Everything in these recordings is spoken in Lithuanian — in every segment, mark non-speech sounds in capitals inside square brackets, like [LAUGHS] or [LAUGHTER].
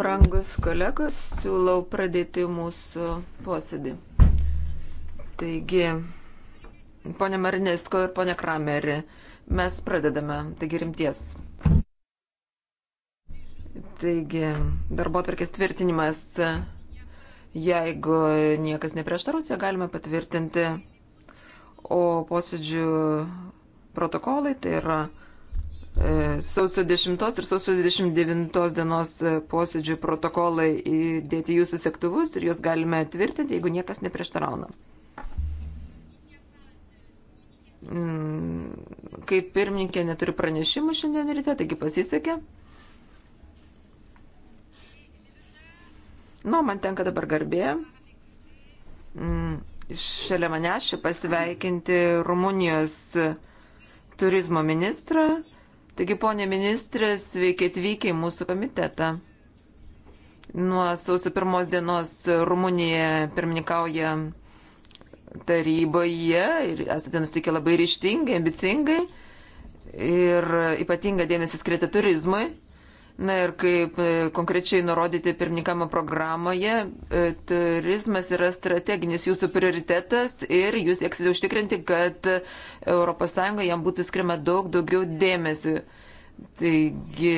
Brangus kolegos, siūlau pradėti mūsų posėdį. Taigi, ponė Marinesko ir ponė Krameri, mes pradedame, taigi rimties. Taigi, darbo atvarkės tvirtinimas, jeigu niekas neprieštaraus, ją galime patvirtinti. O posėdžių protokolai tai yra E, sausio 10 ir sausio 29 dienos e, posėdžių protokolai įdėti jūsų sektuvus ir juos galime tvirtinti, jeigu niekas neprieštarauna. Mm, kaip pirmininkė neturi pranešimų šiandien ryte, taigi pasisekė. Nu, man tenka dabar garbė. Mm, šalia manęs čia pasveikinti Rumunijos turizmo ministrą Taigi, ponė ministrė, sveiki atvykę į mūsų komitetą. Nuo sausio pirmos dienos Rumunija pirmininkauja taryboje ir esate nusiteikę labai ryštingai, ambicingai ir ypatinga dėmesį skirti turizmui. Na ir kaip e, konkrečiai nurodyti pirmininkamo programoje, e, turizmas yra strateginis jūsų prioritetas ir jūs sieksite užtikrinti, kad ES jam būtų skirima daug daugiau dėmesio. Taigi,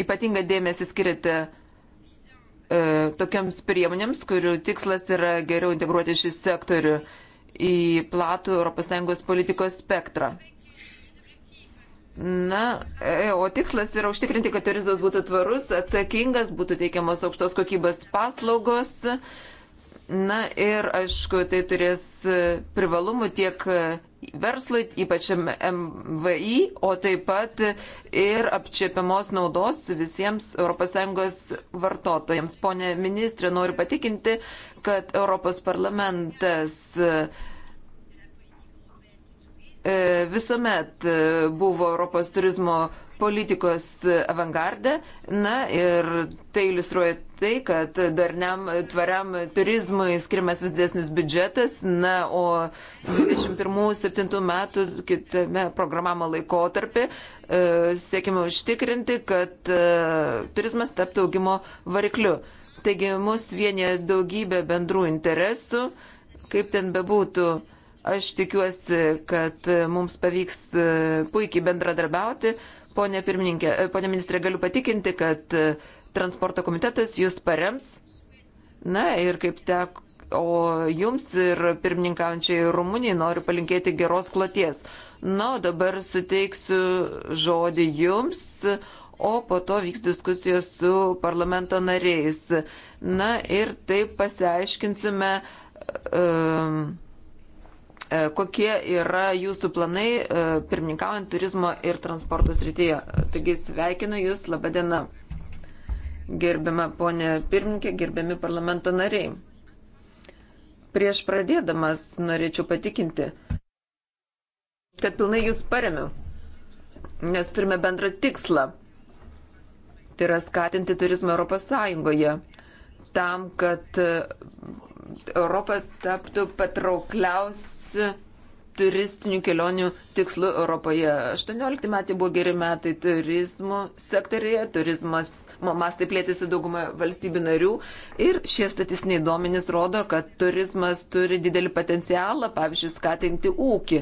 ypatingą dėmesį skirite tokiams priemonėms, kurių tikslas yra geriau integruoti šį sektorių į platų ES politikos spektrą. Na, e, o tikslas yra užtikrinti, kad turizmas būtų tvarus, atsakingas, būtų teikiamos aukštos kokybės paslaugos. Na ir, aišku, tai turės privalumų tiek verslui, ypač MVI, o taip pat ir apčiepiamos naudos visiems ES vartotojams. Pone ministrė, noriu patikinti, kad Europos parlamentas uh, E, visuomet e, buvo Europos turizmo politikos avangardą. Na ir tai iliustruoja tai, kad darniam tvariam turizmui skirimas vis dėsnis biudžetas. Na, o 21-7 metų kitame programavimo laikotarpį e, siekime užtikrinti, kad turizmas taptų augimo varikliu. Taigi mus vienė daugybė bendrų interesų, kaip ten bebūtų Aš tikiuosi, kad mums pavyks e, puikiai bendradarbiauti. Pone, e, pone ministrė, galiu patikinti, kad e, transporto komitetas jūs parems. Na ir kaip tek, o jums ir pirmininkaujančiai Rumunijai noriu palinkėti geros kloties. Na, dabar suteiksiu žodį jums, o po to vyks diskusijos su parlamento nariais. Na ir taip pasiaiškinsime. Um, E, kokie yra jūsų planai e, pirmininkaujant turizmo ir transporto srityje? Taigi sveikinu Jūs, laba diena. Gerbiama ponė pirmininkė, gerbiami parlamento nariai. Prieš pradėdamas norėčiau patikinti, kad pilnai Jūs paremiu, nes turime bendrą tikslą. Tai yra skatinti turizmą Europos Sąjungoje tam, kad Europa taptų patraukliausia turistinių kelionių tikslu Europoje. 18 metai buvo geri metai turizmo sektorėje, turizmas mastai plėtėsi daugumą valstybių narių ir šie statistiniai duomenys rodo, kad turizmas turi didelį potencialą, pavyzdžiui, skatinti ūkį.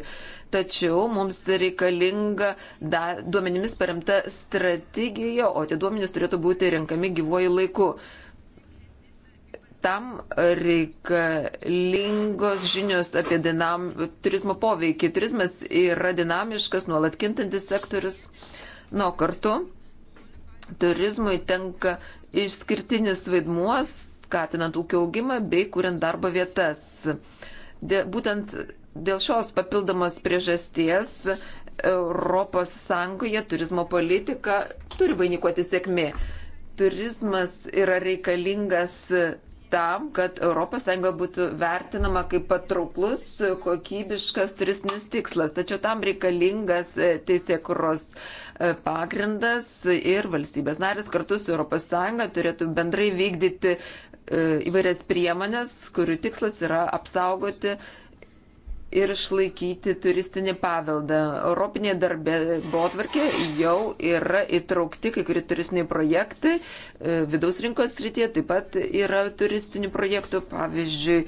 Tačiau mums reikalinga da, duomenimis paremta strategija, o tie duomenys turėtų būti renkami gyvuoju laiku tam reikalingos žinios apie dinam, turizmo poveikį. Turizmas yra dinamiškas, nuolat kintantis sektorius. Nuo kartu turizmui tenka išskirtinis vaidmuos, skatinant ūkio augimą bei kuriant darbo vietas. Dė, būtent dėl šios papildomos priežasties Europos Sąjungoje turizmo politika turi vainikuoti sėkmė turizmas yra reikalingas tam, kad ES būtų vertinama kaip patrauklus, kokybiškas turistinis tikslas. Tačiau tam reikalingas e, teisėkuros e, pagrindas ir valstybės narės kartu su ES turėtų bendrai vykdyti e, įvairias priemonės, kurių tikslas yra apsaugoti ir išlaikyti turistinį paveldą. Europinėje darbė botvarkė jau yra įtraukti kai kurie turistiniai projektai e, vidaus rinkos srityje, taip pat yra turistinių projektų, pavyzdžiui,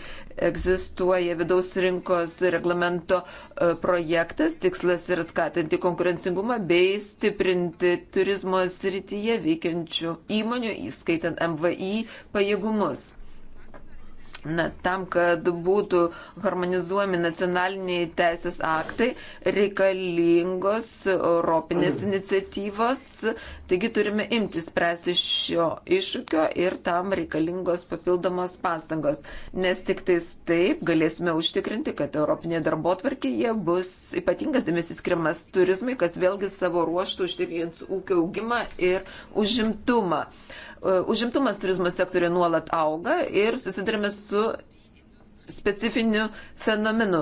egzistuoja vidaus rinkos reglamento e, projektas, tikslas yra skatinti konkurencingumą bei stiprinti turizmo srityje veikiančių įmonių, įskaitant MVI, pajėgumus. Na, tam, kad būtų harmonizuojami nacionaliniai teisės aktai, reikalingos europinės mm. iniciatyvos, taigi turime imtis spręsti šio iššūkio ir tam reikalingos papildomos pastangos, nes tik tais taip galėsime užtikrinti, kad Europinėje darbo tvarkėje bus ypatingas dėmesys skiriamas turizmui, kas vėlgi savo ruoštų užtikrins ūkio augimą ir užimtumą. Uh, Užimtumas turizmo sektorė nuolat auga ir susidurime su specifiniu fenomenu.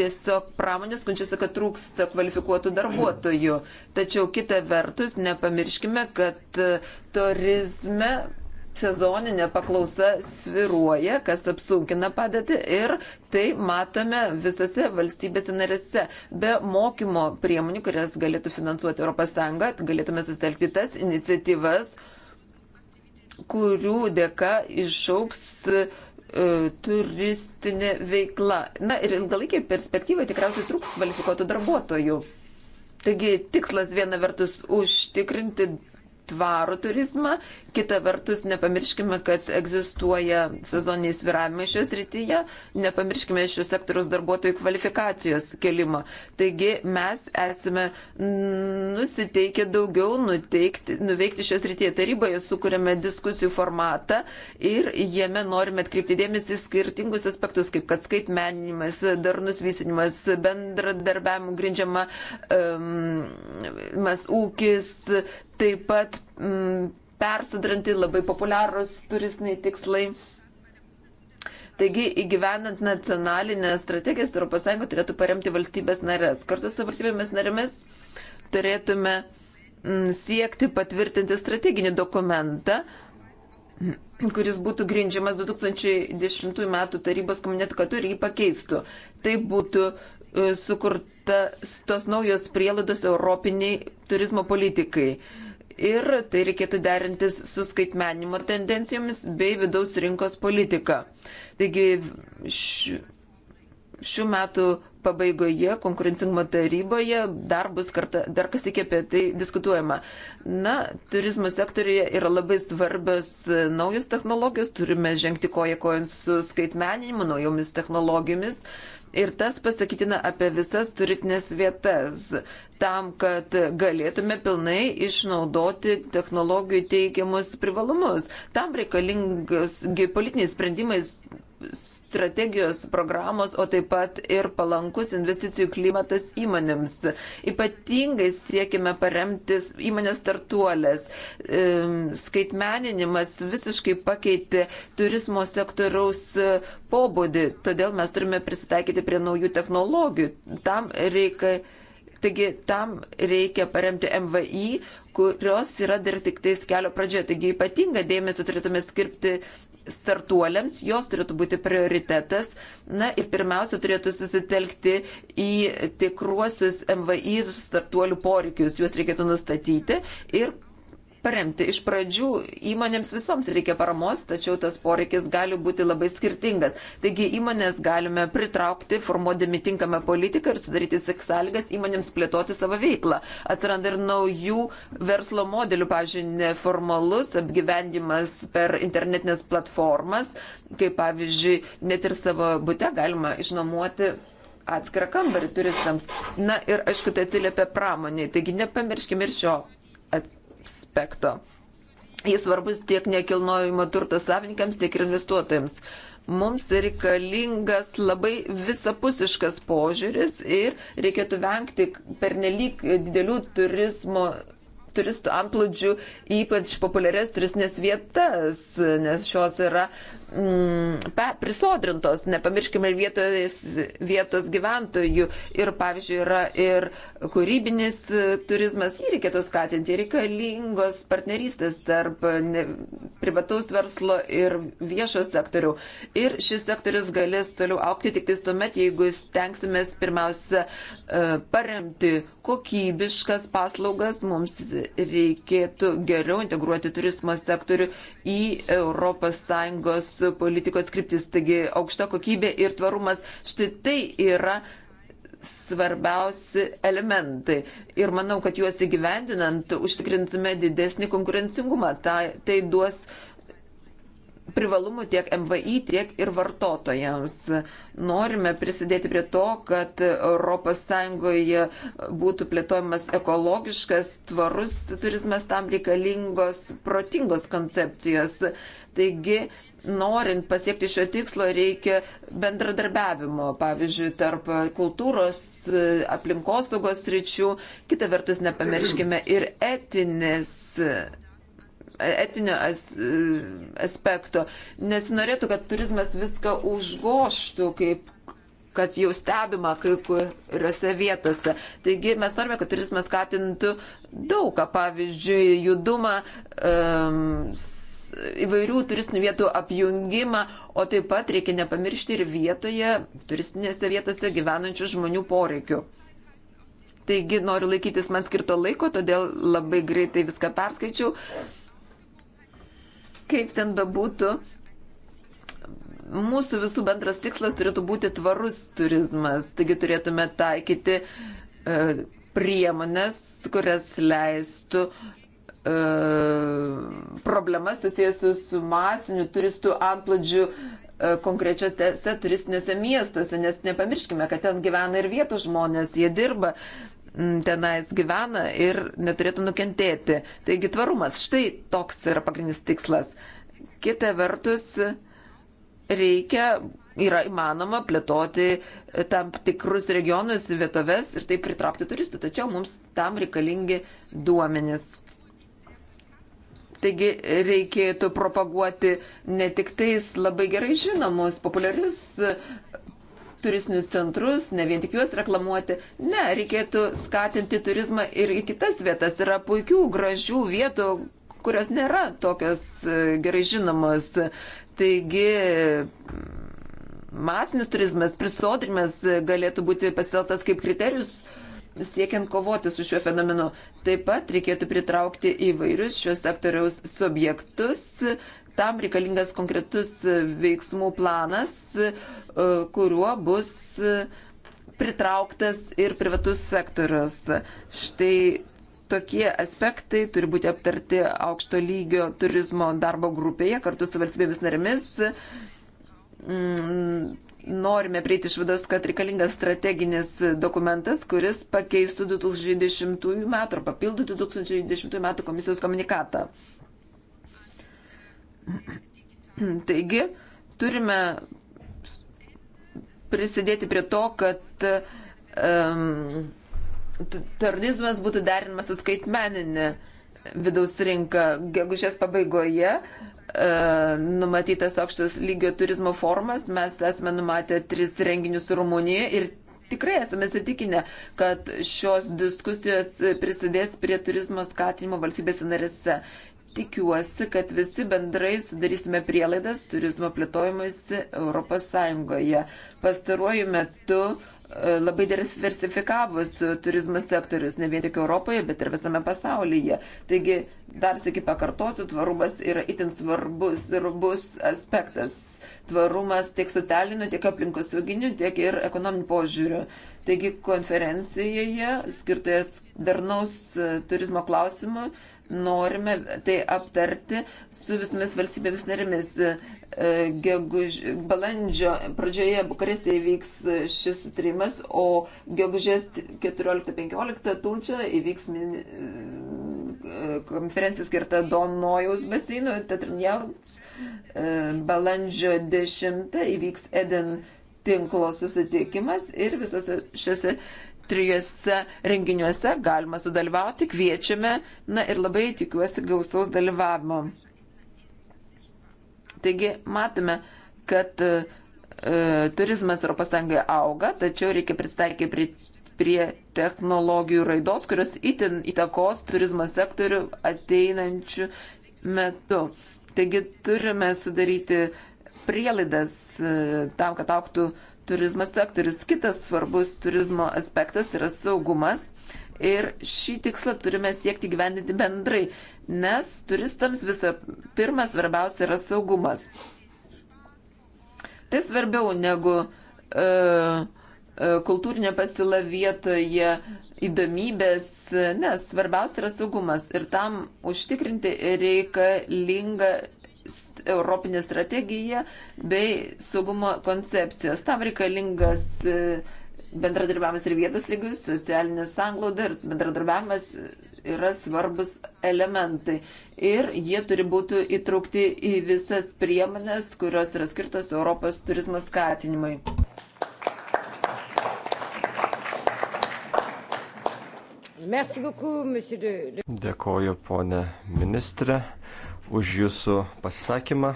Tiesiog pramonės skunčiasi, kad trūksta kvalifikuotų darbuotojų. Tačiau kita vertus, nepamirškime, kad turizme sezoninė paklausa sviruoja, kas apsunkina padėtį ir tai matome visose valstybėse narėse. Be mokymo priemonių, kurias galėtų finansuoti ES, galėtume susitelkti tas iniciatyvas, uh, kurių dėka išauks e, turistinė veikla. Na ir ilgalaikį perspektyvą tikriausiai trūks kvalifikuotų darbuotojų. Taigi tikslas viena vertus užtikrinti tvarų turizmą. Kita vertus, nepamirškime, kad egzistuoja sezoniniai sviravimai šioje srityje, nepamirškime šios sektoriaus darbuotojų kvalifikacijos kelimo. Taigi mes esame nusiteikę daugiau nuteikti, nuveikti šios srityje. Taryboje sukūrėme diskusijų formatą ir jame norime atkreipti dėmesį skirtingus aspektus, kaip kad skaitmeninimas, darnus vysinimas, bendradarbiavimų grindžiama um, ūkis, taip pat mm, persudranti labai populiarūs turistiniai tikslai. Taigi, įgyvenant nacionalinės strategijas, ES turėtų paremti valstybės narės. Kartu su valstybėmis narėmis turėtume mm, siekti patvirtinti strateginį dokumentą, kuris būtų grindžiamas 2010 m. tarybos komunikatu ir jį pakeistų. Tai būtų e, sukurta tos naujos prielaidos europiniai turizmo politikai. Mm ir tai reikėtų derintis su skaitmenimo tendencijomis bei vidaus rinkos politika. Taigi š, šių metų pabaigoje konkurencingumo taryboje dar bus kartą, dar kas iki apie tai diskutuojama. Na, turizmo sektorija yra labai svarbios e, naujos technologijos, turime žengti koja kojant su skaitmeninimu, naujomis technologijomis. Uh, Ir tas pasakytina apie visas turitinės vietas, tam, kad galėtume pilnai išnaudoti technologijų teikiamus privalumus. Tam reikalingas politiniai sprendimai strategijos programos, o taip pat ir palankus investicijų klimatas įmonėms. Ypatingai siekime paremti įmonės startuolės. Skaitmeninimas visiškai pakeitė turizmo sektoriaus e, pobūdį, todėl mes turime prisitaikyti prie naujų technologijų. Tam reikia. Taigi tam reikia paremti MVI, kurios yra dar tik tais kelio pradžioje. Taigi ypatingą dėmesį turėtume skirti startuoliams, jos turėtų būti prioritetas. Na ir pirmiausia, turėtų susitelkti į tikruosius MVI startuolių poreikius, juos reikėtų nustatyti ir paremti. Iš pradžių įmonėms visoms reikia paramos, tačiau tas poreikis gali būti labai skirtingas. Taigi įmonės galime pritraukti, formuodami tinkamą politiką ir sudaryti sąlygas įmonėms plėtoti savo veiklą. Atranda ir naujų verslo modelių, pavyzdžiui, neformalus apgyvendimas per internetinės platformas, kaip pavyzdžiui, net ir savo būte galima išnuomoti atskirą kambarį turistams. Na ir aišku, tai atsiliepia pramoniai, taigi nepamirškime ir šio aspekto. Jis svarbus tiek nekilnojimo turto savininkams, tiek ir investuotojams. Mums reikalingas labai visapusiškas požiūris ir reikėtų vengti pernelyg didelių turizmo turistų antplūdžių, ypač populiarias turistinės vietas, nes šios yra mm, prisodrintos, nepamirškime vietos, vietos gyventojų. Ir, pavyzdžiui, yra ir kūrybinis e, turizmas, jį reikėtų skatinti, reikalingos partnerystės tarp ne, privataus verslo ir viešo sektorių. Ir šis sektorius galės toliau aukti tik tais tuomet, jeigu stengsimės pirmiausia e, paremti kokybiškas paslaugas, mums reikėtų geriau integruoti turizmo sektorių į ES politikos kryptis. Taigi aukšta kokybė ir tvarumas štai tai yra svarbiausi elementai. Ir manau, kad juos įgyvendinant užtikrinsime didesnį konkurencingumą. Ta, tai duos privalumų tiek MVI, tiek ir vartotojams. Norime prisidėti prie to, kad ES būtų plėtojamas ekologiškas, tvarus turizmas, tam reikalingos protingos koncepcijos. Taigi norint pasiekti šio tikslo, reikia bendradarbiavimo, pavyzdžiui, tarp kultūros, aplinkosaugos ryčių. Kita vertus, nepamirškime ir etinės etinio as, aspekto. Nesinorėtų, kad turizmas viską užgoštų, kaip kad jau stebima kai kuriuose vietose. Taigi mes norime, kad turizmas skatintų daugą, pavyzdžiui, judumą, um, įvairių turistinių vietų apjungimą, o taip pat reikia nepamiršti ir vietoje, turistinėse vietose gyvenančių žmonių poreikių. Taigi noriu laikytis man skirto laiko, todėl labai greitai viską perskaičiau. Kaip ten bebūtų, mūsų visų bendras tikslas turėtų būti tvarus turizmas. Taigi turėtume taikyti e, priemonės, kurias leistų uh, E, problemas susijęs su masiniu turistų antplūdžiu e, konkrečiose turistinėse miestuose, nes nepamirškime, kad ten gyvena ir vietos žmonės, jie dirba, tenais gyvena ir neturėtų nukentėti. Taigi tvarumas, štai toks yra pagrindinis tikslas. Kita vertus, reikia, yra įmanoma plėtoti e, tam tikrus regionus, vietoves ir taip pritraukti turistų, tačiau mums tam reikalingi duomenys. Taigi reikėtų propaguoti ne tik tais labai gerai žinomus, populiarius e, turistinius centrus, ne vien tik juos reklamuoti. Ne, reikėtų skatinti turizmą ir į kitas vietas. Yra puikių, gražių vietų, kurios nėra tokios e, gerai žinomos. Taigi masinis turizmas, prisodrimas e, galėtų būti pasieltas kaip kriterijus siekiant kovoti su šiuo fenomenu. Taip pat reikėtų pritraukti įvairius šios sektoriaus subjektus. Tam reikalingas konkretus veiksmų planas, e, kuriuo bus pritrauktas ir privatus sektorius. Štai tokie aspektai turi būti aptarti aukšto lygio turizmo darbo grupėje kartu su valstybėmis narėmis mm, norime prieiti išvados, kad reikalingas strateginis dokumentas, kuris pakeistų 2010 metų ar papildytų 2010 metų komisijos komunikatą. Taigi, turime prisidėti prie to, kad um, terorizmas būtų derinamas su skaitmeninė vidaus rinka. Gegužės pabaigoje uh, E, numatytas aukštos lygio turizmo formas. Mes esame numatę tris renginius Rumunijoje ir tikrai esame sitikinę, kad šios diskusijos prisidės prie turizmo skatinimo valstybėse narėse. Tikiuosi, kad visi bendrai sudarysime prielaidas turizmo plėtojimuisi ES. Pastaruoju metu uh, E, labai diversifikavus turizmo sektorius, ne vien tik Europoje, bet ir visame pasaulyje. Taigi, dar sėki pakartosiu, tvarumas yra itin svarbus ir bus aspektas. Tvarumas tiek socialiniu, tiek aplinkosauginiu, tiek ir ekonominiu požiūriu. Taigi, konferencijoje skirtoje darnaus turizmo klausimui norime tai aptarti su visomis valstybėmis narimis. E, geguž, balandžio pradžioje Bukarestėje vyks e, šis sutrimas, o gegužės 14-15 Tulčioje įvyks min, e, konferencija skirta Donojaus baseinui, Tatrinjaus balandžio 10 įvyks Eden tinklo susitikimas ir visose šiose trijose renginiuose galima sudalyvauti, kviečiame, na ir labai tikiuosi gausaus dalyvavimo. Taigi matome, kad e, turizmas ES auga, tačiau reikia pristaikyti prie, prie technologijų raidos, kurios itin įtakos turizmo sektorių ateinančių metų. Taigi turime sudaryti prielaidas e, tam, kad auktų turizmo sektorius. Kitas svarbus turizmo aspektas tai yra saugumas. Ir šį tikslą turime siekti gyvendinti bendrai nes turistams visą pirmą svarbiausia yra saugumas. Tai svarbiau negu e, e kultūrinė pasiūla vietoje, įdomybės, nes svarbiausia yra saugumas ir tam užtikrinti reikalinga Europinė strategija bei saugumo koncepcijos. Tam reikalingas e, bendradarbiavimas ir vietos lygius, socialinės sanglauda ir bendradarbiavimas yra svarbus elementai ir jie turi būti įtraukti į visas priemonės, kurios yra skirtos Europos turizmo skatinimui. Dėkoju, ponė ministrė, už jūsų pasisakymą.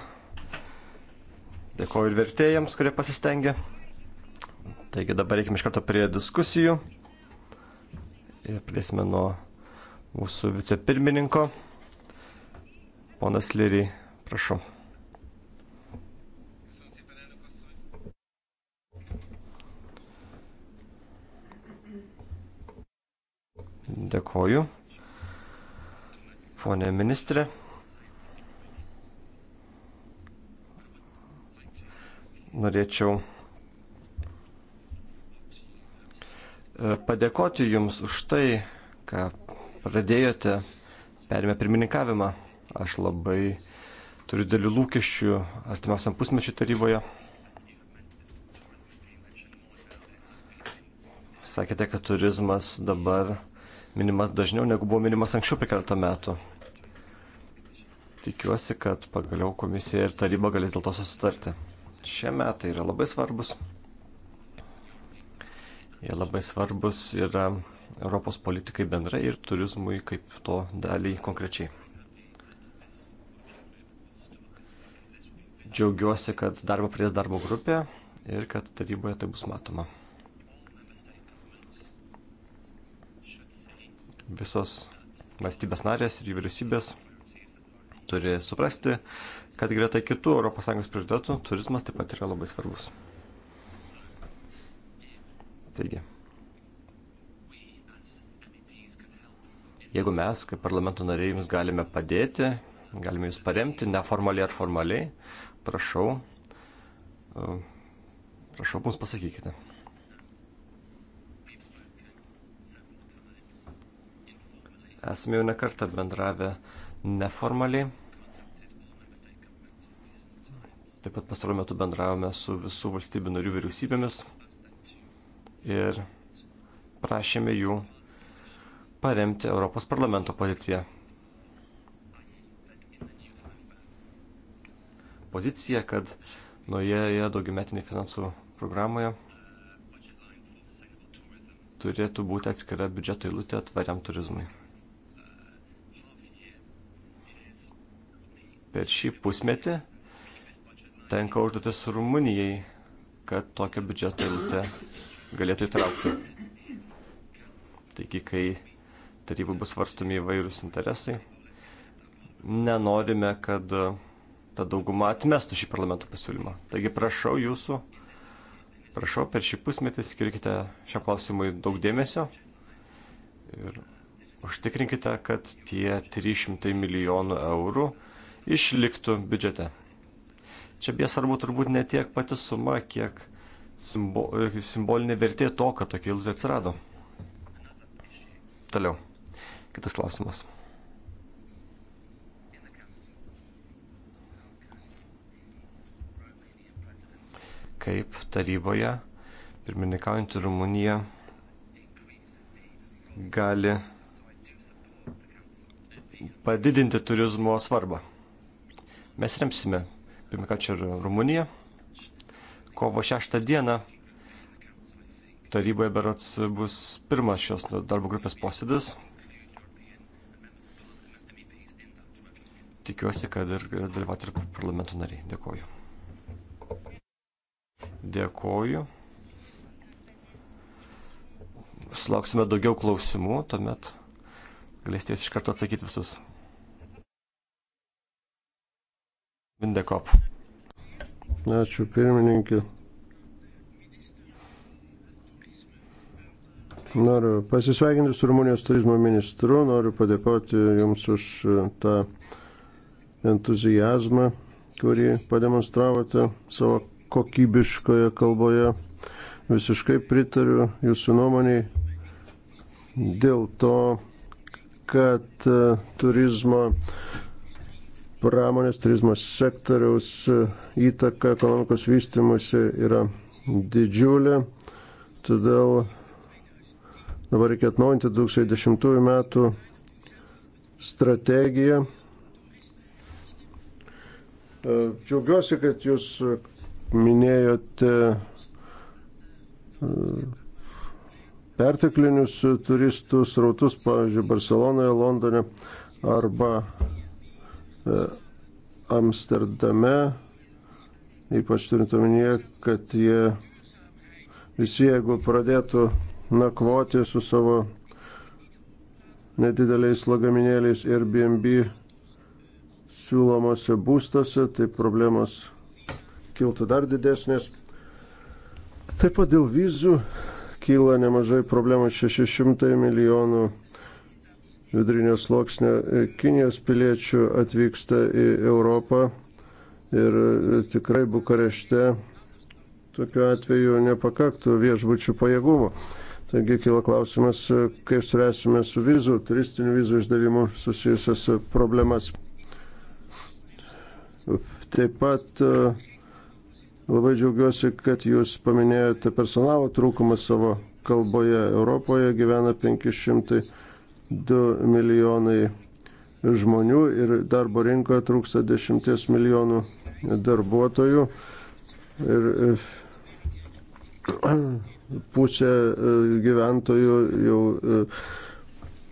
Dėkoju ir vertėjams, kurie pasistengė. Taigi dabar reikime iš karto prie diskusijų ir pradėsime nuo mūsų vicepirmininko. Ponas Lyry, prašau. Dėkoju. Pone ministrė. Norėčiau e, padėkoti Jums už tai, ką pradėjote, perėmė pirmininkavimą. Aš labai turiu dėlių lūkesčių artimiausiam pusmečiu taryboje. Sakėte, kad turizmas dabar minimas dažniau negu buvo minimas anksčiau per keletą metų. Tikiuosi, kad pagaliau komisija ir taryba galės dėl to susitarti. Šie metai yra labai svarbus. Jie labai svarbus yra. Ir Europos politikai bendrai ir turizmui kaip to daliai konkrečiai. Džiaugiuosi, kad darbą pradės darbo grupė ir kad taryboje tai bus matoma. Visos valstybės narės ir jų vyriausybės turi suprasti, kad greta kitų ES prioritetų turizmas taip pat yra labai svarbus. Taigi. Jeigu mes, kaip parlamento nariai, jums galime padėti, galime jūs paremti neformaliai ar formaliai, prašau, e, prašau mums pasakykite. Esame jau nekartą bendravę neformaliai. Taip pat pastaruoju metu bendravome su visų valstybių narių vyriausybėmis ir prašėme jų paremti Europos parlamento poziciją. Pozicija, kad naujoje daugiametinėje finansų programoje turėtų būti atskira biudžeto eilutė tvariam turizmui. Per šį pusmetį tenka užduotis Rumunijai, kad tokią biudžeto eilutę galėtų įtraukti. Taigi, kai tarybų bus svarstomi įvairūs interesai. Nenorime, kad e, ta dauguma atmestų šį parlamento pasiūlymą. Taigi prašau jūsų, prašau per šį pusmetį skirkite šiam klausimui daug dėmesio ir užtikrinkite, kad tie 300 milijonų eurų išliktų biudžete. Čia bės svarbu turbūt ne tiek pati suma, kiek simbo, simbolinė vertė to, kad tokia eilutė atsirado. Toliau. Kitas klausimas. Kaip taryboje pirmininkaujantį Rumuniją gali padidinti turizmo svarbą. Mes remsime pirmininkačią Rumuniją. Kovo 6 dieną taryboje berats bus pirmas šios darbo grupės posėdis tikiuosi, kad ir dalyvauti ir parlamento nariai. Dėkoju. Dėkoju. Sulauksime daugiau klausimų, tuomet galėsite iš karto atsakyti visus. Vindekop. Ačiū pirmininkė. Noriu pasisveikinti su Rumunijos turizmo ministru, noriu padėkoti Jums už tą. Ta entuzijazmą, kurį pademonstravote savo kokybiškoje kalboje. Visiškai pritariu jūsų nuomoniai dėl to, kad e, turizmo pramonės, turizmo sektoriaus e, įtaka ekonomikos vystimuose yra didžiulė. Todėl dabar reikia atnaujinti 2010 metų strategiją E, džiaugiuosi, kad jūs minėjote e, perteklinius turistų srautus, pavyzdžiui, Barcelonoje, Londone arba e, Amsterdame, ypač turint omenyje, kad jie visi, jeigu pradėtų nakvoti su savo nedideliais lagaminėliais Airbnb siūlomose būstuose, tai problemos kiltų dar didesnės. Taip pat dėl vizų kyla nemažai problemų 600 milijonų vidurinio sluoksnio Kinijos piliečių atvyksta į Europą ir tikrai Bukarešte tokiu atveju nepakaktų viešbučių pajėgumo. Taigi kila klausimas, kaip spręsime su vizų, turistinių vizų išdavimu susijusias problemas. Taip pat e, labai džiaugiuosi, kad jūs paminėjote personalo trūkumą savo kalboje. Europoje gyvena 502 milijonai žmonių ir darbo rinkoje trūksta 10 milijonų darbuotojų. Ir e, [CLEARS THROAT] pusė e, gyventojų jau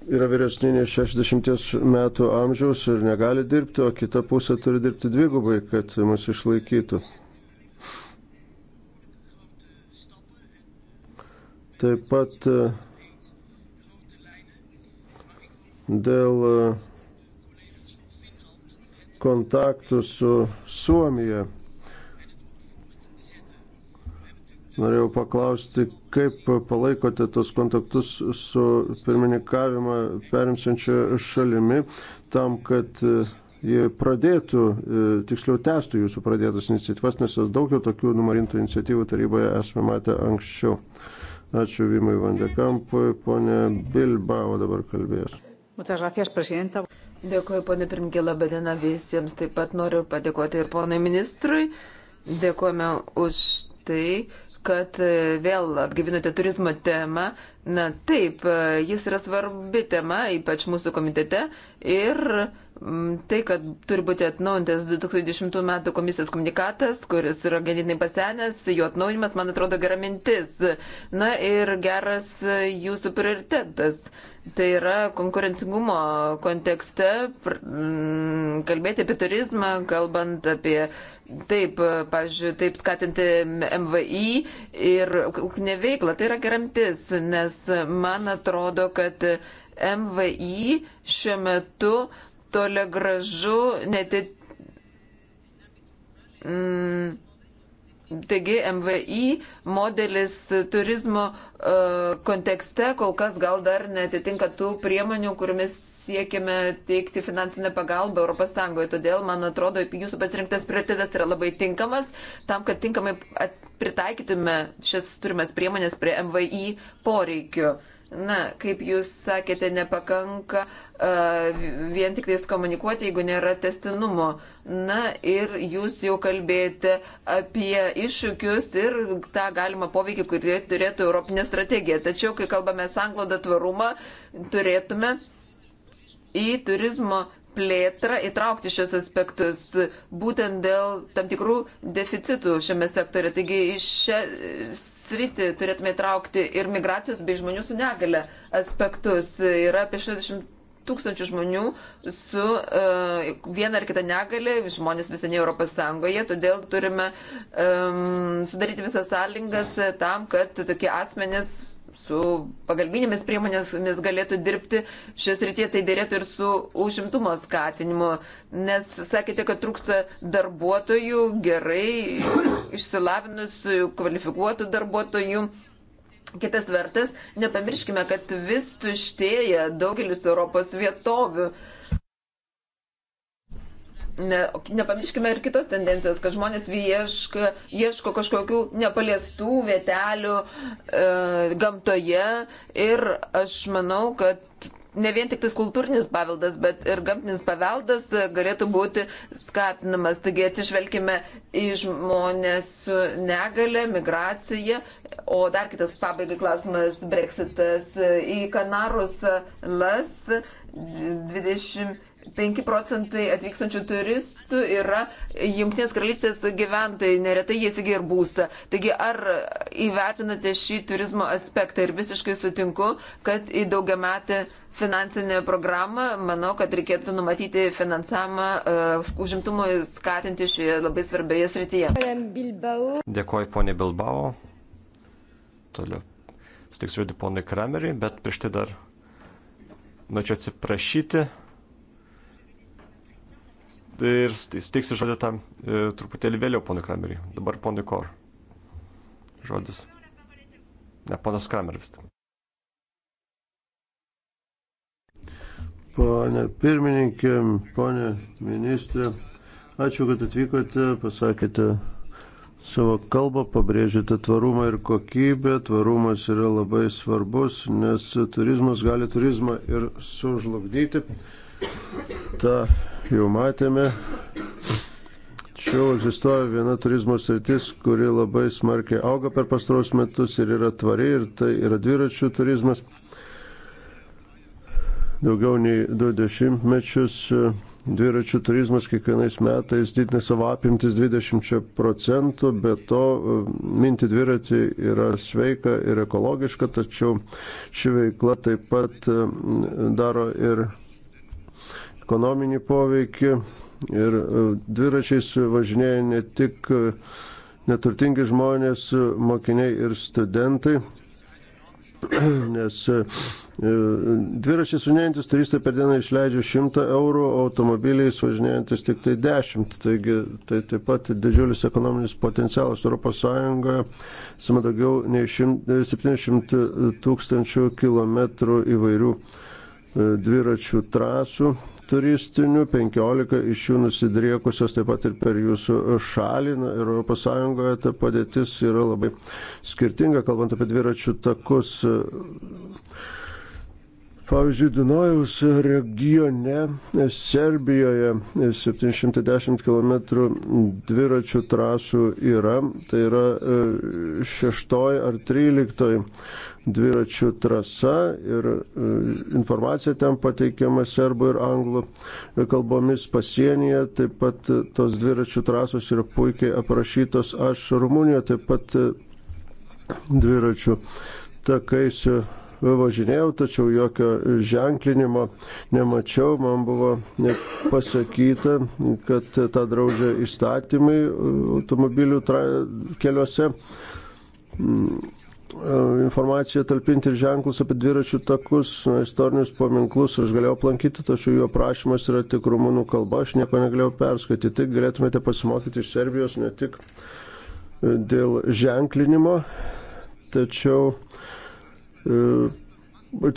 yra vyresni nei 60 metų amžiaus ir negali dirbti, o kita pusė turi dirbti dvigubai, kad mus išlaikytų. Taip pat e, dėl e, kontaktų su Suomija Norėjau paklausti, kaip palaikote tos kontaktus su pirmininkavimą perimsiančia šalimi tam, kad e, jie pradėtų, e, tiksliau testų jūsų pradėtas iniciatyvas, nes daug jau tokių numarintų iniciatyvų taryboje esame matę anksčiau. Ačiū Vimui Vandekampui, ponė Bilbao dabar kalbės. Muchas gracias, presidenta. Dėkuoju, ponė Pirmkė, labai diena visiems. Taip pat noriu padėkoti ir ponui ministrui. Dėkuojame už tai, kad e, vėl atgyvinote turizmo temą. Na taip, e, jis yra svarbi tema, ypač mūsų komitete. Ir Mm, tai, kad turi būti atnaujintas 2010 m. komisijos komunikatas, kuris yra ganėtinai pasenęs, jo atnaujinimas, man atrodo, gera mintis. Na ir geras jūsų prioritetas. Tai yra konkurencingumo kontekste mm, kalbėti apie turizmą, kalbant apie taip, pavyzdžiui, taip skatinti MVI ir ūkinę veiklą. Tai yra gera mintis, nes man atrodo, kad MVI šiuo metu toli gražu netit. Mm, Taigi MVI modelis turizmo uh, kontekste kol kas gal dar netitinka tų priemonių, kuriamis siekime teikti finansinę pagalbą ES. Todėl, man atrodo, jūsų pasirinktas prioritetas yra labai tinkamas tam, kad tinkamai pritaikytume šias turimas priemonės prie MVI poreikių. Uh, Na, kaip jūs sakėte, nepakanka uh, vien tik tais komunikuoti, jeigu nėra testinumo. Na ir jūs jau kalbėjote apie iššūkius ir tą galimą poveikį, kurį turėtų Europinė strategija. Tačiau, kai kalbame sanglodą tvarumą, turėtume į turizmo plėtrą įtraukti šios aspektus būtent dėl tam tikrų deficitų šiame sektorė. Taigi iš šias sritį turėtume įtraukti ir migracijos bei žmonių su negale aspektus. Yra apie 60 tūkstančių žmonių su uh, viena ar kita negalė, žmonės viseniai Europos Sąjungoje, todėl turime um, sudaryti visas sąlygas tam, kad tokie asmenys su pagalbinėmis priemonėmis galėtų dirbti šias rytie, tai dėrėtų ir su užimtumo skatinimu, nes sakėte, kad trūksta darbuotojų, gerai išsilavinusių, kvalifikuotų darbuotojų. Kitas vertas, nepamirškime, kad vis tuštėja daugelis Europos vietovių ne, nepamirškime ir kitos tendencijos, kad žmonės ieško, ieško kažkokių nepaliestų vietelių e, gamtoje ir aš manau, kad ne vien tik tas kultūrinis paveldas, bet ir gamtinis paveldas galėtų būti skatinamas. Taigi atsižvelgime į žmonės su negale, migracija, o dar kitas pabaigai klausimas - Brexitas į Kanarus las 20. 5 procentai atvykstančių turistų yra Junktinės karalystės gyventojai, neretai jie įsigija ir būstą. Taigi ar įvertinate šį turizmo aspektą ir visiškai sutinku, kad į daugiametę finansinę programą, manau, kad reikėtų numatyti finansavimą uh, užimtumui skatinti šioje labai svarbioje srityje. Dėkoju, ponė Bilbao. Toliau. Sutiksiu žodį ponui Krameriui, bet prieš tai dar norėčiau atsiprašyti. Ir steiksiu žodį tam e, truputėlį vėliau, ponui Krameriui. Dabar ponui Kor. Žodis. Ne, ponas Krameris. Pone pirmininkė, pone ministrė, ačiū, kad atvykote, pasakėte savo kalbą, pabrėžėte tvarumą ir kokybę. Tvarumas yra labai svarbus, nes turizmas gali turizmą ir sužlugdyti tą jau matėme. Tačiau egzistuoja viena turizmo sritis, kuri labai smarkiai auga per pastaros metus ir yra tvari, ir tai yra dviračių turizmas. Daugiau nei du dešimtmečius e, dviračių turizmas kiekvienais metais didina savo apimtis 20 procentų, bet to e, minti dviratį yra sveika ir ekologiška, tačiau ši veikla taip pat e, daro ir ekonominį poveikį ir e, dviračiais važinėja ne tik e, neturtingi žmonės, mokiniai ir studentai, [CLEARS THROAT] nes e, dviračiais važinėjantis turistai per dieną išleidžia 100 eurų, automobiliais važinėjantis tik tai 10. Taigi tai taip pat didžiulis ekonominis potencialas ES, esame daugiau nei 700 tūkstančių kilometrų įvairių dviračių trasų turistinių, 15 iš jų nusidriekusios taip pat ir per jūsų šalį. Na, ir ES ta padėtis yra labai skirtinga, kalbant apie dviračių takus. Pavyzdžiui, Dunojaus regione Serbijoje 710 km dviračių trasų yra, tai yra e, šeštoji ar tryliktoji dviračių trasa ir e, informacija ten pateikiama serbų ir anglų kalbomis pasienyje. Taip pat e, tos dviračių trasos yra puikiai aprašytos. Aš Rumunijoje taip pat e, dviračių takais važinėjau, tačiau jokio ženklinimo nemačiau. Man buvo pasakyta, kad tą draudžia įstatymai automobilių tra... keliuose. Mm. E, informaciją talpinti ir ženklus apie dviračių takus, istorinius paminklus aš galėjau aplankyti, tačiau jų aprašymas yra tik rumunų kalba, aš nieko negalėjau perskaityti, tik galėtumėte pasimokyti iš Serbijos ne tik e, dėl ženklinimo, tačiau e,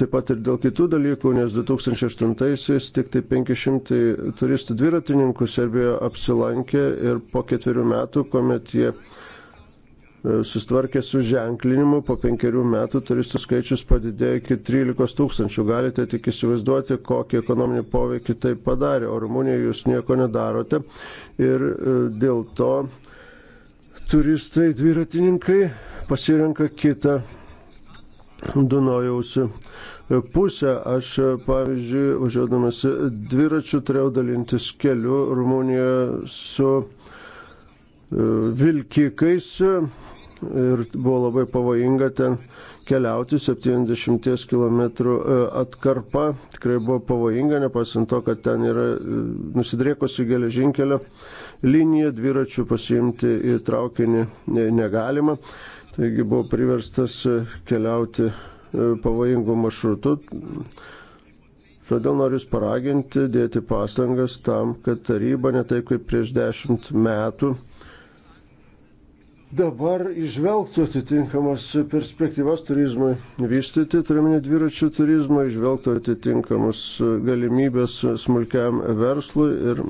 taip pat ir dėl kitų dalykų, nes 2008-aisiais tik tai 500 turistų dviratininkų Serbijoje apsilankė ir po ketverių metų, kuomet jie E, sustvarkė su ženklinimu, po penkerių metų turistų skaičius padidėjo iki 13 tūkstančių. Galite tik įsivaizduoti, kokį ekonominį poveikį tai padarė, o Rumunijoje jūs nieko nedarote. Ir e, dėl to turistai, dviratininkai pasirenka kitą Dunojaus e, pusę. Aš, pavyzdžiui, užėdamas dviračiu turėjau dalintis keliu Rumunijoje su vilkikais ir buvo labai pavojinga ten keliauti 70 km e, atkarpa. Tikrai buvo pavojinga, nepaisant to, kad ten yra e, nusidriekusi geležinkelio linija, dviračių pasiimti į traukinį negalima. Taigi buvo priverstas e, keliauti pavojingų maršrutų. Todėl noriu Jūs paraginti dėti pastangas tam, kad taryba netaip kaip prieš dešimt metų dabar išvelgtų atitinkamas perspektyvas turizmui vystyti, turiuomenį dviračių turizmą, išvelgtų atitinkamas galimybės smulkiam verslui ir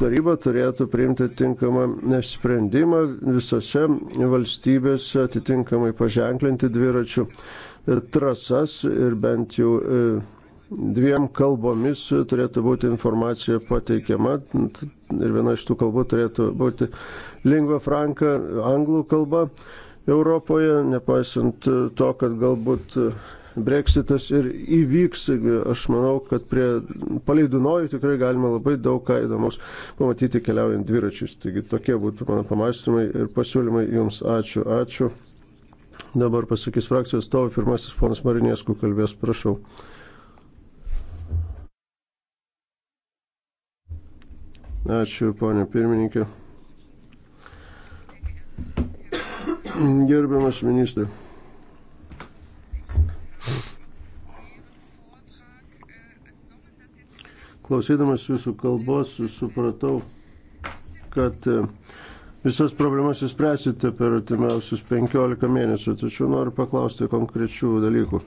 taryba turėtų priimti tinkamą sprendimą visose valstybėse atitinkamai paženklinti dviračių trasas ir bent jau e, dviem kalbomis turėtų būti informacija pateikiama ir viena iš tų kalbų turėtų būti lingva franka, anglų kalba Europoje, nepaisant to, kad galbūt breksitas ir įvyks, aš manau, kad prie paleidunojų tikrai galima labai daug ką įdomus pamatyti keliaujant dviračiais. Taigi tokie būtų mano pamastymai ir pasiūlymai jums. Ačiū, ačiū. Dabar pasakys frakcijos tavo pirmasis ponas Marinėskų kalbės, prašau. Ačiū, ponė pirmininkė. Gerbiamas ministrė. Klausydamas jūsų kalbos, supratau, kad e, visas problemas jūs spręsite per artimiausius 15 mėnesių, tačiau noriu paklausti konkrečių dalykų.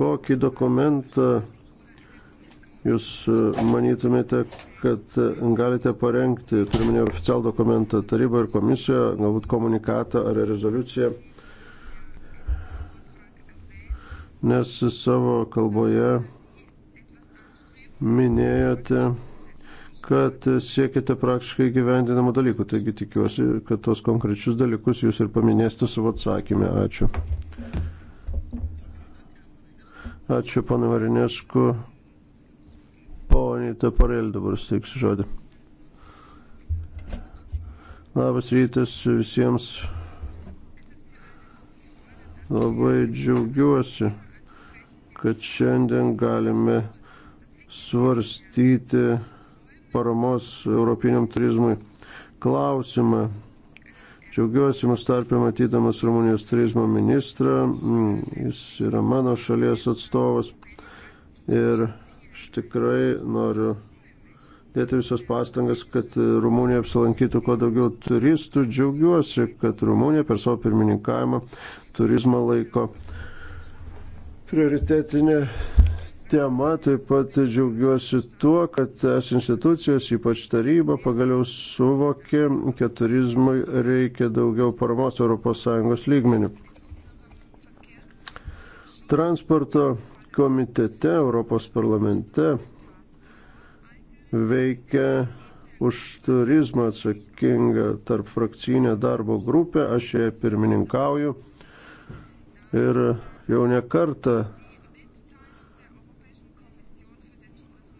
kokį dokumentą jūs e, manytumėte, kad e, galite parengti, turime ne oficialų dokumentą, tarybą ir komisiją, galbūt komunikatą ar rezoliuciją, nes savo kalboje minėjote, kad siekite praktiškai gyvendinamų dalykų. Taigi tikiuosi, kad tos konkrečius dalykus jūs ir paminėsite savo atsakymę. Ačiū. Ačiū, pana Marinesku. Poniai Taparel dabar steiksiu žodį. Labas rytas visiems. Labai džiaugiuosi, kad šiandien galime svarstyti paramos europiniam turizmui klausimą. Džiaugiuosi mus tarpę matydamas Rumunijos turizmo ministrą, mm, jis yra mano šalies atstovas ir aš tikrai noriu dėti visas pastangas, kad Rumunija apsilankytų kuo daugiau turistų. Džiaugiuosi, kad Rumunija per savo pirmininkavimą turizmą laiko prioritetinė tema. Taip pat džiaugiuosi tuo, kad es institucijos, ypač taryba, pagaliau suvokė, kad turizmui reikia daugiau paramos ES lygmenių. Transporto komitete Europos parlamente veikia už turizmą atsakinga tarp frakcinė darbo grupė, aš ją pirmininkauju ir jau ne kartą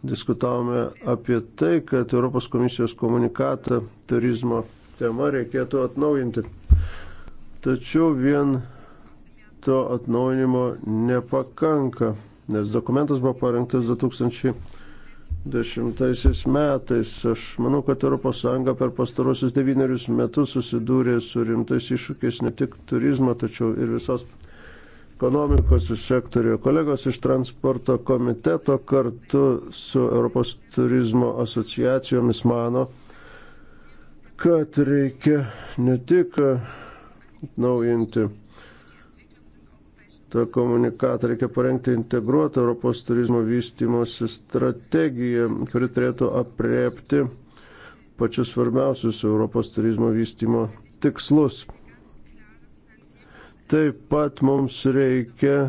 diskutavome apie tai, kad Europos komisijos komunikatą turizmo tema reikėtų atnaujinti. Tačiau vien to atnaujinimo nepakanka, nes dokumentas buvo parengtas 2000 dešimtaisiais metais. Aš manau, kad ES per pastarosius devynerius metus susidūrė su rimtais iššūkiais ne tik turizmo, tačiau ir visos ekonomikos sektoriuje. Kolegos iš transporto komiteto kartu su Europos turizmo asociacijomis mano, kad reikia ne tik naujinti tą komunikatą, reikia parengti integruotą Europos turizmo vystimosi strategiją, kuri turėtų apriepti pačius svarbiausius Europos turizmo vystimo tikslus. Taip pat mums reikia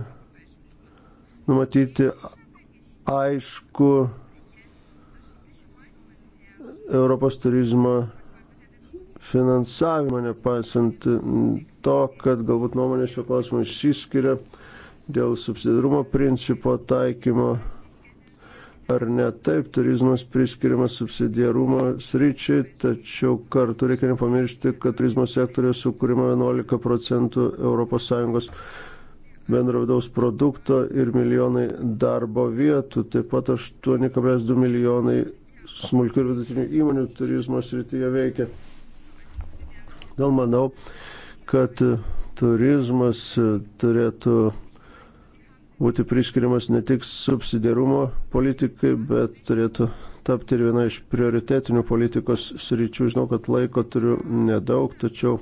numatyti aišku Europos turizmo finansavimą, nepaisant to, kad galbūt nuomonės šio klausimo išsiskiria dėl subsidarumo principo taikymo ar ne. Taip, turizmas priskiriamas subsidiarumo sryčiai, tačiau kartu reikia nepamiršti, kad turizmo sektorija sukūrima 11 procentų ES bendro vidaus produkto ir milijonai darbo vietų, taip pat 8,2 milijonai smulkių ir vidutinių įmonių turizmo srityje veikia. Gal manau, kad turizmas turėtų būti priskiriamas ne tik subsidiarumo politikai, bet turėtų tapti ir viena iš prioritetinių politikos sričių. Žinau, kad laiko turiu nedaug, tačiau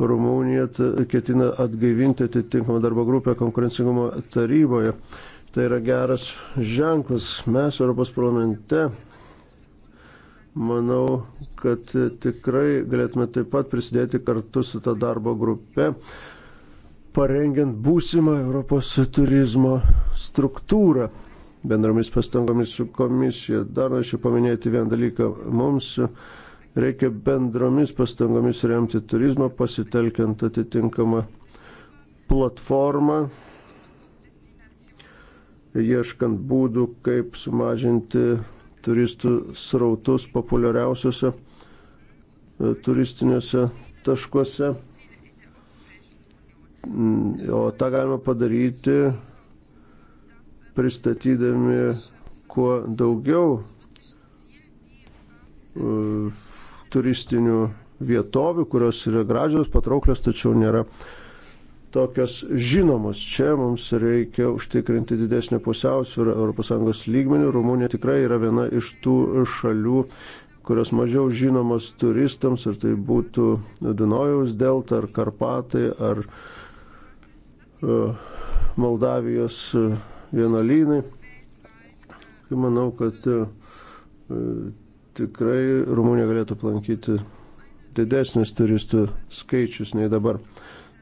Rumunija ketina atgaivinti atitinkamą darbo grupę konkurencingumo taryboje. Tai yra geras ženklas. Mes Europos parlamente manau, kad tikrai galėtume taip pat prisidėti kartu su ta darbo grupe parengiant būsimą Europos turizmo struktūrą bendromis pastangomis su komisija. Dar norėčiau paminėti vieną dalyką. Mums reikia bendromis pastangomis remti turizmą, pasitelkiant atitinkamą platformą, ieškant būdų, kaip sumažinti turistų srautus populiariausiose turistinėse taškuose. O tą galima padaryti pristatydami kuo daugiau e, turistinių vietovių, kurios yra gražios, patrauklios, tačiau nėra tokios žinomos. Čia mums reikia užtikrinti didesnį pusiausvyrą ES lygmenių. Rumunija tikrai yra viena iš tų šalių, kurios mažiau žinomos turistams, ar tai būtų Dunojaus delta, ar Karpatai, ar uh, E, Moldavijos e, vienalynai. Tai manau, kad e, tikrai Rumunija galėtų aplankyti didesnis turistų skaičius nei dabar.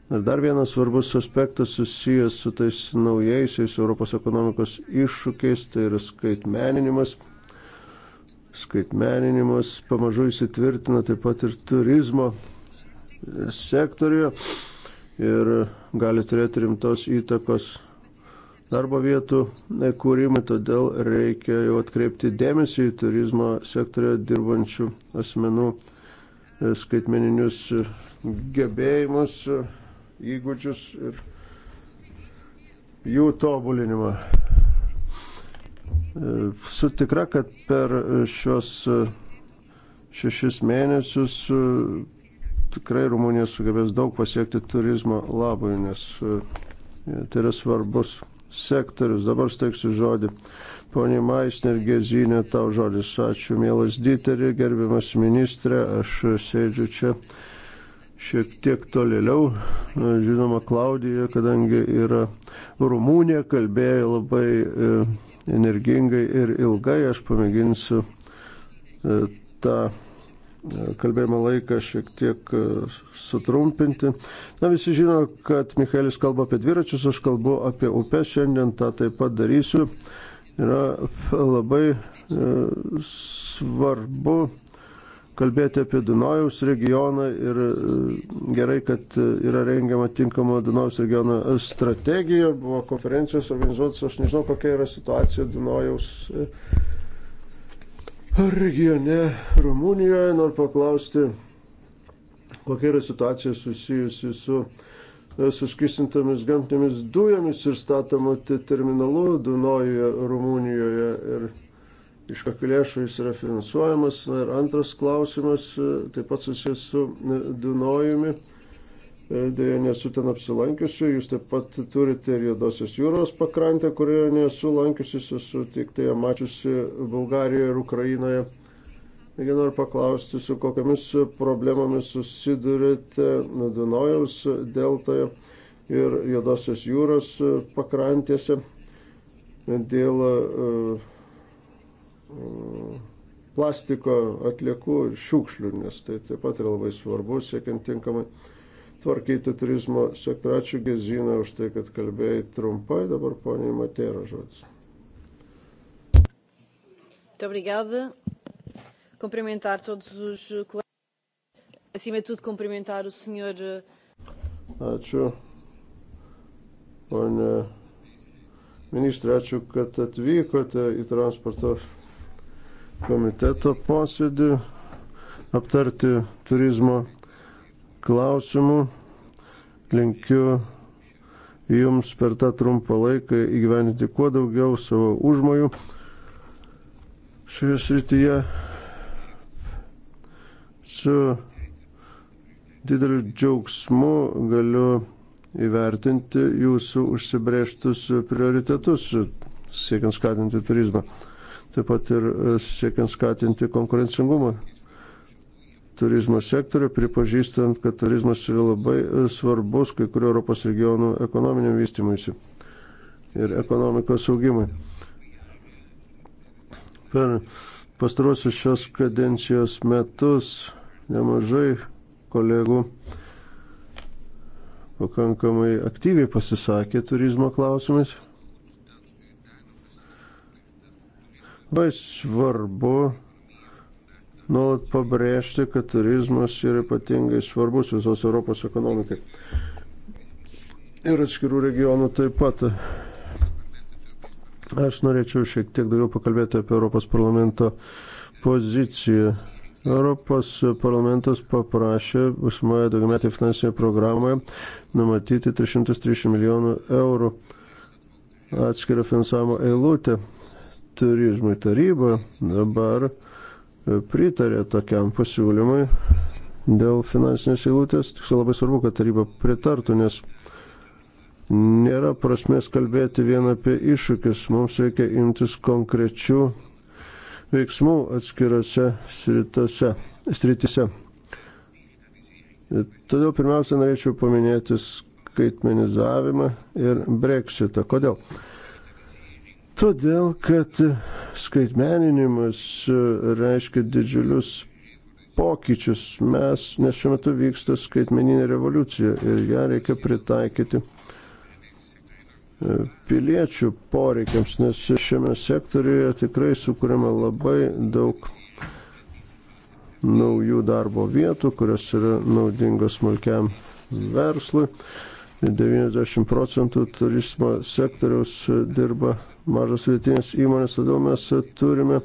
Ir dar vienas svarbus aspektas susijęs su tais naujaisiais Europos ekonomikos iššūkiais, tai yra skaitmeninimas. Skaitmeninimas pamažu įsitvirtina taip pat ir turizmo sektoriuje ir gali turėti rimtos įtakos darbo vietų kūrimui, todėl reikia jau atkreipti dėmesį į turizmo sektorio dirbančių asmenų e, skaitmeninius e, gebėjimus, e, įgūdžius ir jų tobulinimą. Sutikra, kad per šios šešis mėnesius tikrai Rumunija sugebės daug pasiekti turizmo labui, nes e, tai yra svarbus sektorius. Dabar steiksiu žodį. Pone Maisner, Gezinė, tau žodis. Ačiū, mielas Diterį, gerbiamas ministrė, aš sėdžiu čia šiek tiek tolėliau. Žinoma, Klaudija, kadangi yra Rumunija, kalbėjo labai e, energingai ir ilgai, aš pamėginsiu e, tą kalbėjimo laiką šiek tiek e, sutrumpinti. Na, visi žino, kad Michaelis kalba apie dviračius, aš kalbu apie upę, šiandien tą taip pat darysiu. Yra labai e, svarbu kalbėti apie Dunojaus regioną ir e, gerai, kad yra rengiama tinkama Dunojaus regiono strategija, buvo konferencijos organizuotas, aš nežinau, kokia yra situacija Dunojaus regione regione Rumunijoje. Noriu paklausti, kokia yra situacija susijusi su e, suskistintomis gamtinėmis dujomis ir statomu terminalu Dunojoje, Rumunijoje. Ir iš kokių lėšų jis yra finansuojamas. Na ir antras klausimas, e, taip pat susijęs su e, Dunojumi. E, dėja nesu ten apsilankiusi, jūs taip pat turite ir Jodosios jūros pakrantę, kurioje nesu lankiusis, esu tik tai mačiusi Bulgarijoje ir Ukrainoje. Taigi noriu paklausti, su kokiamis problemomis susidurite Dunojaus deltoje ir Jodosios jūros pakrantėse dėl e, e, plastiko atliekų ir šiukšlių, nes tai taip pat yra labai svarbu, siekiant tinkamai tvarkyti tai turizmo sektorių. Ačiū Gezina už tai, kad kalbėjai trumpai, dabar poniai Matėra žodis. Obrigada. Cumprimentar todos os colegas. Acima de tudo, cumprimentar o senhor. Eh, ačiū. Pone ministrė, ačiū, kad atvykote į transporto komiteto posėdį aptarti turizmo klausimų. Linkiu Jums per tą trumpą laiką įgyveninti kuo daugiau savo užmojų šioje srityje. Su dideliu džiaugsmu galiu įvertinti jūsų užsibrėžtus prioritetus siekiant skatinti turizmą, taip pat ir siekiant skatinti konkurencingumą turizmo sektorių, pripažįstant, kad turizmas yra labai e, svarbus kai kurių Europos regionų ekonominiam vystimuisi ir ekonomikos augimui. Per pastarosius šios kadencijos metus nemažai kolegų pakankamai aktyviai pasisakė turizmo klausimais. Labai svarbu nuolat pabrėžti, kad turizmas yra ypatingai svarbus visos Europos ekonomikai. Ir atskirų regionų taip pat. Aš norėčiau šiek tiek daugiau pakalbėti apie Europos parlamento poziciją. Europos parlamentas paprašė būsimoje daugiametėje finansinėje programoje numatyti 330 milijonų eurų atskirą finansavimo eilutę turizmui taryba dabar pritarė tokiam pasiūlymui dėl finansinės eilutės. Tiksliau labai svarbu, kad taryba pritartų, nes nėra prasmės kalbėti vien apie iššūkius. Mums reikia imtis konkrečių veiksmų atskirose sritise. Todėl pirmiausia norėčiau paminėti skaitmenizavimą ir breksitą. Kodėl? Todėl, kad skaitmeninimas e, reiškia didžiulius pokyčius. Mes, nes šiuo metu vyksta skaitmeninė revoliucija ir ją reikia pritaikyti e, piliečių poreikiams, nes šiame sektoriuje tikrai sukūrėme labai daug naujų darbo vietų, kurios yra naudingos smulkiam verslui. 90 procentų turizmo sektoriaus dirba mažos sudėtinės įmonės, todėl mes turime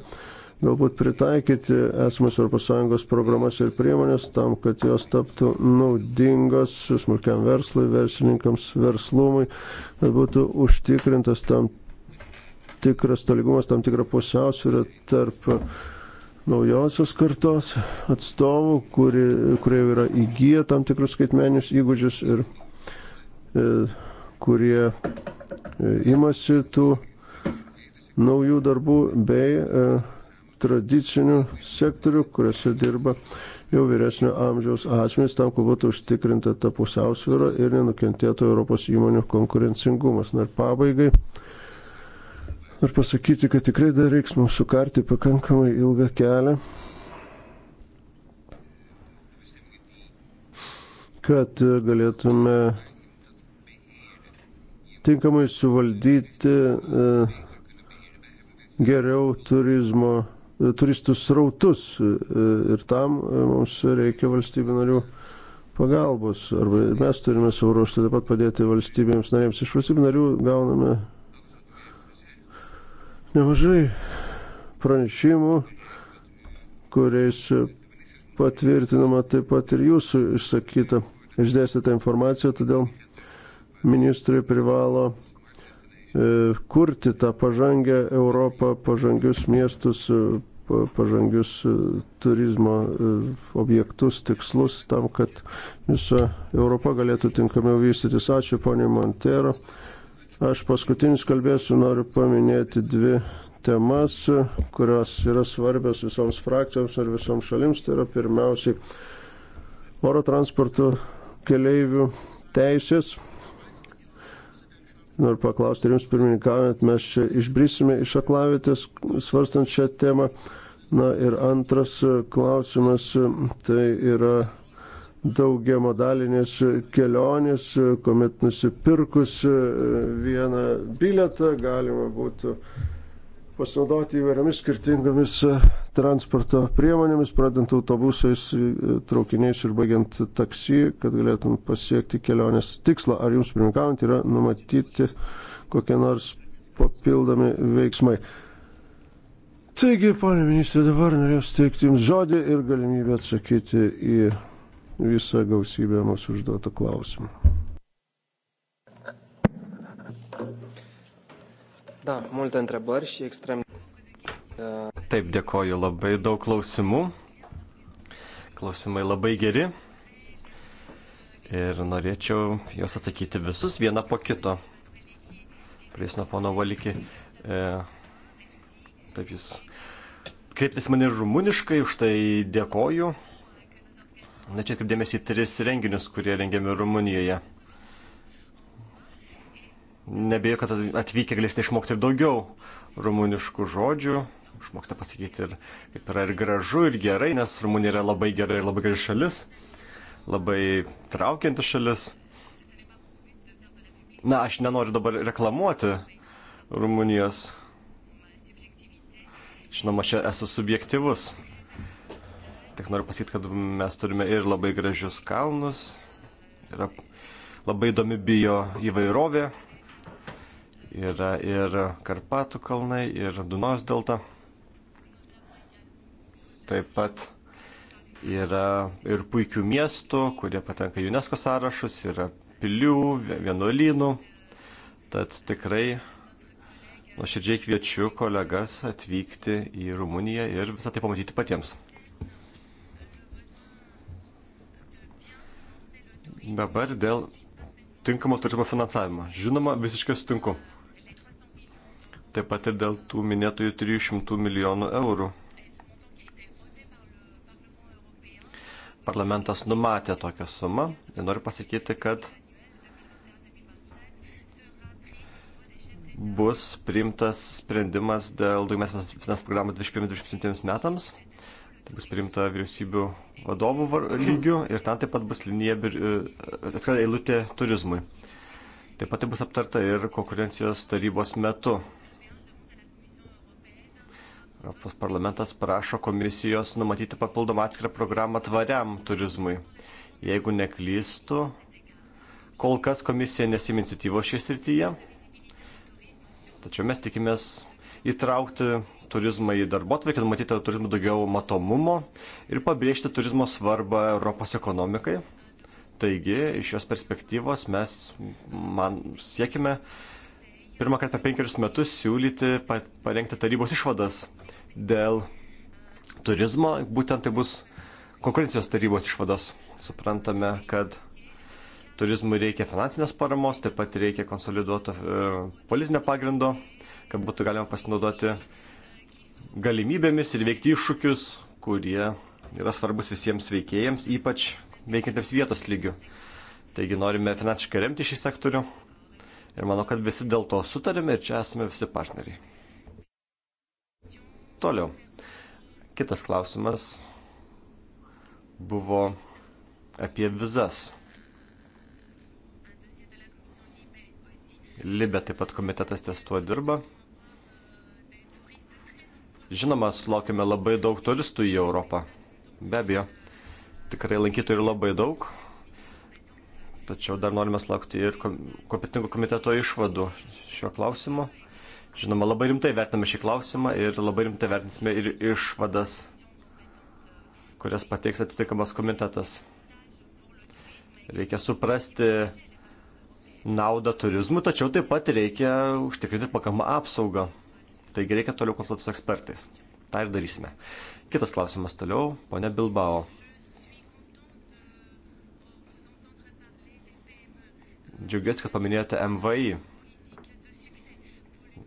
galbūt pritaikyti esamas ES programas ir priemonės tam, kad jos taptų naudingos smulkiam verslui, verslininkams, verslumui, kad būtų užtikrintas tam tikras tolygumas, tam tikra pusiausvyrė tarp naujosios kartos atstovų, kuri, kurie yra įgyję tam tikrus skaitmenius įgūdžius ir, ir e, kurie e, imasi tų naujų darbų bei e, tradicinių sektorių, kuriuose dirba jau vyresnio amžiaus asmenys, tam, kad būtų užtikrinta ta pusiausvyrą ir nenukentėtų Europos įmonių konkurencingumas. Na ir pabaigai. Ir pasakyti, kad tikrai dar reiks mums sukarti pakankamai ilgą kelią, kad galėtume tinkamai suvaldyti uh, geriau turizmo, turistų srautus e, ir tam e, mums reikia valstybių narių pagalbos. Arba mes turime savo ruoštą taip pat padėti valstybėms narėms. Iš valstybių narių gauname nemažai pranešimų, kuriais patvirtinama taip pat ir jūsų išsakyta, išdėstyta informacija, todėl ministrai privalo E, kurti tą pažangę Europą, pažangius miestus, e, pažangius e, turizmo objektus, tikslus, tam, kad visa Europa galėtų tinkamiau vystytis. Ačiū, ponė Montero. Aš paskutinis kalbėsiu, noriu paminėti dvi temas, kurios yra svarbios visoms frakcijoms ir visoms šalims. Tai yra pirmiausiai oro transporto keleivių teisės Noriu paklausti, ar jums pirmininkaujant mes čia išbrisime iš aklavitės svarstant šią temą. Na ir antras klausimas, tai yra daugia modalinės kelionės, kuomet nusipirkus vieną biletą galima būtų pasinaudoti įvairiomis skirtingomis e, transporto priemonėmis, pradant autobusais, e, traukiniais ir baigiant taksi, kad galėtum pasiekti kelionės tikslą. Ar jums pirmininkaujant yra numatyti kokie nors papildomi veiksmai? Taigi, ponė ministrė, dabar norėsiu teikti jums žodį ir galimybę atsakyti į visą gausybę mūsų užduotą klausimą. Da, multe întrebări și extrem. Uh, taip, dėkoju labai daug klausimų. Klausimai labai geri. Ir norėčiau juos atsakyti visus vieną po kito. Pries nuo pono Valikį. E, taip jis kreiptis mane rumuniškai, už tai dėkoju. Na čia kaip dėmesį tris renginius, kurie rengiami Rumunijoje. Nebejoju, kad atvykę galėsite išmokti ir daugiau rumuniškų žodžių. Išmoksite pasakyti ir kaip yra ir gražu, ir gerai, nes Rumunija yra labai gerai ir labai graži šalis, labai traukianti šalis. Na, aš nenoriu dabar reklamuoti Rumunijos. Žinoma, čia esu subjektivus. Tik noriu pasakyti, kad mes turime ir labai gražius kalnus, yra labai įdomi bio įvairovė, Yra ir Karpatų kalnai, ir Dunos delta. Taip pat yra ir puikių miestų, kurie patenka UNESCO sąrašus, yra pilių, vienuolynų. Tad tikrai nuoširdžiai kviečiu kolegas atvykti į Rumuniją ir visą tai pamatyti patiems. Dabar dėl tinkamo turizmo finansavimo. Žinoma, visiškai sutinku taip pat ir dėl tų minėtųjų 300 milijonų eurų. Parlamentas numatė tokią sumą ir noriu pasakyti, kad bus priimtas sprendimas dėl daugumės finansų programos 21-27 metams. Tai bus priimta vyriausybių vadovų lygių ir ten taip pat bus linija, e, atskira eilutė turizmui. Taip pat tai bus aptarta ir konkurencijos tarybos metu. Europos parlamentas prašo komisijos numatyti papildomą atskirą programą tvariam turizmui. Jeigu neklystu, kol kas komisija nesim iniciatyvos šioje srityje, tačiau mes tikimės įtraukti turizmą į darbo atvarkę, numatyti turizmų daugiau matomumo ir pabrėžti turizmo svarbą Europos ekonomikai. Taigi, iš jos perspektyvos mes man siekime pirmą kartą penkerius metus siūlyti parengti tarybos išvadas dėl turizmo, būtent tai bus konkurencijos tarybos išvados. Suprantame, kad turizmui reikia finansinės paramos, taip pat reikia konsoliduoto e, politinio pagrindo, kad būtų galima pasinaudoti galimybėmis ir veikti iššūkius, kurie yra svarbus visiems veikėjams, ypač veikiantiems vietos lygių. Taigi norime finansiškai remti šį sektorių ir manau, kad visi dėl to sutarėme ir čia esame visi partneriai. Toliau. Kitas klausimas buvo apie vizas. Libė taip pat komitetas ties tuo dirba. Žinoma, sulaukime labai daug turistų į Europą. Be abejo, tikrai lankytojų labai daug. Tačiau dar norime sulaukti ir kompetentingų komiteto išvadų šiuo klausimu. Žinoma, labai rimtai vertiname šį klausimą ir labai rimtai vertinsime ir išvadas, kurias pateiks atitikamas komitetas. Reikia suprasti naudą turizmui, tačiau taip pat reikia užtikrinti pakamą apsaugą. Taigi reikia toliau konsultuoti su ekspertais. Ta ir darysime. Kitas klausimas toliau, ponia Bilbao. Džiaugiuosi, kad paminėjote MVI.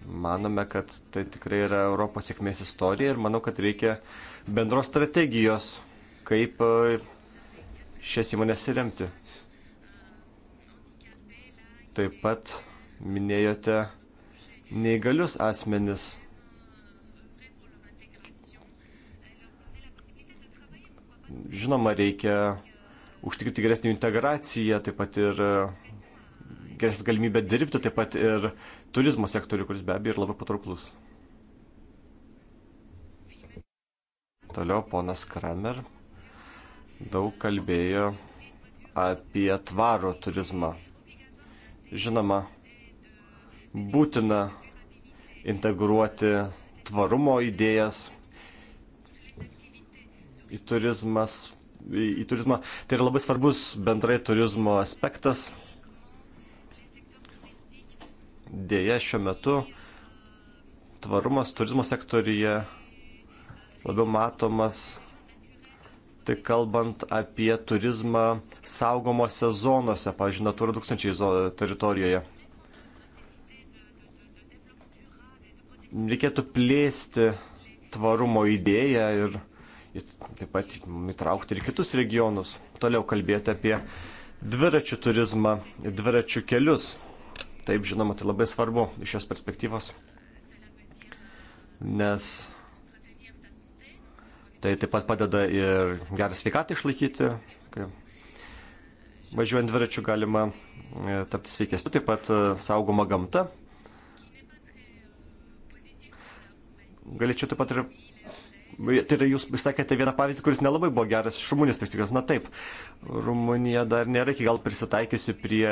Manome, kad tai tikrai yra Europos sėkmės istorija ir manau, kad reikia bendros strategijos, kaip e, šias įmonės remti. Taip pat minėjote neįgalius asmenis. Žinoma, reikia užtikrinti geresnį integraciją, taip pat ir uh, geresnė galimybė dirbti, taip pat ir turizmo sektoriui, kuris be abejo yra labai patrauklus. Toliau ponas Kramer daug kalbėjo apie tvaro turizmą. Žinoma, būtina integruoti tvarumo idėjas į turizmas į turizmą. Tai yra labai svarbus bendrai turizmo aspektas dėja šiuo metu tvarumas turizmo sektorija labiau matomas tik kalbant apie turizmą saugomose zonose, pavyzdžiui, Natura 2000 teritorijoje. Reikėtų plėsti tvarumo idėją ir taip pat įtraukti ir kitus regionus. Toliau kalbėti apie dviračių turizmą ir dviračių kelius. Taip, žinoma, tai labai svarbu iš šios perspektyvos, nes tai taip pat padeda ir gerą sveikatą išlaikyti. Kai važiuojant dviračiu galima e, tapti sveikesniu, taip pat e, saugoma gamta. Galėčiau taip pat ir Tai yra jūs sakėte vieną pavyzdį, kuris nelabai buvo geras iš Rumunijos perspektyvos. Na taip, Rumunija dar nėra iki gal prisitaikiusi prie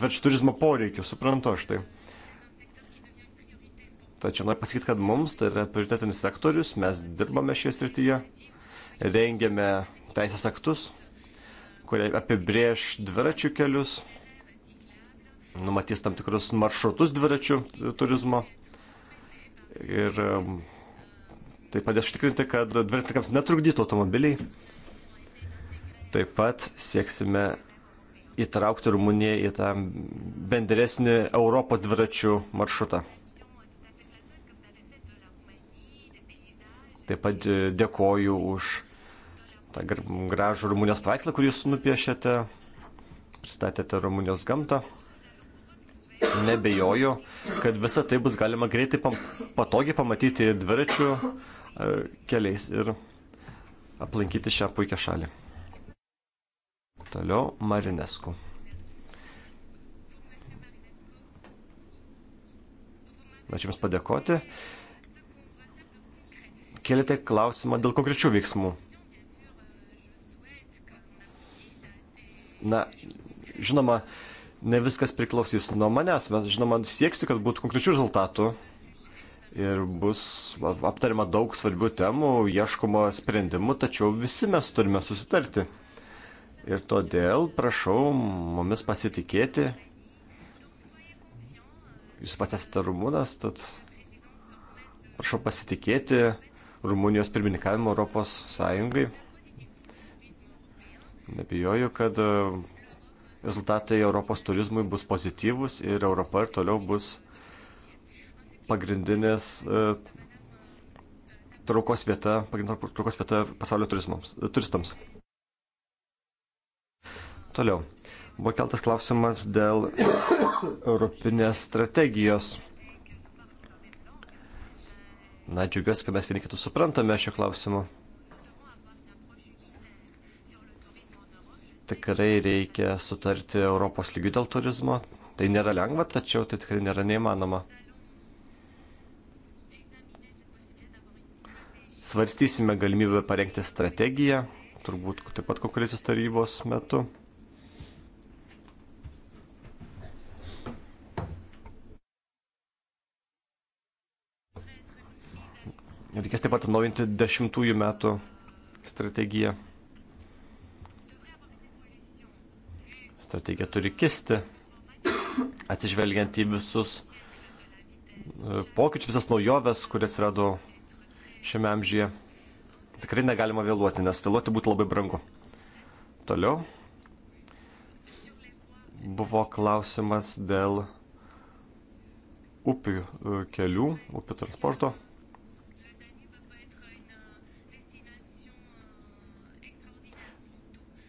dviračių turizmo poreikių, suprantu aš tai. Tačiau noriu pasakyti, kad mums tai yra prioritetinis sektorius, mes dirbame šioje srityje, rengiame teisės aktus, kurie apibrėž dviračių kelius, numatys tam tikrus maršrutus dviračių turizmo. Ir um, Tai padės užtikrinti, kad dviratininkams netrukdytų automobiliai. Taip pat sieksime įtraukti Rumuniją į tą bendresnį Europos dviračių maršrutą. Taip pat e, dėkoju už tą gražų Rumunijos paveikslą, kurį jūs nupiešėte, pristatėte Rumunijos gamtą. Nebejoju, kad visą tai bus galima greitai pam patogiai pamatyti dviračių E, keliais ir aplankyti šią puikią šalį. Toliau Marinesku. Ačiū Jums padėkoti. Kėlėte klausimą dėl konkrečių veiksmų. Na, žinoma, ne viskas priklausys nuo manęs, bet žinoma, sieksiu, kad būtų konkrečių rezultatų ir bus aptarima daug svarbių temų, ieškoma sprendimų, tačiau visi mes turime susitarti. Ir todėl prašau mumis pasitikėti. Jūs pats esate rumūnas, tad prašau pasitikėti Rumunijos pirmininkavimo Europos Sąjungai. Nebijoju, kad e, rezultatai Europos turizmui bus pozityvus ir Europa ir toliau bus pagrindinės e, traukos vieta, pagrindinė traukos vieta pasaulio turistams. Toliau. Buvo keltas klausimas dėl europinės strategijos. Na, džiugiuosi, kad mes vieni kitus suprantame šio klausimu. Tikrai reikia sutarti Europos lygių dėl turizmo. Tai nėra lengva, tačiau tai tikrai nėra neįmanoma. Svarstysime galimybę parengti strategiją, turbūt taip pat konkurencijos tarybos metu. Reikės taip pat atnaujinti dešimtųjų metų strategiją. Strategija turi kisti, atsižvelgiant į visus e, pokyčius, visas naujoves, kurias rado šiame amžyje. Tikrai negalima vėluoti, nes vėluoti būtų labai brangu. Toliau buvo klausimas dėl upių e, kelių, upių transporto.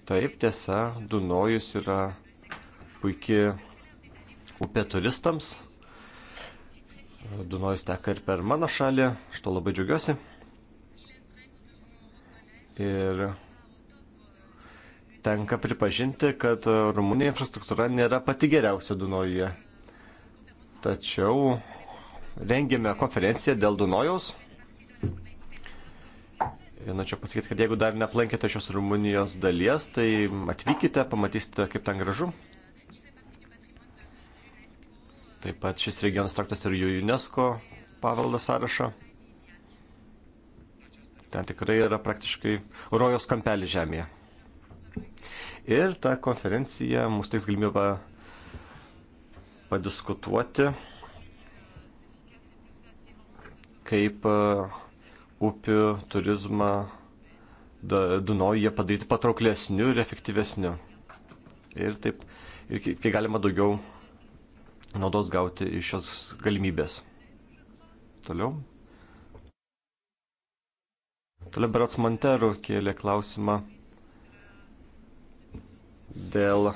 Taip, tiesa, Dunojus yra puikia upė turistams, Dunojus teka ir per mano šalį, aš to labai džiaugiuosi. Ir tenka pripažinti, kad Rumunija infrastruktūra nėra pati geriausia Dunojuje. Tačiau rengėme konferenciją dėl Dunojaus. Ir norėčiau pasakyti, kad jeigu dar neaplankėte šios Rumunijos dalies, tai atvykite, pamatysite, kaip ten gražu. Taip pat šis regionas traktas ir jų UNESCO paveldo sąrašą. Ten tikrai yra praktiškai rojos kampelis žemėje. Ir ta konferencija mus teiks galimybę padiskutuoti, kaip uh, upių turizmą Dunojuje padaryti patrauklesniu ir efektyvesniu. Ir taip, ir kiek galima daugiau naudos gauti iš šios galimybės. Toliau. Toliau Berats Montero kėlė klausimą dėl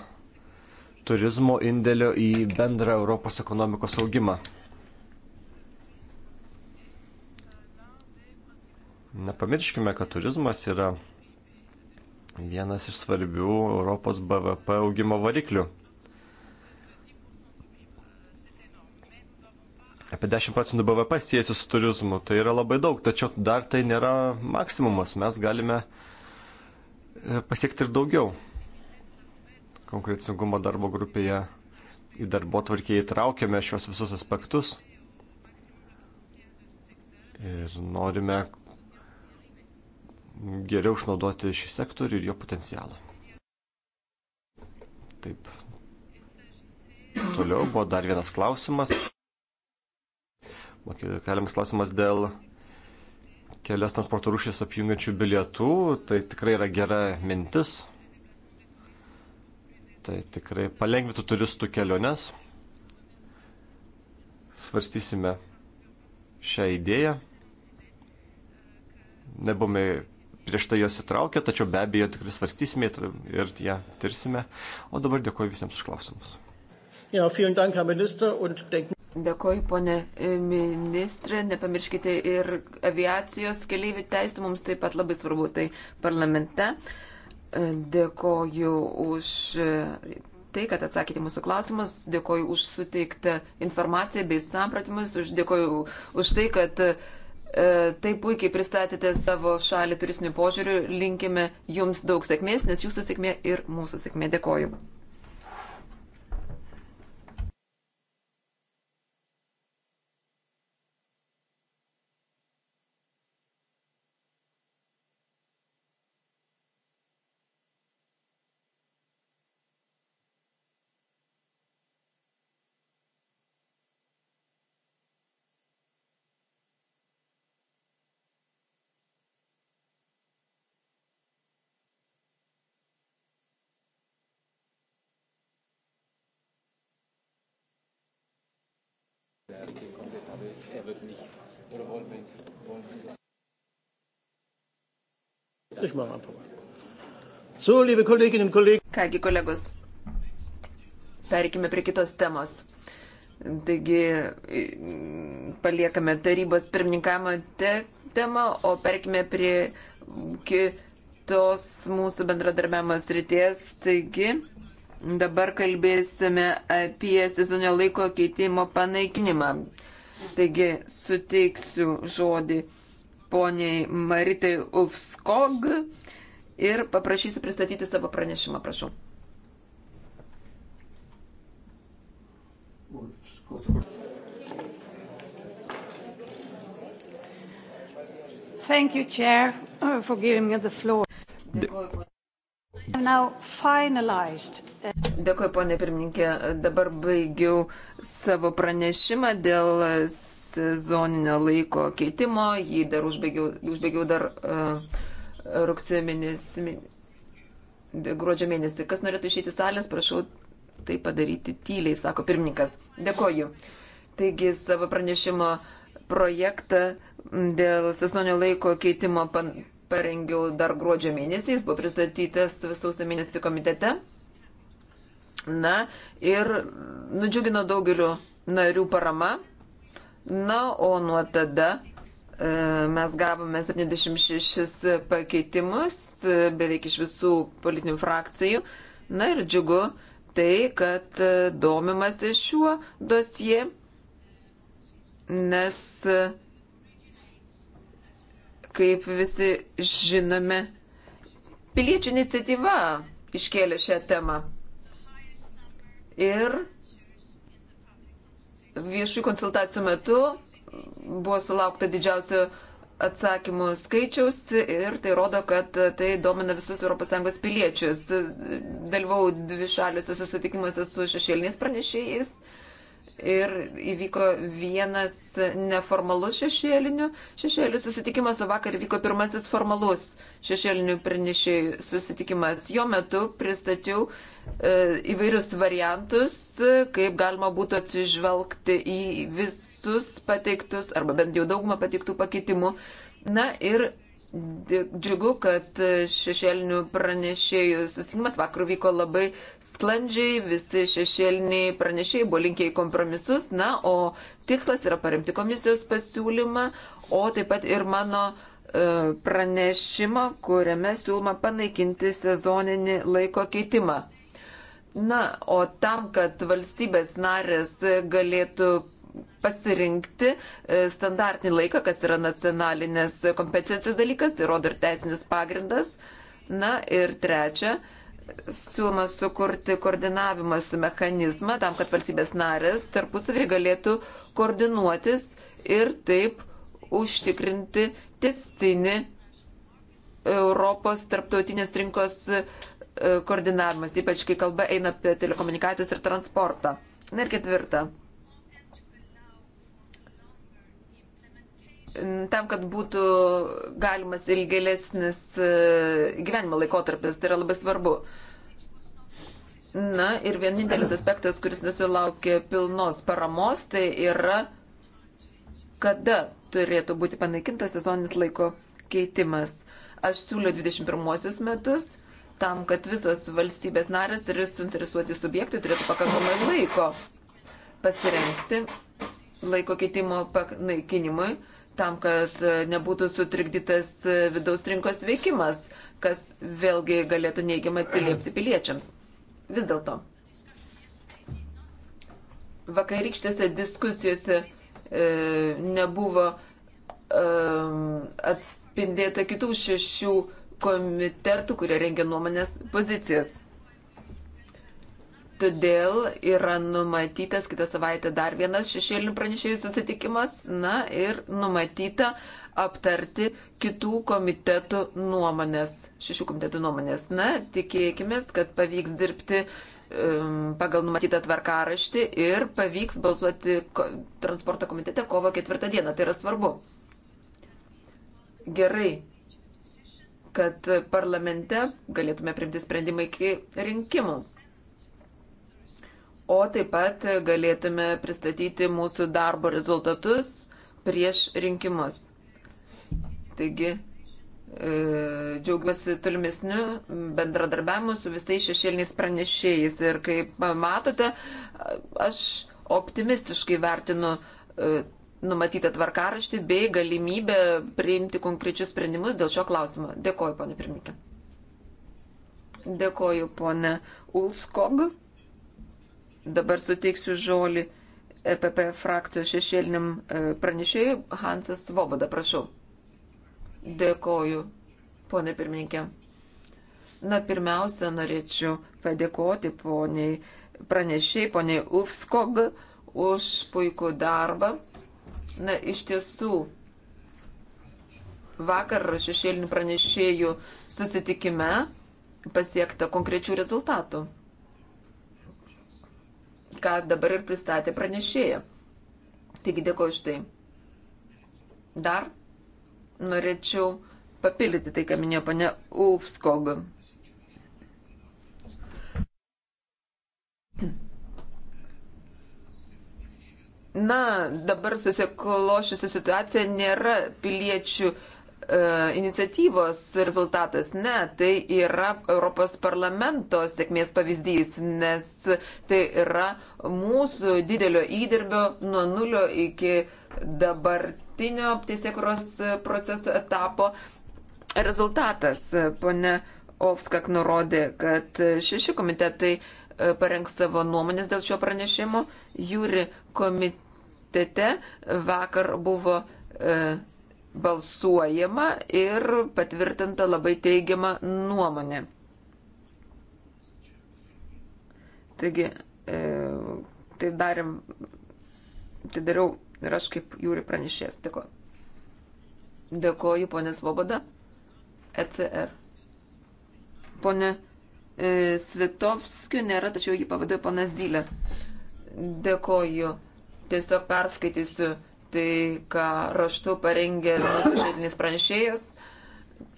turizmo indėlio į bendrą Europos ekonomikos augimą. Nepamirškime, kad turizmas yra vienas iš svarbių Europos BVP augimo variklių. apie 10 procentų BVP siejasi su turizmu. Tai yra labai daug, tačiau dar tai nėra maksimumas. Mes galime e, pasiekti ir daugiau. Konkurencingumo darbo grupėje į darbo tvarkį įtraukėme šios visus aspektus ir norime geriau išnaudoti šį sektorių ir jo potencialą. Taip. Toliau buvo dar vienas klausimas keliamas klausimas dėl kelias transporto rūšės apjungiančių bilietų, tai tikrai yra gera mintis. Tai tikrai palengvintų turistų keliones. Svarstysime šią idėją. Nebuvome prieš tai jos įtraukę, tačiau be abejo tikrai svarstysime ir ją tirsime. O dabar dėkuoju visiems už klausimus. Ja, vielen Dank, Herr Minister, und denken. Dėkoju, ponė e, ministrė, nepamirškite ir aviacijos keliaivių teisų, mums taip pat labai svarbu tai parlamente. E, dėkoju už e, tai, kad atsakėte mūsų klausimus, dėkoju už suteiktą informaciją bei sampratimus, už, dėkoju už tai, kad e, taip puikiai pristatėte savo šalį turistiniu požiūriu, linkime jums daug sėkmės, nes jūsų sėkmė ir mūsų sėkmė. Dėkoju. Kągi kolegos, perikime prie kitos temos. Taigi paliekame tarybos pirmininkavimo te temą, o perikime prie kitos mūsų bendradarbiavimo srities. Taigi dabar kalbėsime apie sezoninio laiko keitimo panaikinimą. Taigi suteiksiu žodį poniai Maritai Ufskog ir paprašysiu pristatyti savo pranešimą, prašau. Thank you, Chair, for giving me the floor. Dėkuoju, Uh, Dėkuoju, ponė pirmininkė. Dabar baigiau savo pranešimą dėl sezoninio laiko keitimo. Jį dar užbaigiau, užbaigiau dar uh, rugsėjo mėnesį, gruodžio mėnesį. Kas norėtų išėti salės, prašau tai padaryti tyliai, sako pirmininkas. Dėkuoju. Taigi savo pranešimo projektą dėl sezoninio laiko keitimo. Pan parengiau dar gruodžio mėnesį, jis buvo pristatytas visausio mėnesį komitete. Na ir nudžiugino daugeliu narių parama. Na, o nuo tada e, mes gavome 76 pakeitimus e, beveik iš visų politinių frakcijų. Na ir džiugu tai, kad e, domimasi šiuo dosie, nes Kaip visi žinome, piliečių iniciatyva iškėlė šią temą. Ir viešų konsultacijų metu buvo sulaukta didžiausio atsakymų skaičiaus ir tai rodo, kad tai domina visus ES piliečius. Dalyvau dvi šaliuose susitikimuose su šešėliniais pranešėjais ir įvyko vienas neformalus šešėlinių šešėlių susitikimas, o vakar vyko pirmasis formalus šešėlinių pranešėjų susitikimas. Jo metu pristačiau e, įvairius variantus, e, kaip galima būtų atsižvelgti į visus pateiktus, arba bent jau daugumą pateiktų pakeitimų. Na ir Džiugu, kad šešėlinių pranešėjų susitikimas vakar vyko labai sklandžiai, visi šešėliniai pranešėjai buvo linkę į kompromisus, na, o tikslas yra paremti komisijos pasiūlymą, o taip pat ir mano e, pranešimą, kuriame siūloma panaikinti sezoninį laiko keitimą. Na, o tam, kad valstybės narės galėtų pasirinkti e, standartinį laiką, kas yra nacionalinės kompetencijos dalykas, tai rodo ir teisinis pagrindas. Na ir trečia, siūloma sukurti koordinavimą su mechanizmą tam, kad valstybės narės tarpusavį galėtų koordinuotis ir taip užtikrinti testinį Europos tarptautinės rinkos e, koordinavimas, ypač kai kalba eina apie telekomunikacijas ir transportą. Na ir ketvirta. tam, kad būtų galimas ilgėlesnis e, gyvenimo laikotarpis, tai yra labai svarbu. Na ir vienintelis aspektas, kuris nesulaukė pilnos paramos, tai yra, kada turėtų būti panaikintas sezoninis laiko keitimas. Aš siūliu 21 metus tam, kad visas valstybės narės ir suinteresuoti subjektai turėtų pakankamai laiko pasirenkti laiko keitimo panaikinimui tam, kad e, nebūtų sutrikdytas e, vidaus rinkos veikimas, kas vėlgi galėtų neigiamai atsiliepti piliečiams. Vis dėlto, vakarykštėse diskusijose e, nebuvo e, atspindėta kitų šešių komitetų, kurie rengia nuomonės pozicijos. Todėl yra numatytas kitą savaitę dar vienas šešėlinių pranešėjų susitikimas, na ir numatyta aptarti kitų komitetų nuomonės, šešių komitetų nuomonės. Na, tikėkime, kad pavyks dirbti um, pagal numatytą tvarkaraštį ir pavyks balsuoti ko, transporto komitete kovo ketvirtą dieną. Tai yra svarbu. Gerai, kad parlamente galėtume primti sprendimą iki rinkimų o taip pat galėtume pristatyti mūsų darbo rezultatus prieš rinkimus. Taigi, e, džiaugiuosi tolimesniu bendradarbiavimu su visais šešėliniais pranešėjais. Ir kaip matote, aš optimistiškai vertinu e, numatytą tvarkaraštį bei galimybę priimti konkrečius sprendimus dėl šio klausimo. Dėkoju, ponė pirmininkė. Dėkoju, ponė Ulskog. Dabar suteiksiu žolį EPP frakcijos šešėliniam e, pranešėjui Hansas Svoboda, prašau. Dėkoju, ponė pirmininkė. Na, pirmiausia, norėčiau padėkoti poniai pranešiai, poniai Ufskog, už puikų darbą. Na, iš tiesų, vakar šešėlinių pranešėjų susitikime pasiekta konkrečių rezultatų ką dabar ir pristatė pranešėja. Taigi dėkoju už tai. Dar norėčiau papildyti tai, ką minėjo pane Ufskog. Na, dabar susiklošusi situacija nėra piliečių E, iniciatyvos rezultatas. Ne, tai yra Europos parlamento sėkmės pavyzdys, nes tai yra mūsų didelio įdirbio nuo nulio iki dabartinio teisėkuros proceso etapo rezultatas. Pone Ovskak nurodė, kad šeši komitetai e, parengs savo nuomonės dėl šio pranešimo. Jūri komitete vakar buvo e, balsuojama ir patvirtinta labai teigiama nuomonė. Taigi, e, tai darėm, tai dariau ir aš kaip jūri pranešės. Dėkoju. Dėkoju, ponė Svoboda. ECR. Pone e, Svitovskiu nėra, tačiau jį pavaduoja pana Zylė. Dėkoju. Tiesiog perskaitysiu tai, ką raštu parengė mūsų šeitinis pranešėjas.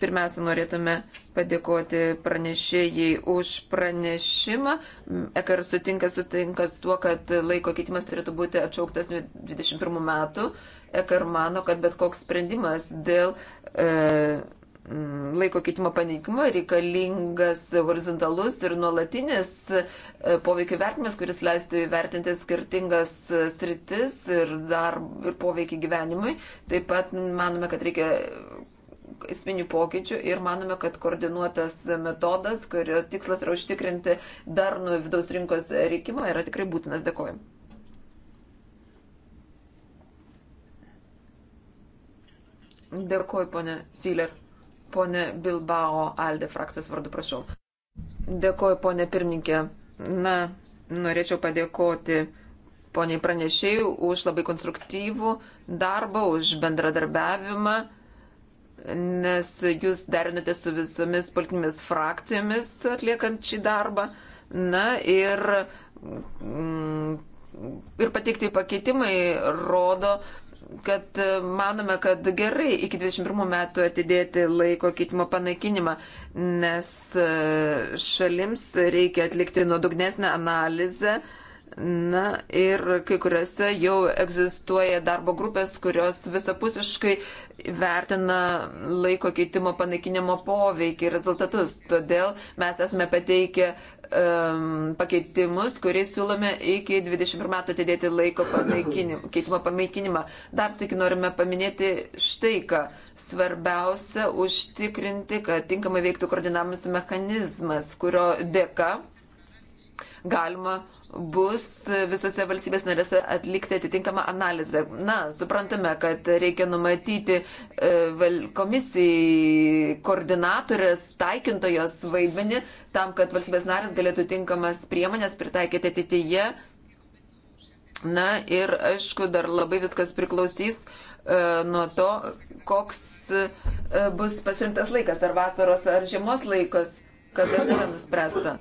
Pirmiausia, norėtume padėkoti pranešėjai už pranešimą. Ekar sutinka, sutinka tuo, kad laiko keitimas turėtų būti atšauktas 21 metų. Ekar mano, kad bet koks sprendimas dėl e, Mm, laiko keitimo paneigimo reikalingas horizontalus ir nuolatinis e, poveikio vertinimas, kuris leistų įvertinti skirtingas e, sritis ir, dar, ir poveikį gyvenimui. Taip pat manome, kad reikia esminių pokyčių ir manome, kad koordinuotas metodas, kurio tikslas yra užtikrinti darnų vidaus rinkos reikimą, yra tikrai būtinas. Dėkoju. Dėkoju, ponė Filer. Pone Bilbao, Alde frakcijos vardu, prašau. Dėkoju, ponė pirmininkė. Na, norėčiau padėkoti poniai pranešėjų už labai konstruktyvų darbą, už bendradarbiavimą, nes jūs derinote su visomis politinėmis frakcijomis atliekant šį darbą. Na ir, mm, ir pateikti pakeitimai rodo, kad e, manome, kad gerai iki 21 metų atidėti laiko keitimo panaikinimą, nes e, šalims reikia atlikti nuodugnesnę analizę. Na ir kai kuriuose jau egzistuoja darbo grupės, kurios visapusiškai vertina laiko keitimo panaikinimo poveikį ir rezultatus. Todėl mes esame pateikę um, pakeitimus, kuriais siūlome iki 21 metų atidėti laiko [LAUGHS] keitimo panaikinimą. Dar sėki norime paminėti štai ką. Svarbiausia užtikrinti, kad tinkamai veiktų koordinavimas mechanizmas, kurio dėka galima bus visose valstybės narėse atlikti atitinkamą analizę. Na, suprantame, kad reikia numatyti e, komisijai koordinatorės, taikintojos vaidmenį tam, kad valstybės narės galėtų tinkamas priemonės pritaikyti ateityje. Na ir aišku, dar labai viskas priklausys e, nuo to, koks e, bus pasirinktas laikas, ar vasaros, ar žiemos laikas, kada tai yra nuspręsta.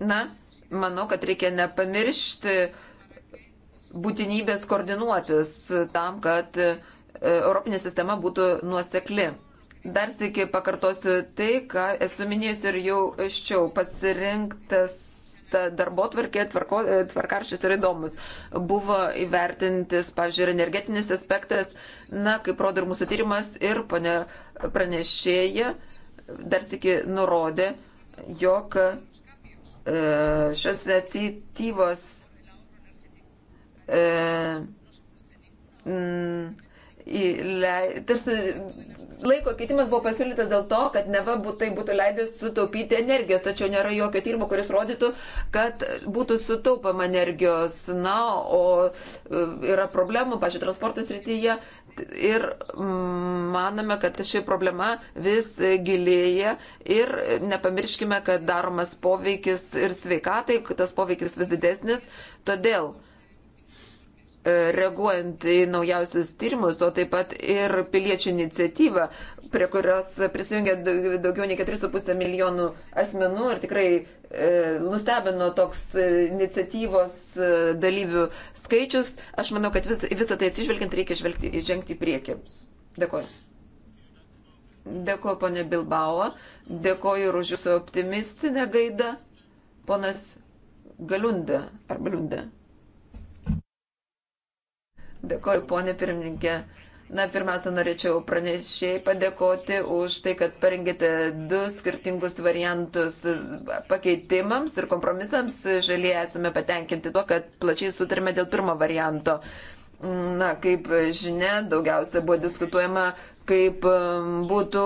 Na, manau, kad reikia nepamiršti būtinybės koordinuotis tam, kad e, Europinė sistema būtų nuosekli. Dar sėki pakartosiu tai, ką esu minėjęs ir jau ščiau pasirinktas ta darbo tvarkė, tvarko, e, tvarkaršys yra įdomus. Buvo įvertintis, pavyzdžiui, ir energetinis aspektas, na, kaip rodo ir mūsų tyrimas, ir ponė pranešėja dar sėki nurodė, jog E, šios iniciatyvos e, mm, tarsi laiko keitimas buvo pasiūlytas dėl to, kad neva būtų, tai būtų leidęs sutaupyti energijos, tačiau nėra jokio tyrimo, kuris rodytų, kad būtų sutaupama energijos. Na, o e, yra problemų, pažiūrėjau, transporto srityje ir mm, manome, kad ši problema vis gilėja ir nepamirškime, kad daromas poveikis ir sveikatai, tas poveikis vis didesnis. Todėl e, reaguojant į naujausius tyrimus, o taip pat ir piliečių iniciatyvą, prie kurios prisijungė daugiau nei 4,5 milijonų asmenų ir tikrai e, nustebino toks e, iniciatyvos e, dalyvių skaičius. Aš manau, kad vis, visą tai atsižvelgiant reikia žvelgti, žengti į priekį. Dėkuoju. Dėkuoju, ponė Bilbao. Dėkuoju ir už jūsų optimistinę gaidą. Ponas Galiunda ar Baliunda. Dėkuoju, ponė pirmininkė. Na, pirmiausia, norėčiau pranešėjai padėkoti už tai, kad parengėte du skirtingus variantus pakeitimams ir kompromisams. Žaliai esame patenkinti tuo, kad plačiai sutarime dėl pirmo varianto. Na, kaip žinia, daugiausia buvo diskutuojama, kaip um, būtų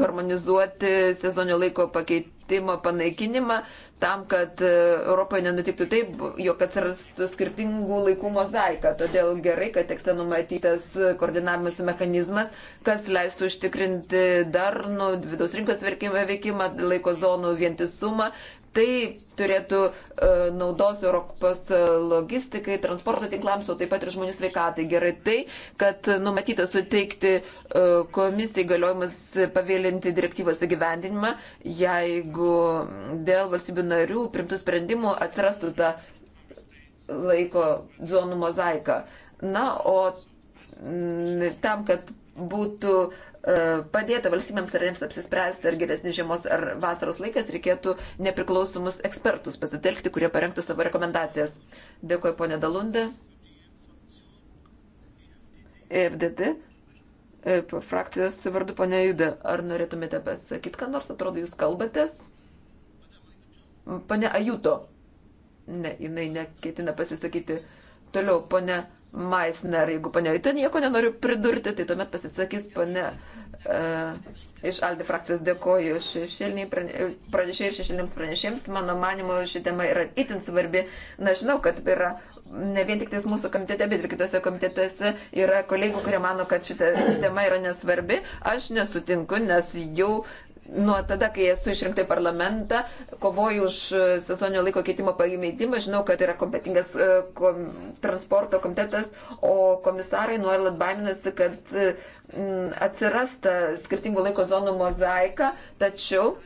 harmonizuoti sezoninio laiko pakeit, skirtimo panaikinimą tam, kad e, Europoje nenutiktų taip, jog atsirastų skirtingų laikų mozaika. Todėl gerai, kad tekste numatytas koordinavimas mechanizmas, kas leistų užtikrinti darnų vidaus rinkos veikimą, veikimą laiko zonų vientisumą tai turėtų e, naudos Europos e, logistikai, transporto tinklams, o taip pat ir žmonių sveikatai. Gerai tai, kad numatyta suteikti e, komisijai galiojimas pavėlinti direktyvos įgyvendinimą, jeigu dėl valstybių narių primtų sprendimų atsirastų ta laiko zonų mozaika. Na, o tam, kad būtų E, padėta valstybėms narėms apsispręsti, ar geresnis žiemos ar vasaros laikas reikėtų nepriklausomus ekspertus pasitelkti, kurie parengtų savo rekomendacijas. Dėkuoju, ponė Dalundė. E FDD. E, frakcijos vardu, ponė Juda, ar norėtumėte pasakyti, ką nors atrodo, jūs kalbatės? Pane Ajuto. Ne, jinai neketina pasisakyti. Toliau, ponė. Pane... Maisner. Jeigu ponia Vita nieko nenoriu pridurti, tai tuomet pasisakys ponia uh, iš Aldi frakcijos. Dėkoju šešėliniai pranešėjai ir šešėliniams pranešėjams. Mano manimo, ši tema yra itin svarbi. Na, žinau, kad yra ne vien tik tais mūsų komitete, bet ir kitose komitetuose yra kolegų, kurie mano, kad šita tema yra nesvarbi. Aš nesutinku, nes jau nuo tada, kai esu išrinkta į parlamentą, kovoju už e, sezoninio laiko keitimo paimėjimą, žinau, kad yra kompetingas e, kom, transporto komitetas, o komisarai nuolat baiminasi, kad e, m, atsirasta skirtingų laiko zonų mozaika, tačiau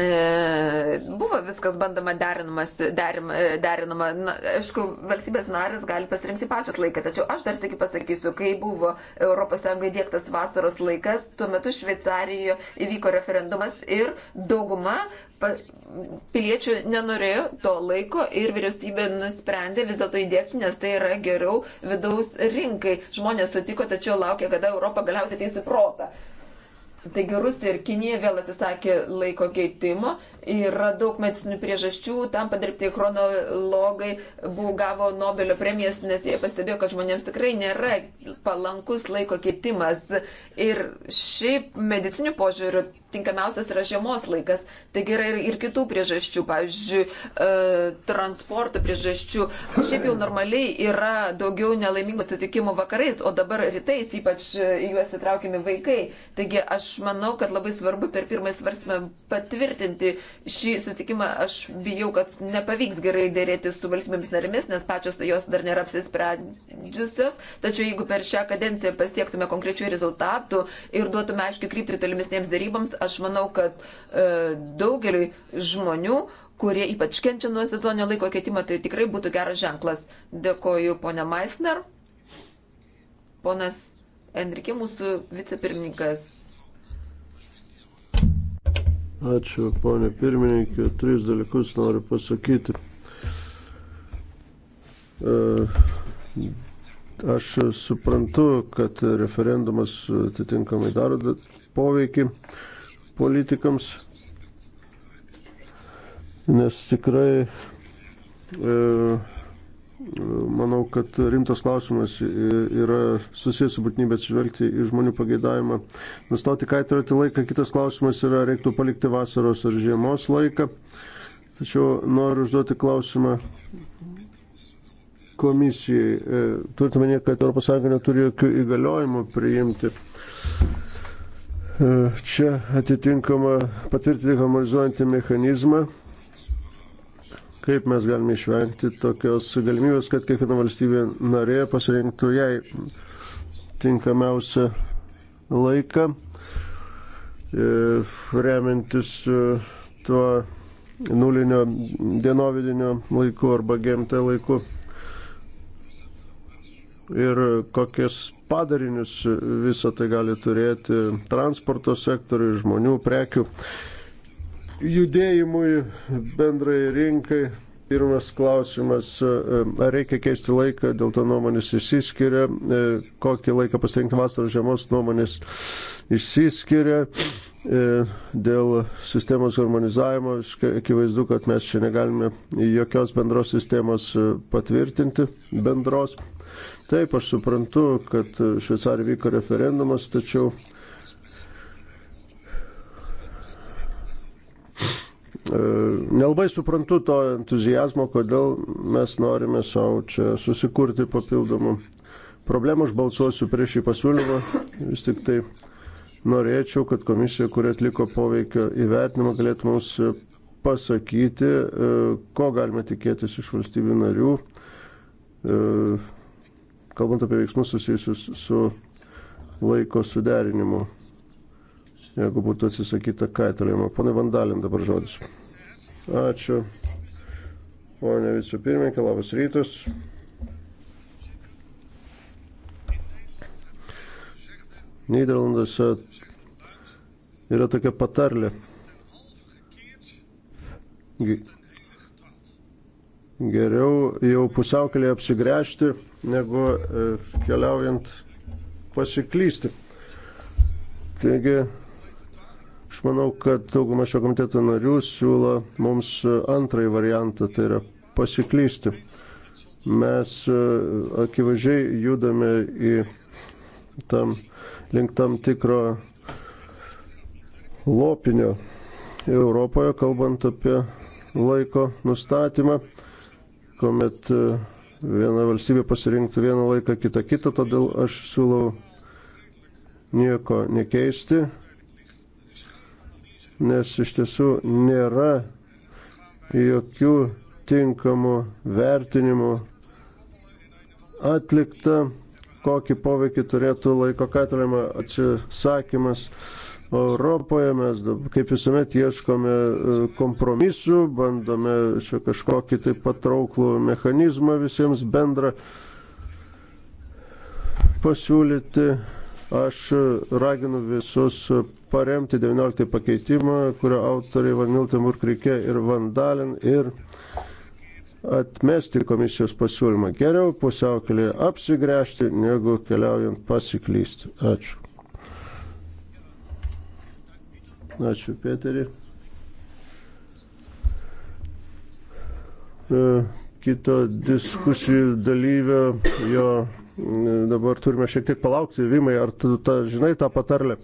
E, buvo viskas bandama derinamas, derim, e, derinama. Na, aišku, valstybės narės gali pasirinkti pačias laiką, tačiau aš dar sėki pasakysiu, kai buvo ES įdėktas vasaros laikas, tuo metu Šveicarijoje įvyko referendumas ir dauguma piliečių nenorėjo to laiko ir vyriausybė nusprendė vis dėlto įdėkti, nes tai yra geriau vidaus rinkai. Žmonės sutiko, tačiau laukia, kada Europa galiausiai ateis į protą. Taigi Rusija ir Kinija vėl atsisakė laiko keitimo. Yra daug medicinių priežasčių, tam padirbti chronologai buvo gavo Nobelio premijas, nes jie pastebėjo, kad žmonėms tikrai nėra palankus laiko keitimas. Ir šiaip medicinių požiūrių tinkamiausias yra žiemos laikas. Taigi yra ir, ir kitų priežasčių, pavyzdžiui, e, transporto priežasčių. Šiaip jau normaliai yra daugiau nelaimingų atsitikimų vakarais, o dabar rytais ypač e, į juos įtraukiami vaikai. Taigi aš manau, kad labai svarbu per pirmąjį svarstymą patvirtinti šį sutikimą. Aš bijau, kad nepavyks gerai dėrėti su valstybėmis narėmis, nes pačios jos dar nėra apsisprendžiusios. Tačiau jeigu per šią kadenciją pasiektume konkrečių rezultatų ir duotume aiškiai krypti tolimesnėms dėryboms, aš manau, kad e, daugeliui žmonių, kurie ypač kenčia nuo sezoninio laiko keitimo, tai tikrai būtų geras ženklas. Dėkoju, ponia Meisner. Ponas Enrikė, mūsų vicepirmininkas. Ačiū, ponė pirmininkė. Tris dalykus noriu pasakyti. E, aš suprantu, kad referendumas atitinkamai daro poveikį politikams, nes tikrai e, manau, kad rimtas klausimas yra susijęs su būtinybė atsižvelgti į žmonių pageidavimą. Nustoti kaitalioti laiką, kitas klausimas yra, reiktų palikti vasaros ar žiemos laiką. Tačiau noriu užduoti klausimą komisijai. E, Turite mane, kad ES neturi jokių įgaliojimų priimti E, čia atitinkamą patvirtinti harmonizuojantį mechanizmą, kaip mes galime išvengti tokios galimybės, kad kiekviena valstybė narė pasirinktų jai tinkamiausią laiką, e, remiantis e, tuo nulinio dienovidinio laiku arba GMT laiku ir kokius padarinius visą tai gali turėti transporto sektoriui, žmonių, prekių judėjimui, bendrai rinkai. Pirmas klausimas, ar reikia keisti laiką, dėl to nuomonės išsiskiria, kokį laiką pasirinkti vasaros žiemos nuomonės išsiskiria dėl sistemos harmonizavimo, akivaizdu, kad mes čia negalime jokios bendros sistemos patvirtinti, bendros Taip, aš suprantu, kad Šveicarija vyko referendumas, tačiau e, Nelabai suprantu to entuzijazmo, kodėl mes norime savo čia susikurti papildomų problemų. Aš balsuosiu prieš šį pasiūlymą. Vis tik tai norėčiau, kad komisija, kuri atliko poveikio įvertinimą, galėtų mums pasakyti, e, ko galime tikėtis iš valstybių narių e, kalbant apie veiksmus susijusius su laiko suderinimu, jeigu būtų atsisakyta kaitaliojimo. Pone Vandalin dabar žodis. Ačiū. Pone vicepirmininkė, labas rytas. Niderlanduose yra tokia patarlė. Geriau jau pusiaukelį apsigręžti negu e, keliaujant pasiklysti. Taigi, aš manau, kad dauguma šio komiteto narių siūlo mums antrąjį variantą, tai yra pasiklysti. Mes e, akivaizdžiai judame į tam, link tam tikro lopinio Europoje, kalbant apie laiko nustatymą, kuomet e, viena valstybė pasirinktų vieną laiką, kitą kitą, todėl aš siūlau nieko nekeisti, nes iš tiesų nėra jokių tinkamų vertinimų atlikta, kokį poveikį turėtų laiko katalimo atsisakymas Europoje mes, kaip visuomet, ieškome e, kompromisų, bandome čia kažkokį tai patrauklų mechanizmą visiems bendrą pasiūlyti. Aš raginu visus paremti 19 pakeitimą, kurio autoriai Van Miltem Urkrikė ir Vandalin ir atmesti komisijos pasiūlymą. Geriau pusiaukelėje apsigręžti, negu keliaujant pasiklysti. Ačiū. Ačiū, Peterį. E, kito diskusijų dalyvio, jo e, dabar turime šiek tiek palaukti, Vimai, ar tu ta, žinai tą patarlę?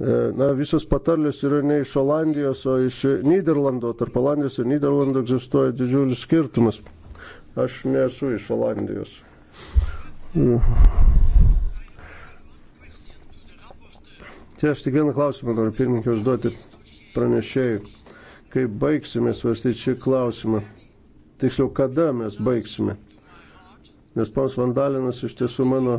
E, na, visos patarlės yra ne iš Olandijos, o iš Niderlandų. Tarp Olandijos ir Niderlandų egzistuoja didžiulis skirtumas. Aš nesu iš Olandijos. Tai aš tik vieną klausimą noriu pirmininkai užduoti pranešėjai. Kai baigsime svarstyti šį klausimą, tiksliau kada mes baigsime. Nes pons Vandalinas iš tiesų mano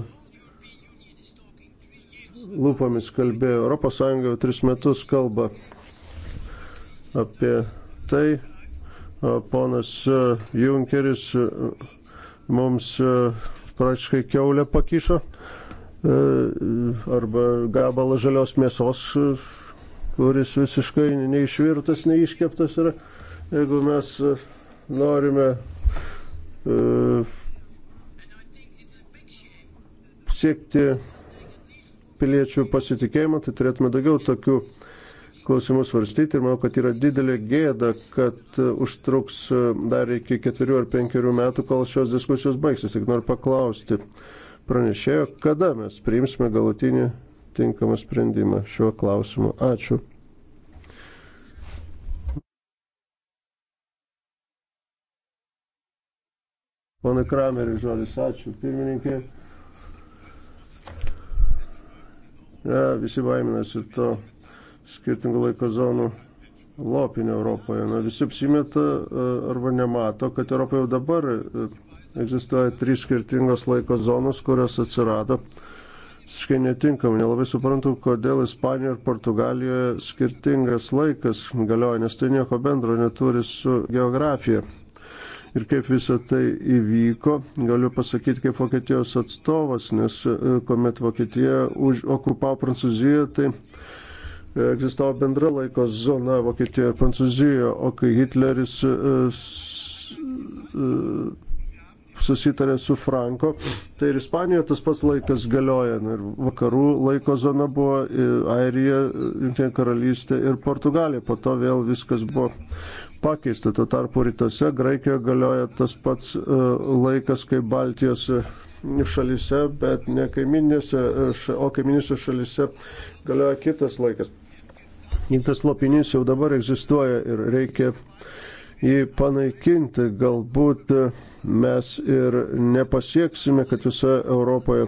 lūpomis kalbėjo. ES jau tris metus kalba apie tai. Ponas e, Junkeris e, mums e, praktiškai keulę pakišo. E, arba gabalą žalios mėsos, e, kuris visiškai neišvirtas, neiškeptas yra. Jeigu mes e, norime siekti piliečių pasitikėjimą, tai turėtume daugiau tokių klausimų svarstyti ir manau, kad yra didelė gėda, kad užtruks dar iki ketverių ar penkerių metų, kol šios diskusijos baigsis. Tik noriu paklausti pranešėjo, kada mes priimsime galutinį tinkamą sprendimą šiuo klausimu. Ačiū. Pana Kramerį žodis, ačiū pirmininkė. Ja, visi baiminasi to skirtingų laiko zonų lopinio Europoje. Na, visi apsimeta e, arba nemato, kad Europoje jau dabar e, egzistuoja trys skirtingos laiko zonos, kurios atsirado. Visiškai netinkam, nelabai suprantu, kodėl Ispanijoje ir Portugalijoje skirtingas laikas galioja, nes tai nieko bendro neturi su geografija. Ir kaip visą tai įvyko, galiu pasakyti kaip Vokietijos atstovas, nes e, kuomet Vokietija už, okupavo Prancūziją, tai e, egzistavo bendra laiko zona Vokietijoje ir Prancūzijoje, o kai Hitleris uh, uh, susitarė su Franko, tai ir Ispanijoje tas pats laikas galioja. Ir vakarų laiko zona buvo Airija, Junktinė karalystė ir Portugalija. Po to vėl viskas buvo pakeista. Tuo tarpu rytuose Graikijoje galioja tas pats e, laikas kaip Baltijos e, šalyse, bet ne kaiminėse, e, o kaiminėse šalyse galioja kitas laikas. Ir tas lopinys jau dabar egzistuoja ir reikia jį panaikinti. Galbūt uh, mes ir nepasieksime, kad visoje Europoje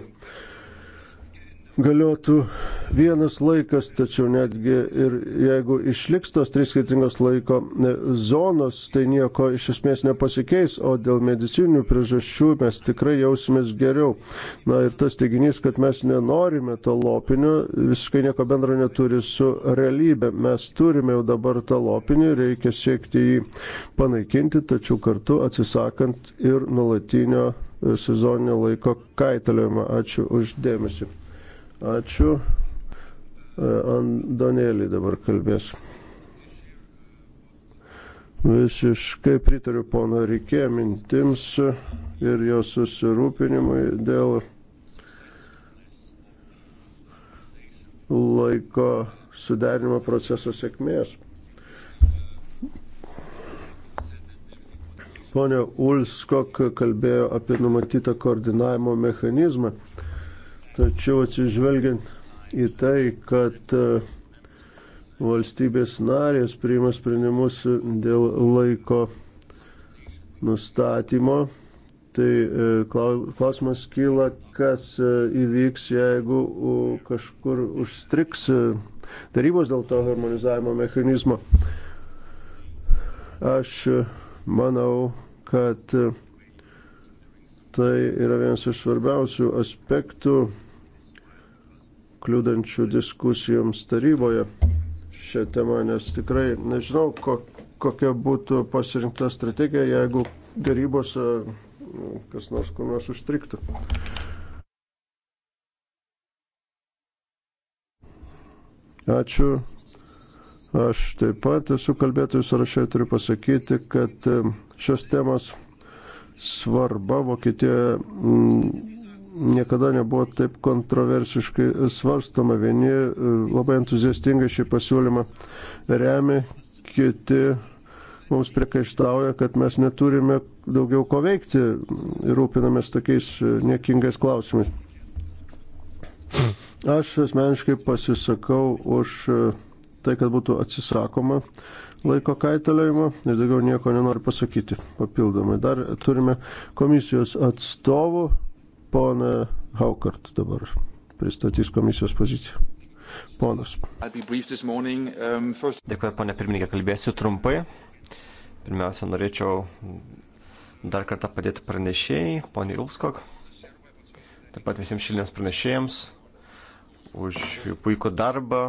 galiotų vienas laikas, tačiau netgi ir jeigu išliks tos trys skirtingos laiko e, zonos, tai nieko iš esmės nepasikeis, o dėl medicininių priežasčių mes tikrai jausimės geriau. Na ir tas teiginys, kad mes nenorime to lopinio, visiškai nieko bendro neturi su realybė. Mes turime jau dabar tą lopinį, reikia siekti jį panaikinti, tačiau kartu atsisakant ir nulatinio e, sezoninio laiko kaitaliojimą. Ačiū uždėmesi. Ačiū. E, Donėlį dabar kalbės. Visiškai pritariu pono Rikė mintims ir jo susirūpinimui dėl laiko sudarinimo proceso sėkmės. Pone Ulskok kalbėjo apie numatytą koordinavimo mechanizmą. Tačiau atsižvelgiant į tai, kad e, valstybės narės priima sprendimus dėl laiko nustatymo, tai e, klausimas kyla, kas e, įvyks, jeigu kažkur užstriks darybos dėl to harmonizavimo mechanizmo. Aš manau, kad tai yra vienas iš svarbiausių aspektų kliūdančių diskusijoms taryboje šią temą, nes tikrai nežinau, kokia būtų pasirinkta strategija, jeigu darybose nu, kas nors kur nors užstriktų. Ačiū. Aš taip pat esu kalbėtojų sąrašai, turiu pasakyti, kad e, šios temos svarba Vokietijoje niekada nebuvo taip kontroversiškai svarstama. Vieni e, labai entuziastingai šį pasiūlymą remia, kiti mums priekaištauja, kad mes neturime daugiau ko veikti ir rūpinamės tokiais e, niekingais klausimais. Aš asmeniškai pasisakau už e, tai, kad būtų atsisakoma laiko kaitaliojimo ir daugiau nieko nenoriu pasakyti papildomai. Dar turime komisijos atstovų Pona Haukart dabar pristatys komisijos poziciją. Ponas. Morning, um, first... Dėkuoju, ponė pirmininkė, kalbėsiu trumpai. Pirmiausia, norėčiau dar kartą padėti pranešėjai, poniai Ilskok, taip pat visiems šilinėms pranešėjams už jų puikų darbą,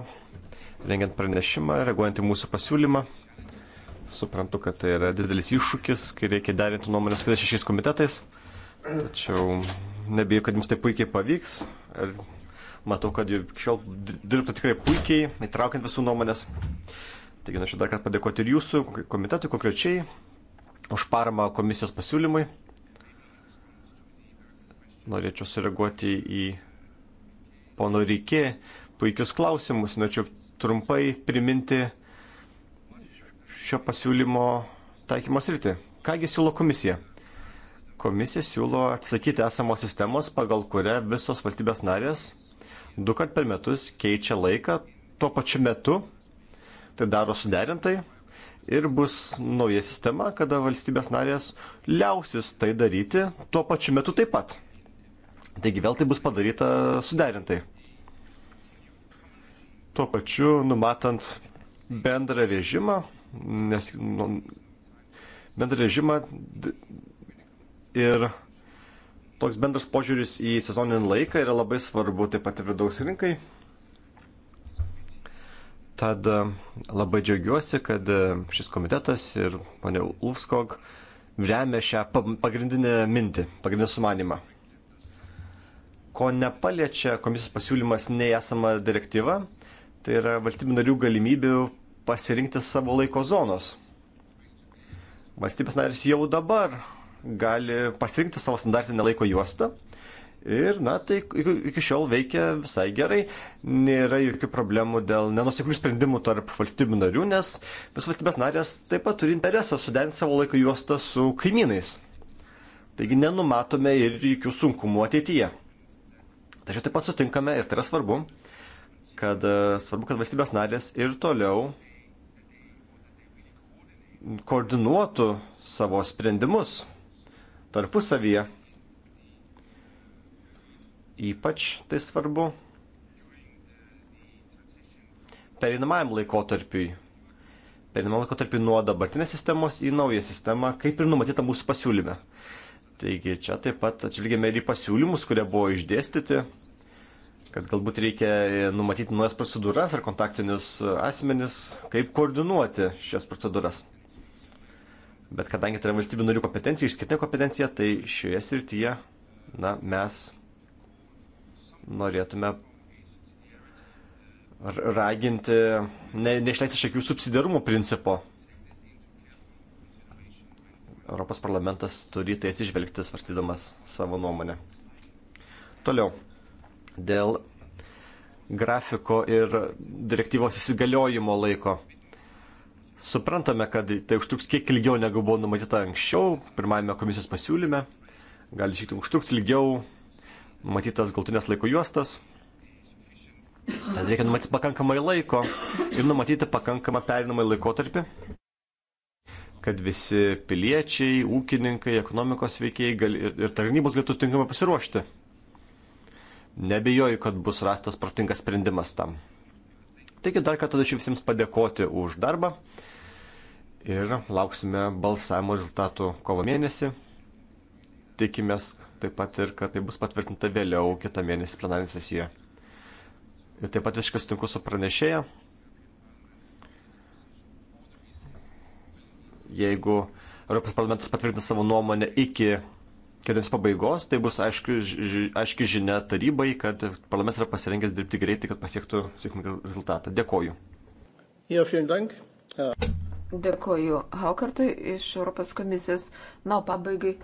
rengiant pranešimą, reaguojant į mūsų pasiūlymą. Suprantu, kad tai yra didelis iššūkis, kai reikia derinti nuomonės su kitais šešiais komitetais, tačiau nebijau, kad jums tai puikiai pavyks. Ir matau, kad jau šiol dirbta tikrai puikiai, įtraukiant visų nuomonės. Taigi norėčiau dar kartą padėkoti ir jūsų komitetui konkrečiai už paramą komisijos pasiūlymui. Norėčiau sureaguoti į pono Rykė puikius klausimus. Norėčiau trumpai priminti šio pasiūlymo taikymo sritį. Kągi siūlo komisija? Komisija siūlo atsakyti esamos sistemos, pagal kurią visos valstybės narės du kart per metus keičia laiką tuo pačiu metu, tai daro suderintai ir bus nauja sistema, kada valstybės narės liausis tai daryti tuo pačiu metu taip pat. Taigi vėl tai bus padaryta suderintai. Tuo pačiu numatant bendrą režimą, nes nu, bendrą režimą Ir toks bendras požiūris į sezoninį laiką yra labai svarbu taip pat ir vidaus rinkai. Tad e, labai džiaugiuosi, kad e, šis komitetas ir mane Ulfskog remia šią pagrindinę mintį, pagrindinę sumanimą. Ko nepaliečia komisijos pasiūlymas nei esama direktyva, tai yra valstybių narių galimybių pasirinkti savo laiko zonos. Valstybės narys jau dabar gali pasirinkti savo standartinę laiko juostą. Ir, na, tai iki šiol veikia visai gerai, nėra jokių problemų dėl nenusiklių sprendimų tarp valstybių narių, nes visos valstybės narės taip pat turi interesą suderinti savo laiko juostą su kaimynais. Taigi nenumatome ir jokių sunkumų ateityje. Tačiau taip pat sutinkame, ir tai yra svarbu, kad e, svarbu, kad valstybės narės ir toliau koordinuotų savo sprendimus tarpusavyje. Ypač tai svarbu perinamajam laikotarpiui. Perinamajam laikotarpiui nuo dabartinės sistemos į naują sistemą, kaip ir numatyta mūsų pasiūlyme. Taigi čia taip pat atsilgėme ir į pasiūlymus, kurie buvo išdėstyti, kad galbūt reikia e, numatyti naujas procedūras ar kontaktinius e, asmenis, kaip koordinuoti šias procedūras. Bet kadangi tai yra valstybių narių kompetencija, išskirtinė kompetencija, tai šioje srityje na, mes norėtume raginti ne, neišleisti iš akių subsidiarumo principo. Europos parlamentas turi tai atsižvelgti svarstydamas savo nuomonę. Toliau. Dėl grafiko ir direktyvos įsigaliojimo laiko. Suprantame, kad tai užtruks kiek ilgiau negu buvo numatyta anksčiau, pirmajame komisijos pasiūlyme. Gali šiek tiek užtrukti ilgiau, numatytas galtinės laiko juostas. Tad reikia numatyti pakankamai laiko ir numatyti pakankamą perinamą laikotarpį, kad visi piliečiai, ūkininkai, ekonomikos veikėjai gali, ir tarnybos galėtų tinkamai pasiruošti. Nebejoju, kad bus rastas protingas sprendimas tam. Taigi dar kartą norėčiau visiems padėkoti už darbą ir lauksime balsavimo rezultatų kovo mėnesį. Tikimės taip pat ir, kad tai bus patvirtinta vėliau kitą mėnesį plenarinė sesijoje. Ir taip pat viskas tinku su pranešėja. Jeigu Europos parlamentas patvirtina savo nuomonę iki kėdės pabaigos, tai bus aiški, aiški žinia tarybai, kad parlamentas yra pasirengęs dirbti greitai, kad pasiektų sėkmingą rezultatą. Dėkoju. Ja, Dėkoju Haukartui iš Europos komisijos. Na, pabaigai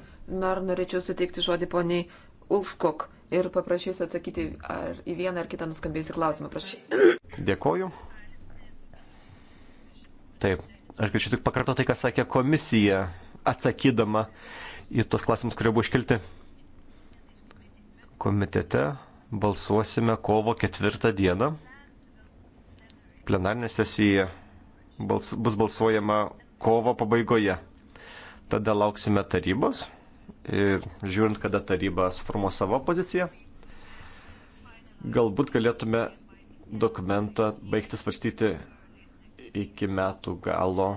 dar norėčiau suteikti žodį poniai Ulskok ir paprašysiu atsakyti ar į vieną ar kitą nuskambėjusią klausimą. Prašau. Dėkoju. Taip, aš galėčiau tik pakartoti tai, ką sakė komisija, atsakydama į tos klausimus, kurie buvo iškelti. Komitete balsuosime kovo ketvirtą dieną. Plenarinė sesija bals, bus balsuojama kovo pabaigoje. Tada lauksime tarybos ir žiūrint, kada taryba suformuos savo poziciją, galbūt galėtume dokumentą baigti svarstyti iki metų galo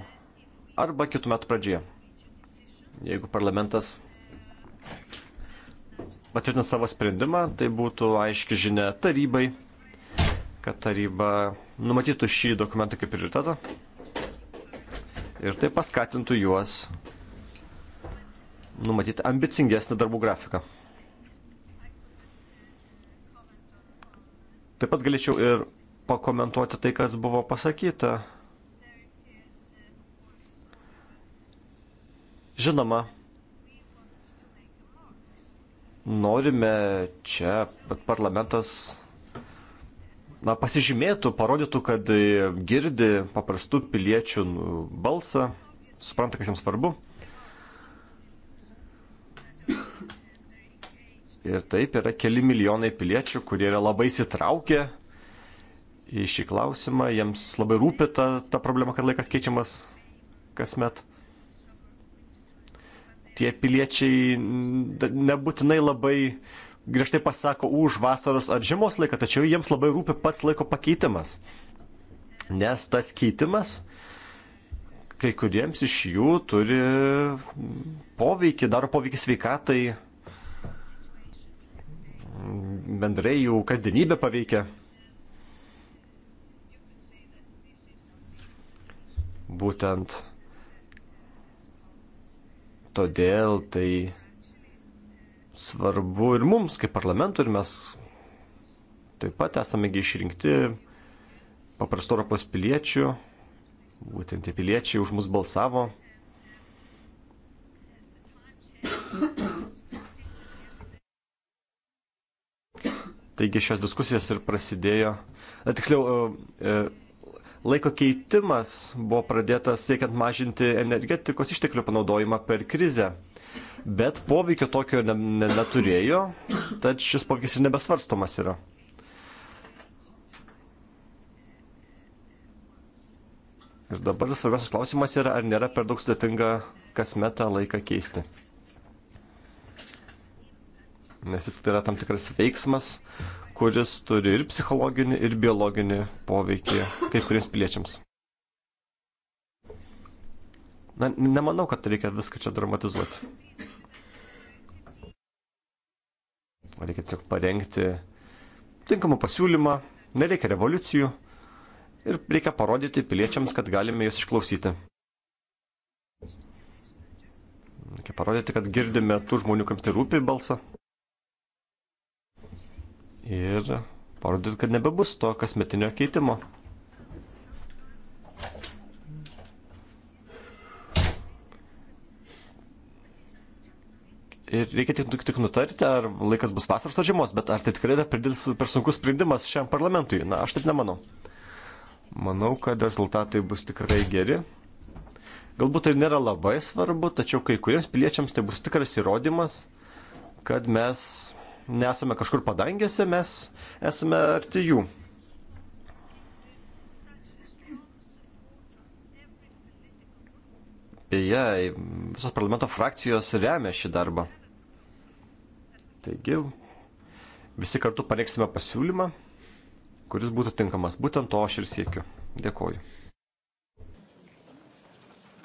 arba kitų metų pradžioje jeigu parlamentas patvirtina savo sprendimą, tai būtų aiški žinia tarybai, kad taryba numatytų šį dokumentą kaip prioritetą ir tai paskatintų juos numatyti ambicingesnį darbų grafiką. Taip pat galėčiau ir pakomentuoti tai, kas buvo pasakyta Žinoma, norime čia, kad parlamentas na, pasižymėtų, parodytų, kad girdi paprastų piliečių balsą, supranta, kas jiems svarbu. Ir taip yra keli milijonai piliečių, kurie yra labai sitraukę į šį klausimą, jiems labai rūpi ta, ta problema, kad laikas keičiamas kasmet tie piliečiai nebūtinai labai griežtai pasako už vasaros ar žiemos laiką, tačiau jiems labai rūpi pats laiko pakeitimas. Nes tas keitimas kai kuriems iš jų turi poveikį, daro poveikį sveikatai, bendrai jų kasdienybę paveikia. Būtent Todėl tai svarbu ir mums kaip parlamentui, ir mes taip pat esame išrinkti paprastų Europos piliečių, būtent tie piliečiai už mus balsavo. Taigi šios diskusijos ir prasidėjo, na, tiksliau, e, e, laiko keitimas buvo pradėtas siekiant mažinti energetikos išteklių panaudojimą per krizę. Bet poveikio tokio ne, ne, neturėjo, tad šis poveikis ir nebesvarstomas yra. Ir dabar svarbiausias klausimas yra, ar nėra per daug sudėtinga kasmetą laiką keisti. Nes vis tai yra tam tikras veiksmas, kuris turi ir psichologinį, ir biologinį poveikį kai kuriems piliečiams. Na, nemanau, kad reikia viską čia dramatizuoti. Reikia tiesiog parengti tinkamą pasiūlymą, nereikia revoliucijų ir reikia parodyti piliečiams, kad galime juos išklausyti. Reikia parodyti, kad girdime tų žmonių, kam tai rūpi balsą ir parodyti, kad nebebus to kasmetinio keitimo. Ir reikia tik, tik nutarti, ar laikas bus vasaros ar žiemos, bet ar tai tikrai yra per, per sunkus sprendimas šiam parlamentui? Na, aš taip nemanau. Manau, kad rezultatai bus tikrai geri. Galbūt tai nėra labai svarbu, tačiau kai kuriems piliečiams tai bus tikras įrodymas, kad mes nesame kažkur padangėse, mes esame arti jų. Beje, visos parlamento frakcijos remia šį darbą. Taigi, visi kartu pareiksime pasiūlymą, kuris būtų tinkamas. Būtent to aš ir siekiu. Dėkuoju.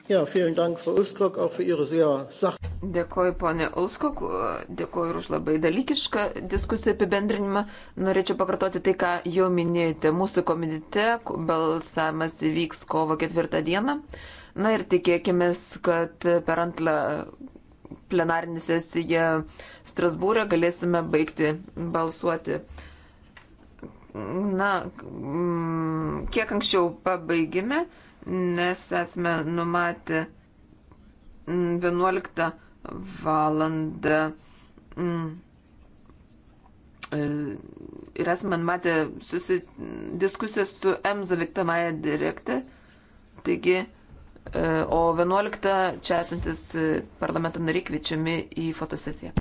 Ja, vielen Dank, Frau Ulskog, auch für Ihre sehr sach. Dėkoju, ponė Ulskog, dėkoju ir už labai dalykišką diskusiją apibendrinimą. Norėčiau pakartoti tai, ką jau minėjote. Mūsų komitete balsavimas vyks kovo ketvirtą dieną. Na ir tikėkime, kad per antrą plenarinį sesiją Strasbūrę galėsime baigti balsuoti. Na, mm, kiek anksčiau pabaigime nes esame numatę 11 mm, valandą mm, e, ir esame matę susi, diskusiją su EMZA vyktamąją direktę. Taigi, e, o 11 čia esantis e, parlamento nariai kviečiami į fotosesiją.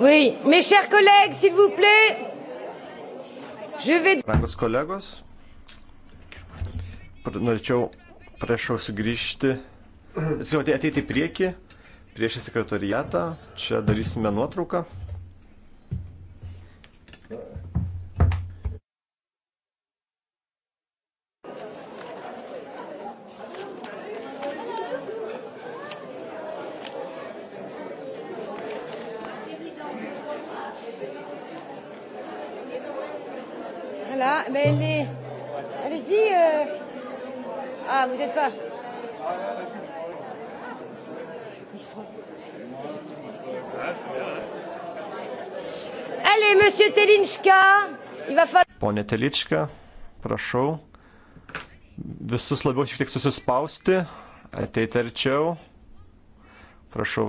Oui, mes chers collègues, s'il vous plaît, je vais. Brangus kolegos, norėčiau, prašau sugrįžti, atsiprašau, ateiti į priekį, prieš sekretariatą, čia darysime nuotrauką. pas. Ils sont... Allez, monsieur Telinchka, il va falloir. Pone Telinchka, prašau visus labiau šiek tiek susispausti, ateiti arčiau. Prašau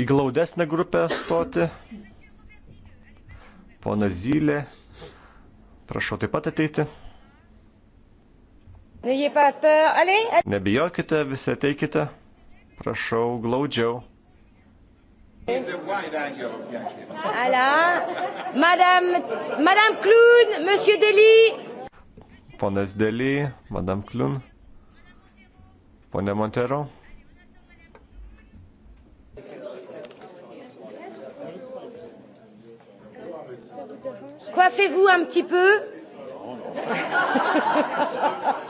į glaudesnę grupę stoti. Pona Zylė, prašau taip pat ateiti. Nebijokite, visi ateikite. Prašau, glaudžiau. Ala, Madame, Madame Klun, Monsieur Dely. Ponas Dely, Madame Klun. Pone Montero. Coiffez-vous un petit peu. [LAUGHS]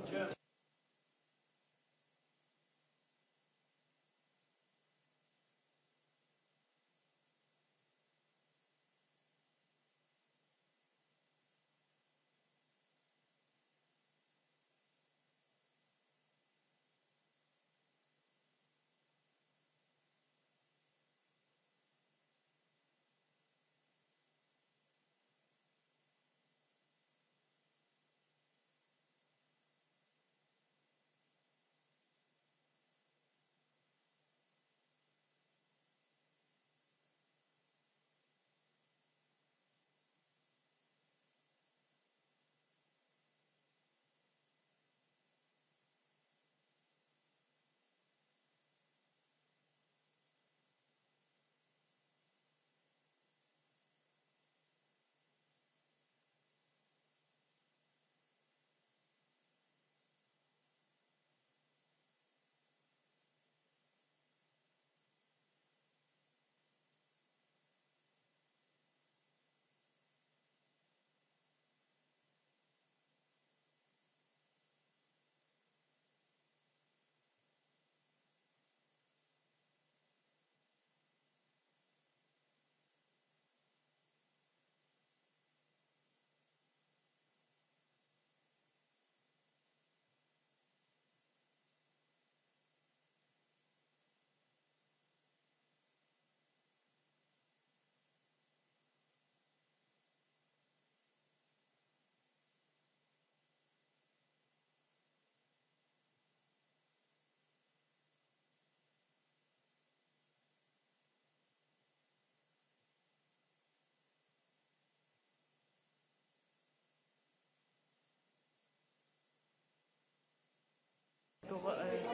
pour. Euh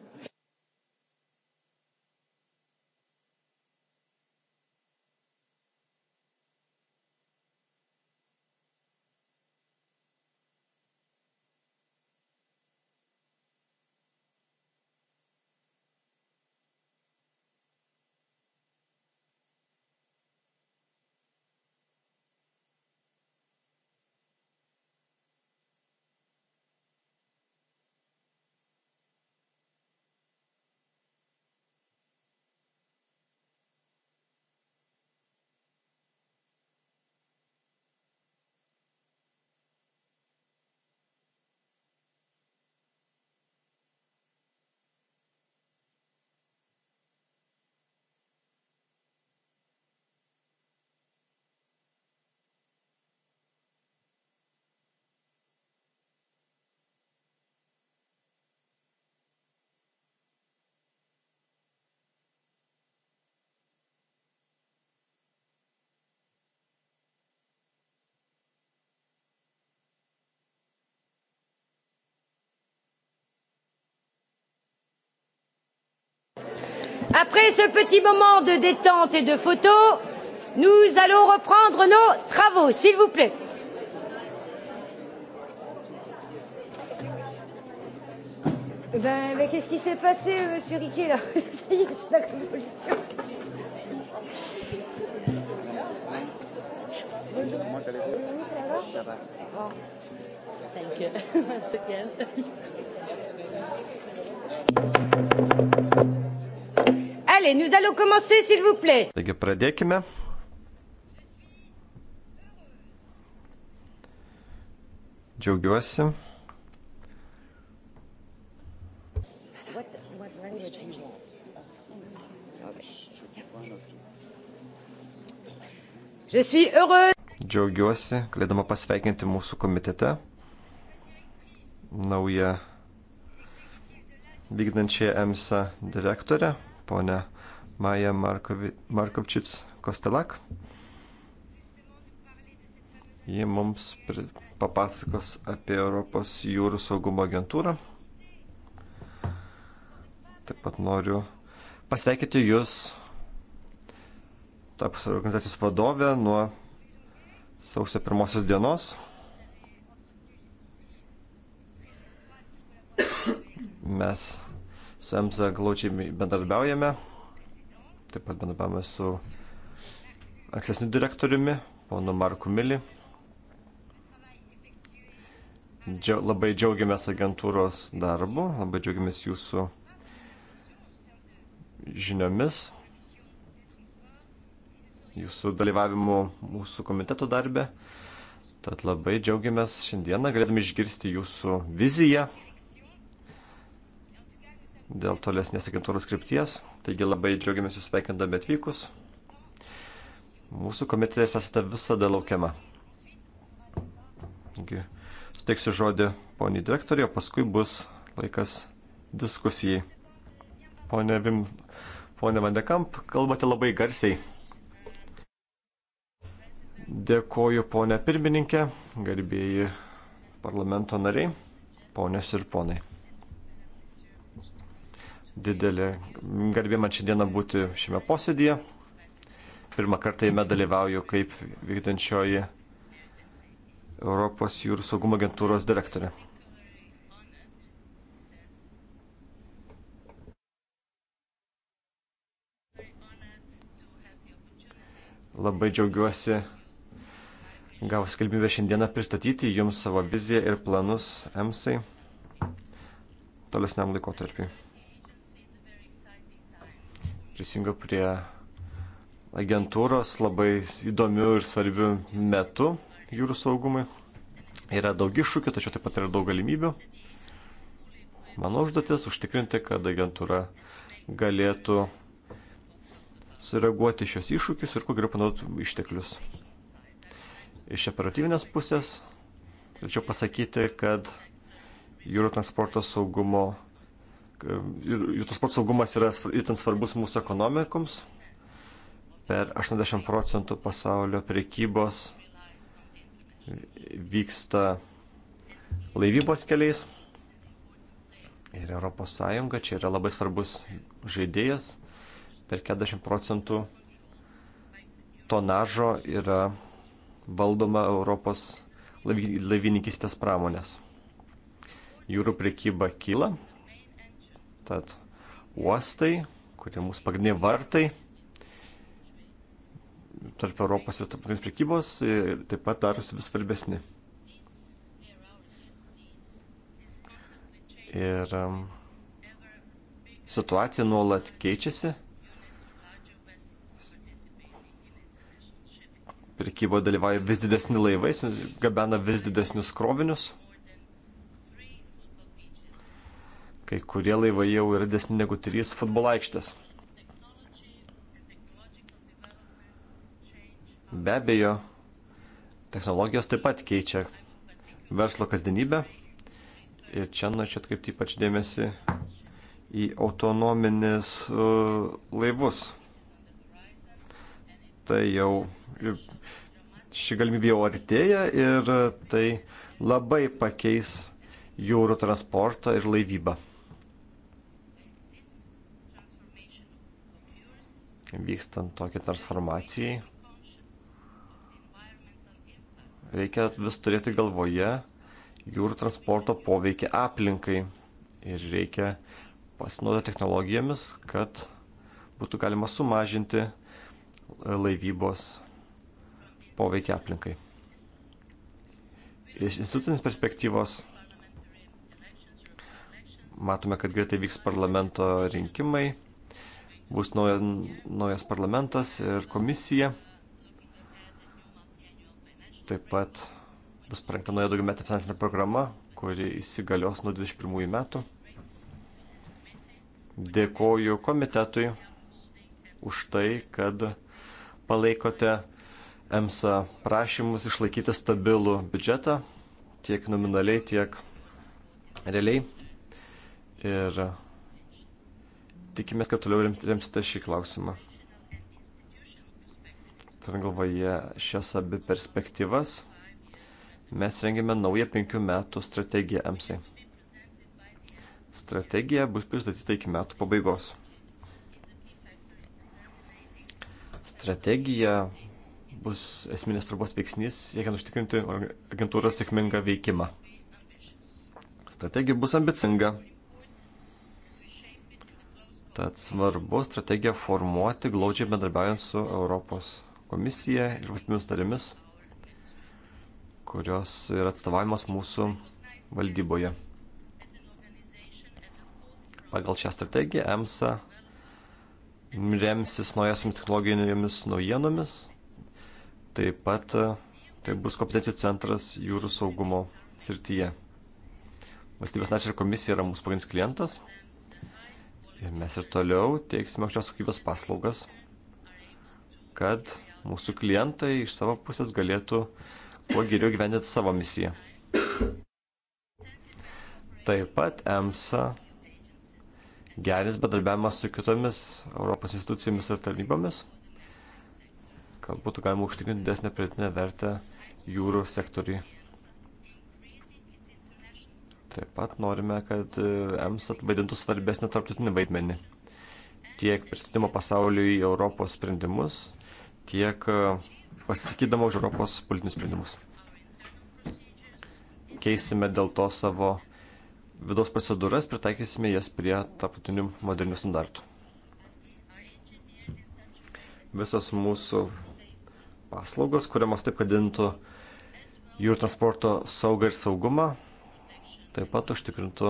Après ce petit moment de détente et de photo, nous allons reprendre nos travaux, s'il vous plaît. Eh ben, mais qu'est-ce qui s'est passé, euh, Monsieur Riquet, là [LAUGHS] Ça y est, c'est la convulsion. Bonjour. Comment allez-vous Ça va. Oh. Thank you. Once again. Allez, nous allons commencer, s'il vous plaît. Taigi pradėkime. Džiaugiuosi. Džiaugiuosi, galėdama pasveikinti mūsų komitete naują vykdančią EMSA direktorę, ponę Mają Markovčic Kostelak. Ji mums papasakos apie Europos jūrų saugumo agentūrą. Taip pat noriu pasveikinti Jūs, tapus organizacijos vadovę, nuo sausio pirmosios dienos. mes Su EMSA glaučiai bendradarbiaujame, taip pat bendradarbiaujame su ankstesniu direktoriumi, ponu Marku Mili. Džia, labai džiaugiamės agentūros darbu, labai džiaugiamės jūsų žiniomis, jūsų dalyvavimu mūsų komiteto darbe. Tad labai džiaugiamės šiandieną, galėdami išgirsti jūsų viziją dėl tolesnės agentūros krypties. Taigi labai džiaugiamės jūs sveikindami atvykus. Mūsų komitėse esate visada laukiama. Taigi, suteiksiu žodį poniai direktoriui, o paskui bus laikas diskusijai. Pone Vim, pone Vandekamp, kalbate labai garsiai. Dėkoju, ponė pirmininkė, garbėjai parlamento nariai, ponės ir ponai didelė garbė man šiandieną būti šiame posėdėje. Pirmą kartą jame dalyvauju kaip vykdančioji Europos jūrų saugumo agentūros direktorė. Labai džiaugiuosi gavus galimybę šiandieną pristatyti jums savo viziją ir planus EMSAI tolesniam laikotarpiu prisijungiau prie agentūros labai įdomių ir svarbių metų jūrų saugumui. Yra daug iššūkių, tačiau taip pat yra daug galimybių. Mano užduotis užtikrinti, kad agentūra galėtų sureaguoti šios iššūkius ir kuo geriau panaudoti išteklius. Iš operatyvinės pusės, tačiau pasakyti, kad jūrų transporto saugumo ir jų tas pats saugumas yra itin svarbus mūsų ekonomikoms. Per 80 procentų pasaulio priekybos vyksta laivybos keliais. Ir ES čia yra labai svarbus žaidėjas. Per 40 procentų tonažo yra valdoma Europos laivininkistės pramonės. Jūrų priekyba kyla, Tad uostai, kurie mūsų pagrindiniai vartai tarp Europos ir tarptautinės prekybos, e, taip pat darosi vis svarbesni. Ir situacija nuolat keičiasi. Prekyboje dalyvauja vis didesni laivai, gabena vis didesnius krovinius. Kai kurie laivai jau yra desni negu trys futbolo aikštės. Be abejo, technologijos taip pat keičia verslo kasdienybę. Ir čia norėčiau atkreipti ypač dėmesį į autonominis uh, e, laivus. Tai jau ši galimybė jau artėja ir tai labai pakeis jūrų transportą ir laivybą. vykstant tokiai transformacijai, reikia vis turėti galvoje jūrų transporto poveikį aplinkai ir reikia pasinaudoti technologijomis, kad būtų galima sumažinti e, laivybos poveikį aplinkai. Iš institucinės perspektyvos matome, kad greitai vyks parlamento rinkimai bus nauja, naujas parlamentas ir komisija. Taip pat bus parengta nauja daugiametė finansinė programa, kuri įsigalios nuo 21 metų. Dėkoju komitetui už tai, kad palaikote EMSA prašymus išlaikyti stabilų biudžetą tiek nominaliai, tiek realiai. Ir tikimės, kad toliau remsite šį klausimą. Turint galvoje šias abi perspektyvas, mes rengiame naują penkių metų strategiją EMSAI. Strategija bus pristatyta iki metų pabaigos. Strategija bus esminės svarbos veiksnys, siekiant užtikrinti agentūros sėkmingą veikimą. Strategija bus ambicinga Tad svarbu strategiją formuoti glaudžiai bendrabiaujant su Europos komisija ir valstybėmis narėmis, kurios yra atstovavimas mūsų valdyboje. Pagal šią strategiją EMSA remsis naujasiamis technologinėmis naujienomis, taip pat e, tai bus kompetencijų centras jūrų saugumo srityje. Valstybės našė ir komisija yra mūsų pagrindinis klientas, Ir mes ir toliau teiksime aukščios kokybės paslaugas, kad mūsų klientai iš savo pusės galėtų kuo geriau gyvendinti savo misiją. Taip pat EMSA gerins bedarbiavimas su kitomis Europos institucijomis ir tarnybomis, kad būtų galima užtikrinti didesnę pridėtinę vertę jūrų sektoriui. Taip pat norime, kad e, EMSAT vaidintų svarbesnį tarptautinį vaidmenį tiek pristatydama pasauliui Europos sprendimus, tiek e, pasisakydama už Europos politinius sprendimus. Keisime dėl to savo vidaus procedūras, pritaikysime jas prie tarptautinių modernių standartų. Visos mūsų paslaugos, kuriamos taip vadintų jūrų transporto saugą ir saugumą, taip pat užtikrintų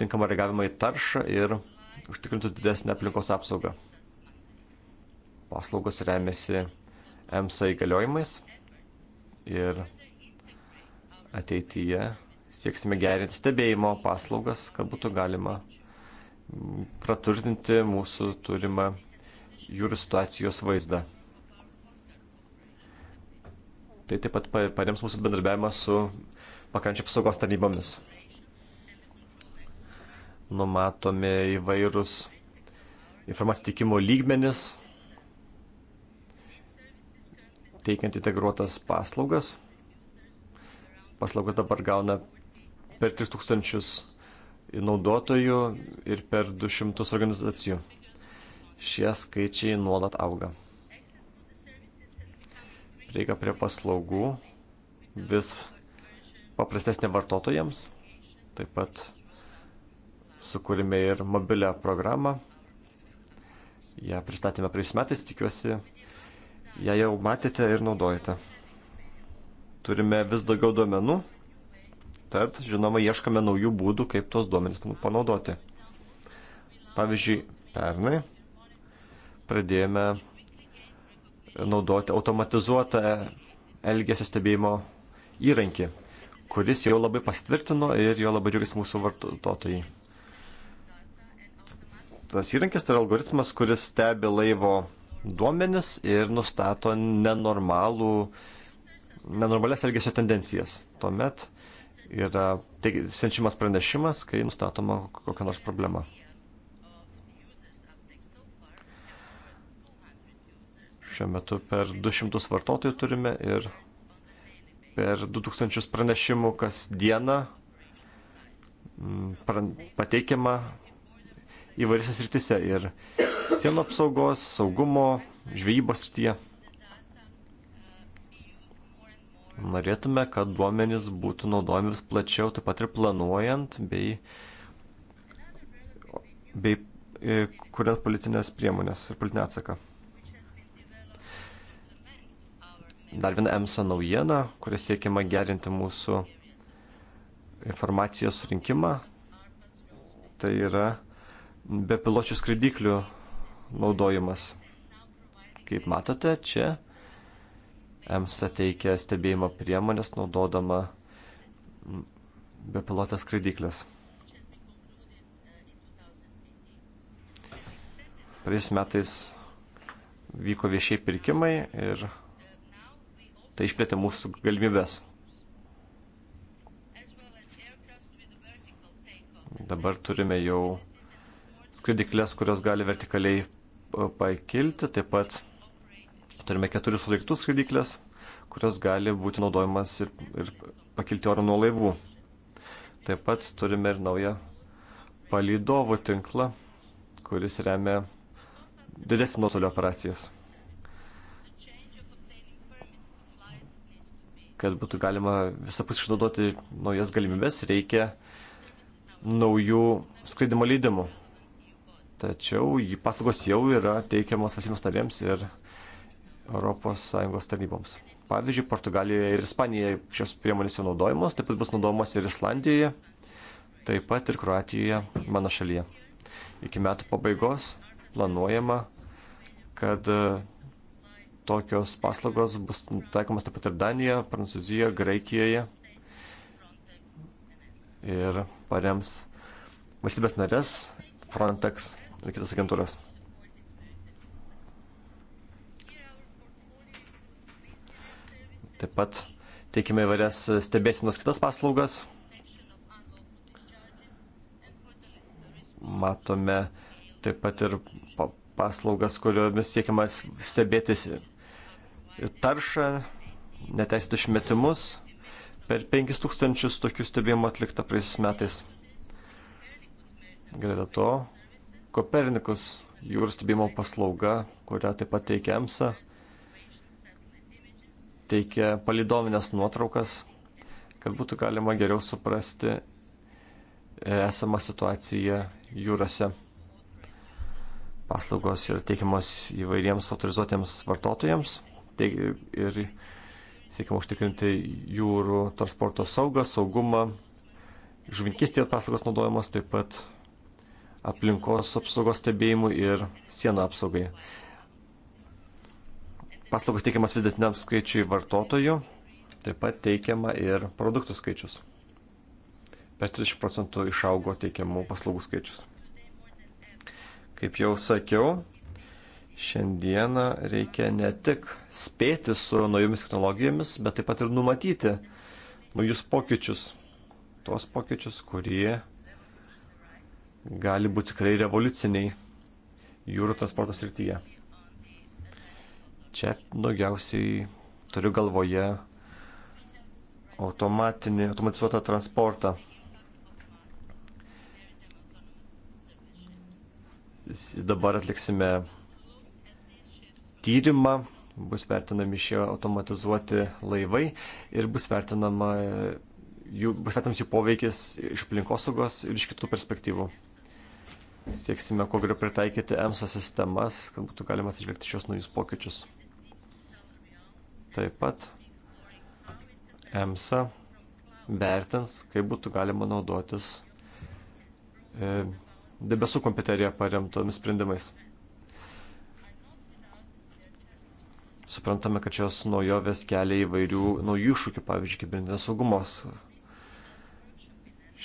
tinkamą reagavimą į taršą ir užtikrintų didesnę aplinkos apsaugą. Paslaugos remiasi EMSA įgaliojimais ir ateityje sieksime gerinti stebėjimo paslaugas, kad būtų galima praturtinti mūsų turimą jūrų situacijos vaizdą. Tai taip pat parems mūsų bendradarbiavimą su pakrančio apsaugos tarnybomis. Numatome įvairūs informacijų tikimo lygmenis, teikiant integruotas paslaugas. Paslaugas dabar gauna per 3000 naudotojų ir per 200 organizacijų. Šie skaičiai nuolat auga. Reikia prie paslaugų vis paprastesnė vartotojams. Taip pat sukūrėme ir mobilę programą. Ja pristatėme praeis metais, tikiuosi, ją jau matėte ir naudojate. Turime vis daugiau duomenų, tad, žinoma, ieškame naujų būdų, kaip tos duomenys panaudoti. Pavyzdžiui, pernai pradėjome naudoti automatizuotą elgesio stebėjimo įrankį kuris jau labai pastvirtino ir jo labai džiaugiasi mūsų vartotojai. Tas įrankis tai yra algoritmas, kuris stebi laivo duomenis ir nustato nenormalų, nenormalias elgesio tendencijas. Tuomet yra taigi, siunčiamas pranešimas, kai nustatoma kokia nors problema. Šiuo metu per 200 vartotojų turime ir per 2000 pranešimų kas dieną mm, pateikiama įvairiose sritise ir sienų apsaugos, saugumo, žvejybos srityje. Norėtume, kad duomenys būtų naudojami vis plačiau, taip pat ir planuojant bei, bei e, kuriant politinės priemonės ir politinę atsaką. dar viena EMSA naujiena, kuria siekiama gerinti mūsų informacijos rinkimą. Tai yra bepiločių skraidiklių naudojimas. Kaip matote, čia EMSA teikia stebėjimo priemonės naudodama bepilotės skraidyklės. Praėjus metais vyko viešiai pirkimai ir tai išplėtė mūsų galimybės. Dabar turime jau skridiklės, kurios gali vertikaliai e, pakilti, taip pat turime keturius laiktus skridiklės, kurios gali būti naudojamas ir, ir pakilti oro nuo laivų. Taip pat turime ir naują palydovų tinklą, kuris remia didesnį nuotolio operacijas. kad būtų galima visapus išnaudoti naujas galimybės, reikia naujų skraidimo leidimų. Tačiau paslaugos jau yra teikiamos valstybės narėms ir ES tarnyboms. Pavyzdžiui, Portugalijoje ir Ispanijoje šios priemonės jau naudojamos, taip pat bus naudojamos ir Islandijoje, taip pat ir Kroatijoje, mano šalyje. Iki metų pabaigos planuojama, kad tokios paslaugos bus taikomas taip pat ir Danijoje, Prancūzijoje, Graikijoje ir parems valstybės narės, Frontex ir kitas agentūras. Taip pat teikime įvairias stebėsinos kitas paslaugas. Matome taip pat ir paslaugas, kuriomis siekiamas stebėtis taršą, neteisėtus išmetimus. Per 5000 tokių stebėjimų atlikta praėjusiais metais. Greta to, Kopernikus jūrų stebėjimo paslauga, kurią taip pat teikia EMSA, teikia palidovinės nuotraukas, kad būtų galima geriau suprasti e, esamą situaciją jūrose. Paslaugos yra teikiamos įvairiems autorizuotiems vartotojams tai, ir siekiama užtikrinti jūrų transporto saugą, saugumą, žuvinkistėje pasagos naudojamas taip pat aplinkos apsaugos stebėjimui ir sienų apsaugai. Paslaugos teikiamas vis desniam skaičiui vartotojų, taip pat teikiama ir produktų skaičius. Per 30 procentų išaugo teikiamų paslaugų skaičius. Kaip jau sakiau, Šiandieną reikia ne tik spėti su naujomis technologijomis, bet taip pat ir numatyti naujus pokyčius. Tuos pokyčius, kurie gali būti tikrai revoliuciniai jūrų transporto srityje. Čia daugiausiai turiu galvoje automatinį, automatizuotą transportą. Dabar atliksime tyrimą, bus vertinami šie automatizuoti laivai ir bus vertinama jų, bus vertinamas jų poveikis iš aplinkosaugos ir iš kitų perspektyvų. Sieksime, kuo geriau pritaikyti EMSA sistemas, kad būtų galima atsižvelgti šios naujus pokyčius. Taip pat EMSA vertins, kaip būtų galima naudotis e, debesų kompiuterija paremtomis sprendimais. Suprantame, kad šios naujovės kelia įvairių naujų iššūkių, pavyzdžiui, kibernetinės saugumos.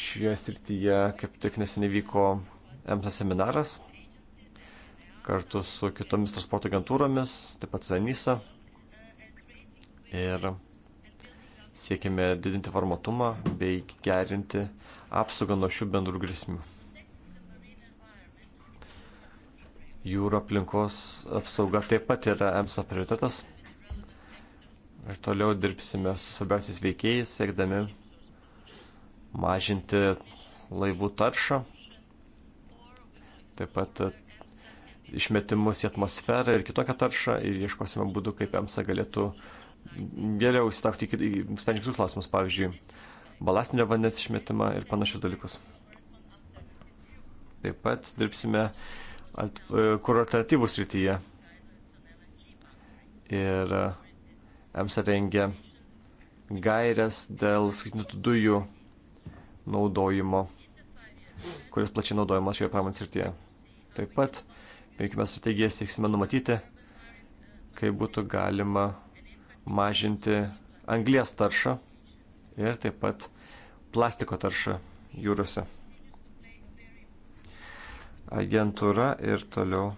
Šioje srityje kaip tik neseniai vyko EMSA seminaras kartu su kitomis transporto agentūromis, taip pat su ENISA. Ir siekime didinti formatumą bei gerinti apsaugą nuo šių bendrų grėsmių. jūro aplinkos apsauga taip pat yra EMSA prioritetas. Ir toliau dirbsime su svarbiausiais veikėjais, siekdami mažinti laivų taršą, taip pat išmetimus į atmosferą ir kitokią taršą ir ieškosime būdų, kaip EMSA galėtų geriau įsitraukti į stančius klausimus, pavyzdžiui, balastinio vandens išmetimą ir panašius dalykus. Taip pat dirbsime E, kuro alternatyvų srityje. Ir e, EMSA rengia gairias dėl skaitintų dujų naudojimo, kuris plačiai naudojamas šioje pramonės srityje. Taip pat, veikime strategiją sieksime numatyti, kaip būtų galima mažinti anglies taršą ir taip pat plastiko taršą jūrose agentūra ir toliau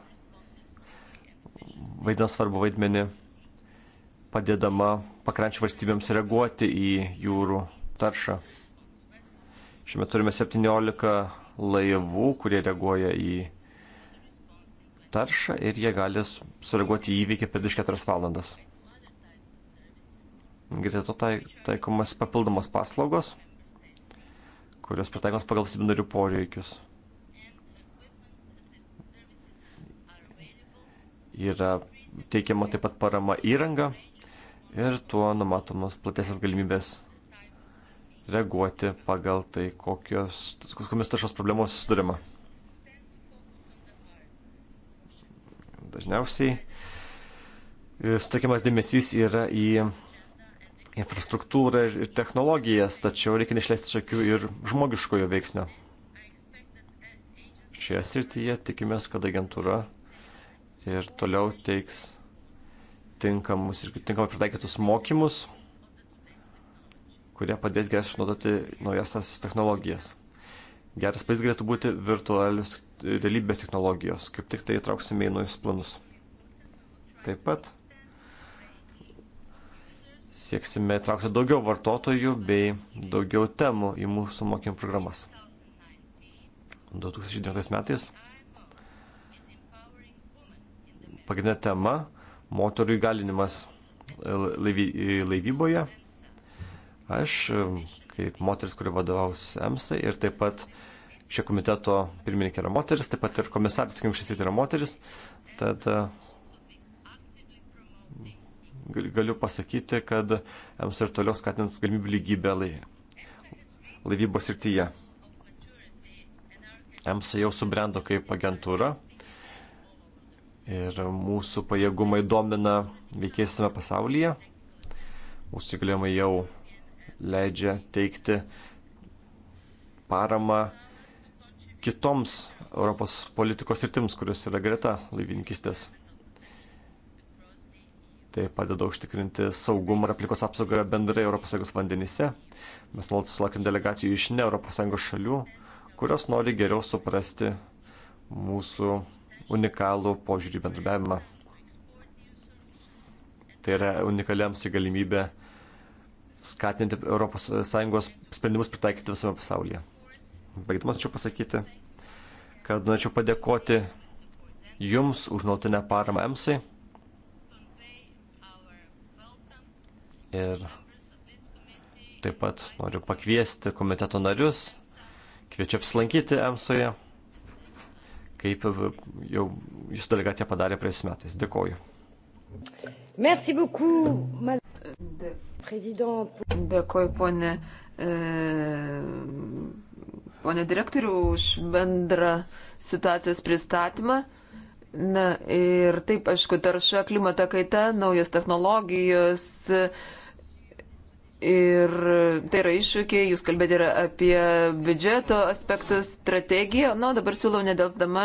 vaidina svarbu vaidmenį padėdama pakrančių valstybėms reaguoti į jūrų taršą. Šiuo metu turime 17 laivų, kurie reaguoja į taršą ir jie gali sureaguoti į įvykį per 24 valandas. Greta to tai-, taikomas papildomos paslaugos, kurios pritaikomas pagal valstybių narių poreikius. yra teikiama taip pat parama įranga ir tuo numatomas platesnės galimybės reaguoti pagal tai, kokios, kokiamis taršos problemos susidurima. Dažniausiai e, sutakimas dėmesys yra į infrastruktūrą ir technologijas, tačiau reikia neišleisti iš akių ir žmogiškojo veiksnio. Šioje srityje tikimės, kad agentūra ir toliau teiks tinkamus ir tinkamai pritaikytus mokymus, kurie padės geriausiai išnaudoti naujasias technologijas. Geras pavyzdys galėtų būti virtualios realybės technologijos, kaip tik tai įtrauksime į naujus planus. Taip pat sieksime įtraukti daugiau vartotojų bei daugiau temų į mūsų mokymų programas. 2019 metais pagrindinė tema - moterų įgalinimas laivy, laivyboje. Aš, kaip moteris, kuri vadovaus EMSA ir taip pat šio komiteto pirmininkė yra moteris, taip pat ir komisaris, sakykim, šis yra moteris, tad galiu pasakyti, kad EMSA ir toliau skatins galimybių lygybę laivybos srityje. EMSA jau subrendo kaip agentūra ir mūsų pajėgumai domina veikėsime pasaulyje. Mūsų įgaliojimai jau leidžia teikti paramą kitoms Europos politikos sritims, kurios yra greta laivininkistės. Tai padeda užtikrinti saugumą ir aplikos apsaugą bendrai ES vandenyse. Mes nuolat sulaukime delegacijų iš ne ES šalių, kurios nori geriau suprasti mūsų unikalų požiūrį bendrabiavimą. Tai yra unikaliams į galimybę skatinti ES sprendimus pritaikyti visame pasaulyje. Baigdamas norėčiau pasakyti, kad norėčiau padėkoti Jums už nuolatinę paramą EMSAI ir taip pat noriu pakviesti komiteto narius, kviečiu apsilankyti EMSOje kaip jau jūsų delegacija padarė praėjus metais. Dėkoju. Merci beaucoup, madame. Dėkoju, ponė, e, ponė direktorių, už bendrą situacijos pristatymą. Na ir taip, aišku, tarša, klimato kaita, naujos technologijos. E, Ir tai yra iššūkiai, jūs kalbėjote ir apie biudžeto aspektus, strategiją. Na, nu, dabar siūlau nedelsdama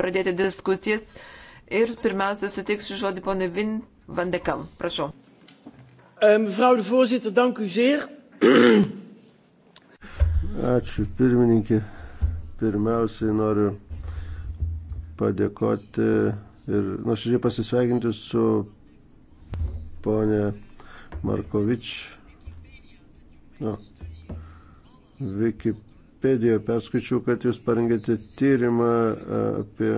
pradėti diskusijas ir pirmiausia sutiksiu žodį ponui Vin Vandekam. Prašau. Ehm, mevrouw de voorzitter, dank u zeer. Ačiū pirmininkė. Pirmiausiai noriu padėkoti ir nuoširdžiai pasisveikinti su ponė Markovič no. Nu, Wikipedijoje perskaičiau, kad jūs parengėte tyrimą e, apie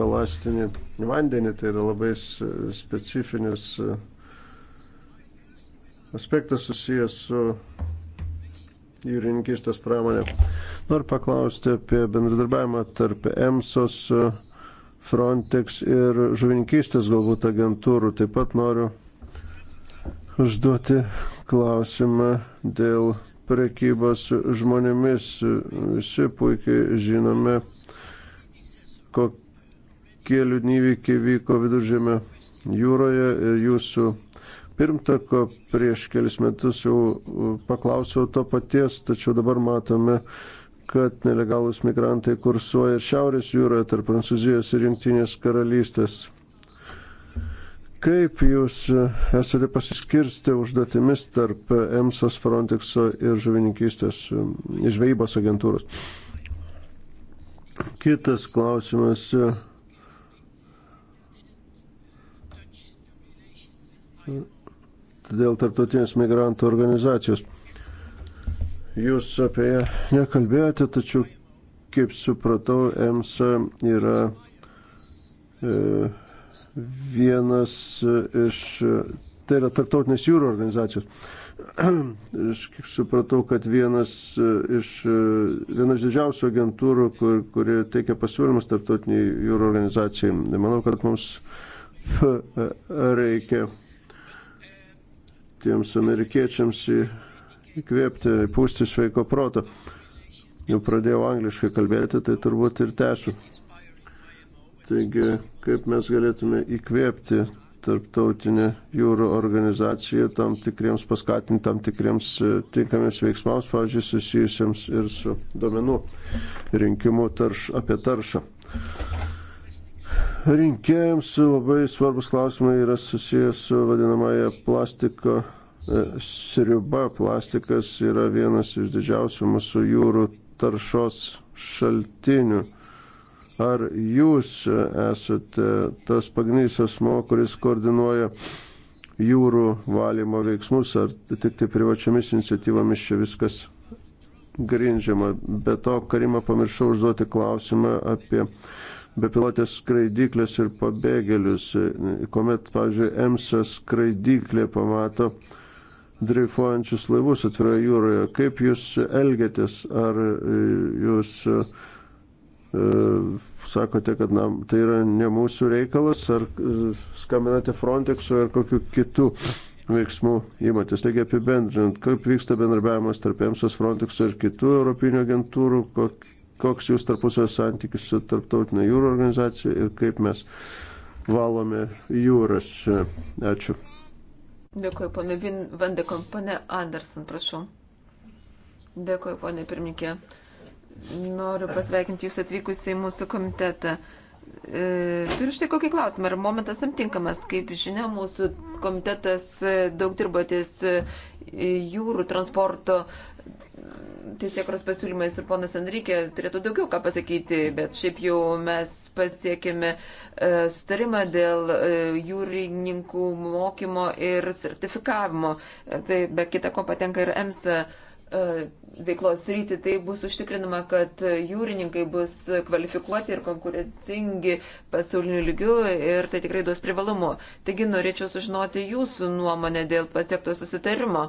balastinį vandenį, tai yra labai specifinis e, aspektas susijęs su jūrininkistės pramonė. Noriu paklausti apie bendradarbiavimą tarp EMSOS, Frontex ir žuvininkistės galbūt agentūrų. Taip pat noriu užduoti klausimą dėl prekybos žmonėmis. Visi puikiai žinome, kokie liūdni įvykiai vyko viduržėme jūroje ir jūsų pirmtako prieš kelis metus jau paklausiau to paties, tačiau dabar matome, kad nelegalus migrantai kursuoja Šiaurės jūroje tarp Prancūzijos ir Junktinės karalystės. Kaip jūs e, esate pasiskirsti užduotimis tarp EMSOS, Frontexo ir žuvininkystės e, žvejybos agentūros? Kitas klausimas. E, dėl tarptautinės migrantų organizacijos. Jūs apie ją nekalbėjote, tačiau, kaip supratau, EMSA yra e, vienas e, iš, e, tai yra tarptautinės jūrų organizacijos. [CLEARS THROAT] Aš kaip supratau, kad vienas e, iš, vienas didžiausių agentūrų, kur, kurie teikia pasiūlymus tarptautiniai jūrų organizacijai. Tai manau, kad mums [LAUGHS] reikia tiems amerikiečiams įkvėpti, pūsti sveiko proto. Jau pradėjau angliškai kalbėti, tai turbūt ir tęsiu. Taigi, kaip mes galėtume įkvėpti tarptautinę jūrų organizaciją tam tikriems paskatinti, tam tikriems e, tinkamiems veiksmams, pavyzdžiui, susijusiems ir su domenų rinkimu tarš, apie taršą. Rinkėjams labai svarbus klausimai yra susijęs su vadinamąją plastiko e, sriuba. Plastikas yra vienas iš didžiausių mūsų jūrų taršos šaltinių Ar jūs esate tas pagrindinis asmo, kuris koordinuoja jūrų valymo veiksmus, ar tik tai privačiomis iniciatyvomis čia viskas grindžiama? Be to, Karima pamiršau užduoti klausimą apie bepilotės skraidyklės ir pabėgėlius. Komet, pavyzdžiui, EMSA skraidyklė pamato dreifuojančius laivus atviroje jūroje. Kaip jūs elgiatės? Ar jūs e, sakote, kad na, tai yra ne mūsų reikalas, ar e, skambinate Frontexu ar kokiu kitu veiksmų įmatės. Taigi apibendrinant, kaip vyksta bendarbiavimas tarp EMSOS, Frontexo ir kitų europinių agentūrų, koks jūs tarpusavio santykis su tarptautinė jūrų organizacija ir kaip mes valome jūras. Ačiū. Dėkuoju, ponė Vandekom, ponė Anderson, prašau. Dėkuoju, ponė pirmininkė. Noriu pasveikinti Jūs atvykus į mūsų komitetą. E, turiu štai kokį klausimą. Ar momentas aptinkamas? Kaip žinia, mūsų komitetas e, daug dirbo ties e, jūrų transporto teisėkros pasiūlymais ir ponas Enrikė turėtų daugiau ką pasakyti, bet šiaip jau mes pasiekėme sustarimą dėl jūrininkų mokymo ir sertifikavimo. Tai be kita ko patenka ir EMSA E, veiklos rytį, tai bus užtikrinama, kad jūrininkai bus kvalifikuoti ir konkurencingi pasauliniu lygiu ir tai tikrai duos privalumu. Taigi norėčiau sužinoti jūsų nuomonę dėl pasiekto susitarimo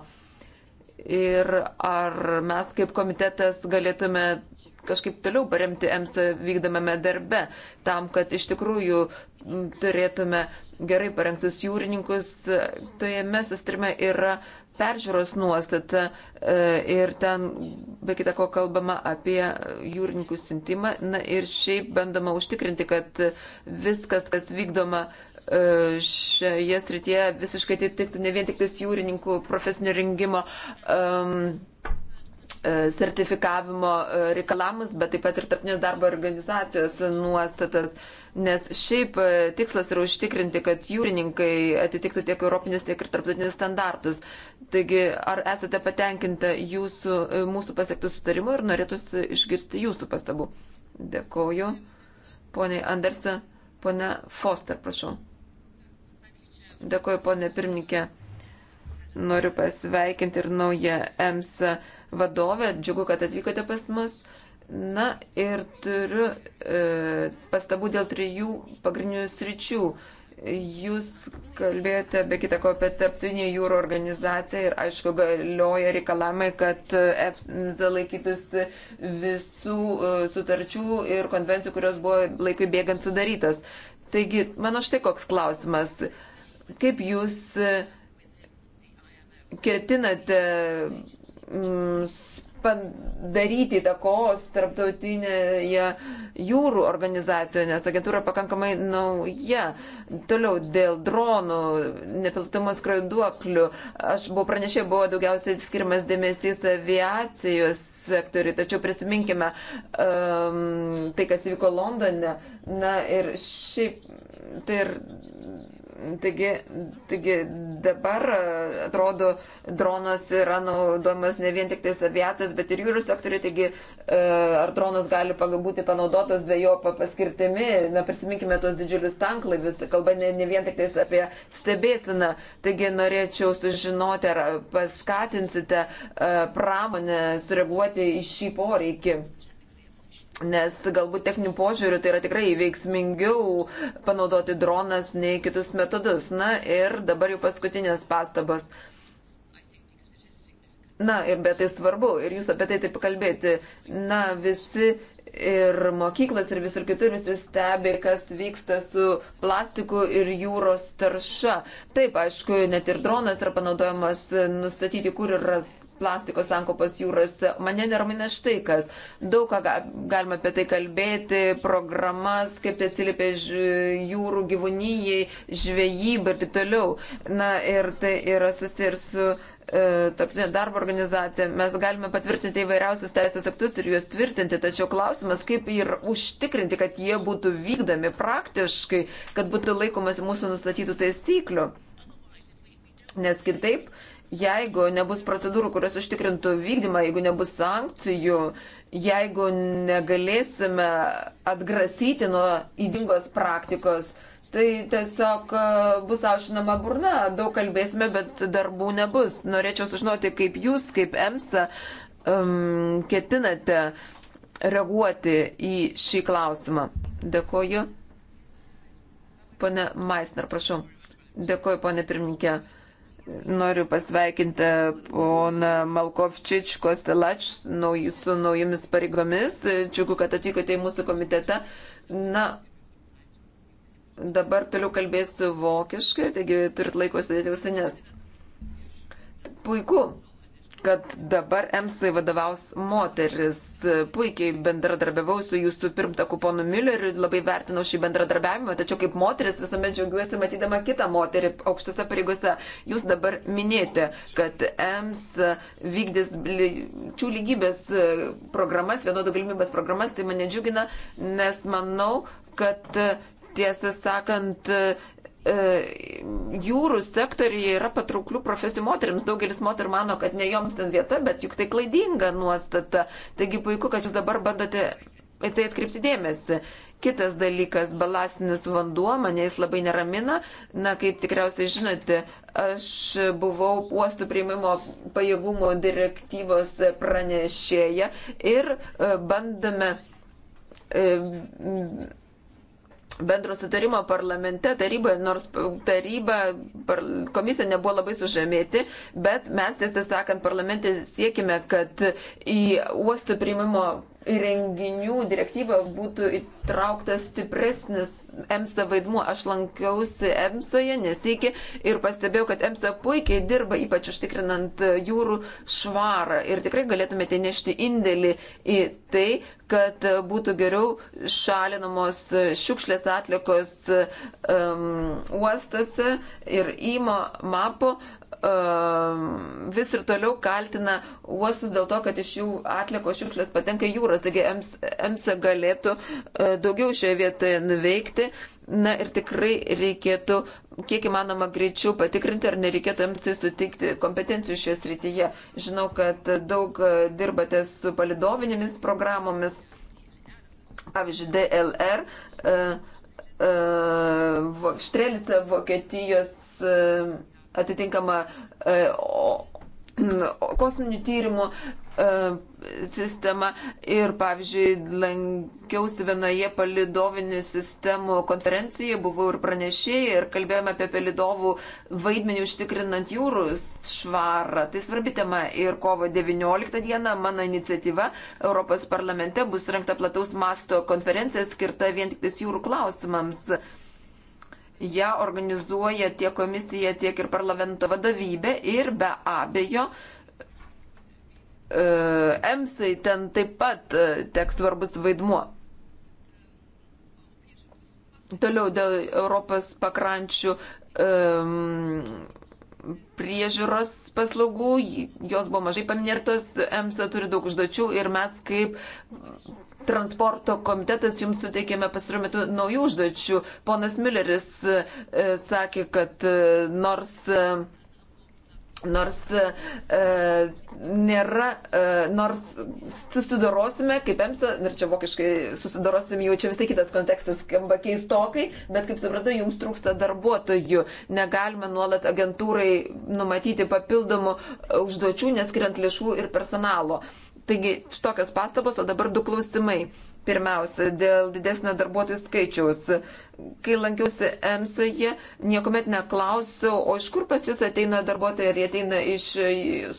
ir ar mes kaip komitetas galėtume kažkaip toliau paremti EMSA vykdomame darbe, tam, kad iš tikrųjų turėtume gerai parengtus jūrininkus. Tojame sustrime yra peržiūros nuostata e, ir ten, be kita ko, kalbama apie jūrininkų siuntimą. Na ir šiaip bandoma užtikrinti, kad viskas, kas vykdoma e, šioje srityje, visiškai atitiktų ne vien tik jūrininkų profesinio rengimo. Um, sertifikavimo reikalavimus, bet taip pat ir tarptautinės darbo organizacijos nuostatas. Uh, nes šiaip e, tikslas yra užtikrinti, kad jūrininkai atitiktų tiek europinius, tiek ir tarptautinius standartus. Taigi, ar esate patenkinta jūsų, e, mūsų pasiektų sutarimu ir norėtųsi išgirsti jūsų pastabų? Dėkoju. Pone Andersen, pone Foster, prašau. Dėkoju, pone pirmininkė. Noriu pasveikinti ir naują EMS vadovę. Džiugu, kad atvykote pas mus. Na ir turiu e, pastabų dėl trijų pagrindinių sričių. Jūs kalbėjote be kita ko apie tarptautinį jūro organizaciją ir aišku galioja reikalavimai, kad EFSA laikytųsi visų e, sutarčių ir konvencijų, kurios buvo laikui bėgant sudarytas. Taigi, mano štai koks klausimas. Kaip jūs e, ketinate mm, padaryti įtakos tarptautinėje jūrų organizacijoje, nes agentūra pakankamai nauja. Toliau dėl dronų, nepilotumo skraiduoklių. Aš buvau pranešė, buvo daugiausiai skirimas dėmesys aviacijos sektoriui, tačiau prisiminkime um, tai, kas įvyko Londone. Na ir šiaip tai ir Taigi, taigi dabar atrodo dronas yra naudojamas ne vien tik tais aviacijos, bet ir jūrų sektoriai, taigi ar dronas gali būti panaudotas dviejopą paskirtimi, na prisiminkime tuos didžiulius tanklaivius, kalba ne, ne vien tik tais apie stebėsiną, taigi norėčiau sužinoti, ar paskatinsite pramonę sureaguoti į šį poreikį nes galbūt techninių požiūrių tai yra tikrai veiksmingiau panaudoti dronas nei kitus metodus. Na ir dabar jau paskutinės pastabos. Na ir bet tai svarbu ir jūs apie tai taip kalbėti. Na visi ir mokyklas ir visur kitur visi stebi, kas vyksta su plastiku ir jūros tarša. Taip, aišku, net ir dronas yra panaudojamas nustatyti, kur yra plastiko sankopos jūrose. Mane neramina štai kas. Daug ką galima apie tai kalbėti, programas, kaip tai atsiliepia jūrų gyvūnyjai, žvejybai ir taip toliau. Na ir tai yra susiję ir su e, tarptautinė darbo organizacija, mes galime patvirtinti įvairiausius teisės aktus ir juos tvirtinti, tačiau klausimas, kaip ir užtikrinti, kad jie būtų vykdami praktiškai, kad būtų laikomasi mūsų nustatytų taisyklių. Nes kitaip, Jeigu nebus procedūrų, kurios užtikrintų vykdymą, jeigu nebus sankcijų, jeigu negalėsime atgrasyti nuo įdingos praktikos, tai tiesiog e, bus aušinama burna, daug kalbėsime, bet darbų nebus. Norėčiau sužinoti, kaip jūs, kaip EMSA, um, ketinate reaguoti į šį klausimą. Dėkoju. Pane Maisner, prašau. Dėkoju, pane pirmininkė. Noriu pasveikinti poną Malkovčič Kostelač nauj, su naujomis pareigomis. Džiugu, kad atvykote į mūsų komitetą. Na, dabar toliau kalbėsiu vokiškai, taigi turit laiko sėdėti ausinės. Puiku kad dabar EMSAI vadovaus moteris. Puikiai bendradarbiavau su jūsų pirmtaku ponu Milleriu ir labai vertinau šį bendradarbiavimą, tačiau kaip moteris visuomet džiaugiuosi matydama kitą moterį aukštose pareigose. Jūs dabar minėjote, kad EMSA vykdys lyčių lygybės e, programas, vienodų galimybės programas, tai mane džiugina, nes manau, kad e, tiesą sakant, E, jūrų sektoriuje yra patrauklių profesijų moteriams. Daugelis moterų mano, kad ne joms ten vieta, bet juk tai klaidinga nuostata. Taigi puiku, kad jūs dabar bandote į tai atkreipti dėmesį. Kitas dalykas - balastinis vanduo, mane jis labai neramina. Na, kaip tikriausiai žinote, aš buvau uostų priimimo pajėgumo direktyvos pranešėja ir e, bandome e, bendro sutarimo parlamente, taryboje, nors taryba, par, komisija nebuvo labai sužamėti, bet mes tiesą sakant parlamente siekime, kad į uostų priimimo įrenginių direktyvą būtų įtrauktas stipresnis EMSA vaidmuo. Aš lankiausi EMSOje nesikė ir pastebėjau, kad EMSA puikiai dirba, ypač užtikrinant e, jūrų švarą. Ir tikrai galėtumėte nešti indėlį į tai, kad e, būtų geriau šalinamos e, šiukšlės atlikos um, uostose ir įmo mapo. Uh, Uh, vis ir toliau kaltina uostus dėl to, kad iš jų atliko šiukšlės patenka jūras. Taigi EMSA galėtų uh, daugiau šioje vietoje nuveikti. Na ir tikrai reikėtų, kiek įmanoma, greičiau patikrinti, ar nereikėtų MC sutikti kompetencijų šioje srityje. Žinau, kad daug uh, dirbate su palidovinėmis programomis, pavyzdžiui, DLR, Štrelica Vokietijos atitinkama e, [CLEARS THROAT] kosminių tyrimų e, sistema ir, pavyzdžiui, lankiausi vienoje palidovinių sistemų konferencijoje, buvau ir pranešėjai ir kalbėjome apie palidovų vaidmenį užtikrinant jūrų švarą. Tai svarbi tema ir kovo 19 dieną mano iniciatyva Europos parlamente bus rengta plataus masto konferencija skirta vien tik jūrų klausimams. Ja organizuoja tiek komisija, tiek ir parlamento vadovybė ir be abejo, EMSai ten taip pat e, teks svarbus vaidmuo. Toliau dėl Europos pakrančių um, priežiūros paslaugų, jos buvo mažai paminėtos, EMSA turi daug užduočių ir mes kaip transporto komitetas jums suteikėme pasirojo metu naujų užduočių. Ponas Mülleris e, e, sakė, kad e, nors. E, Nors e, nėra, e, nors susidorosime, kaip EMSA, ir čia vokiškai susidorosim, jau čia visai kitas kontekstas skamba keistokai, bet kaip supratau, jums trūksta darbuotojų. Negalime nuolat agentūrai numatyti papildomų užduočių, neskiriant lėšų ir personalo. Taigi, štokios pastabos, o dabar du klausimai. Pirmiausia, dėl didesnio darbuotojų skaičiaus kai lankiausi EMSOje, niekuomet neklausiau, o iš kur pas jūs ateina darbuotojai, ar jie ateina iš,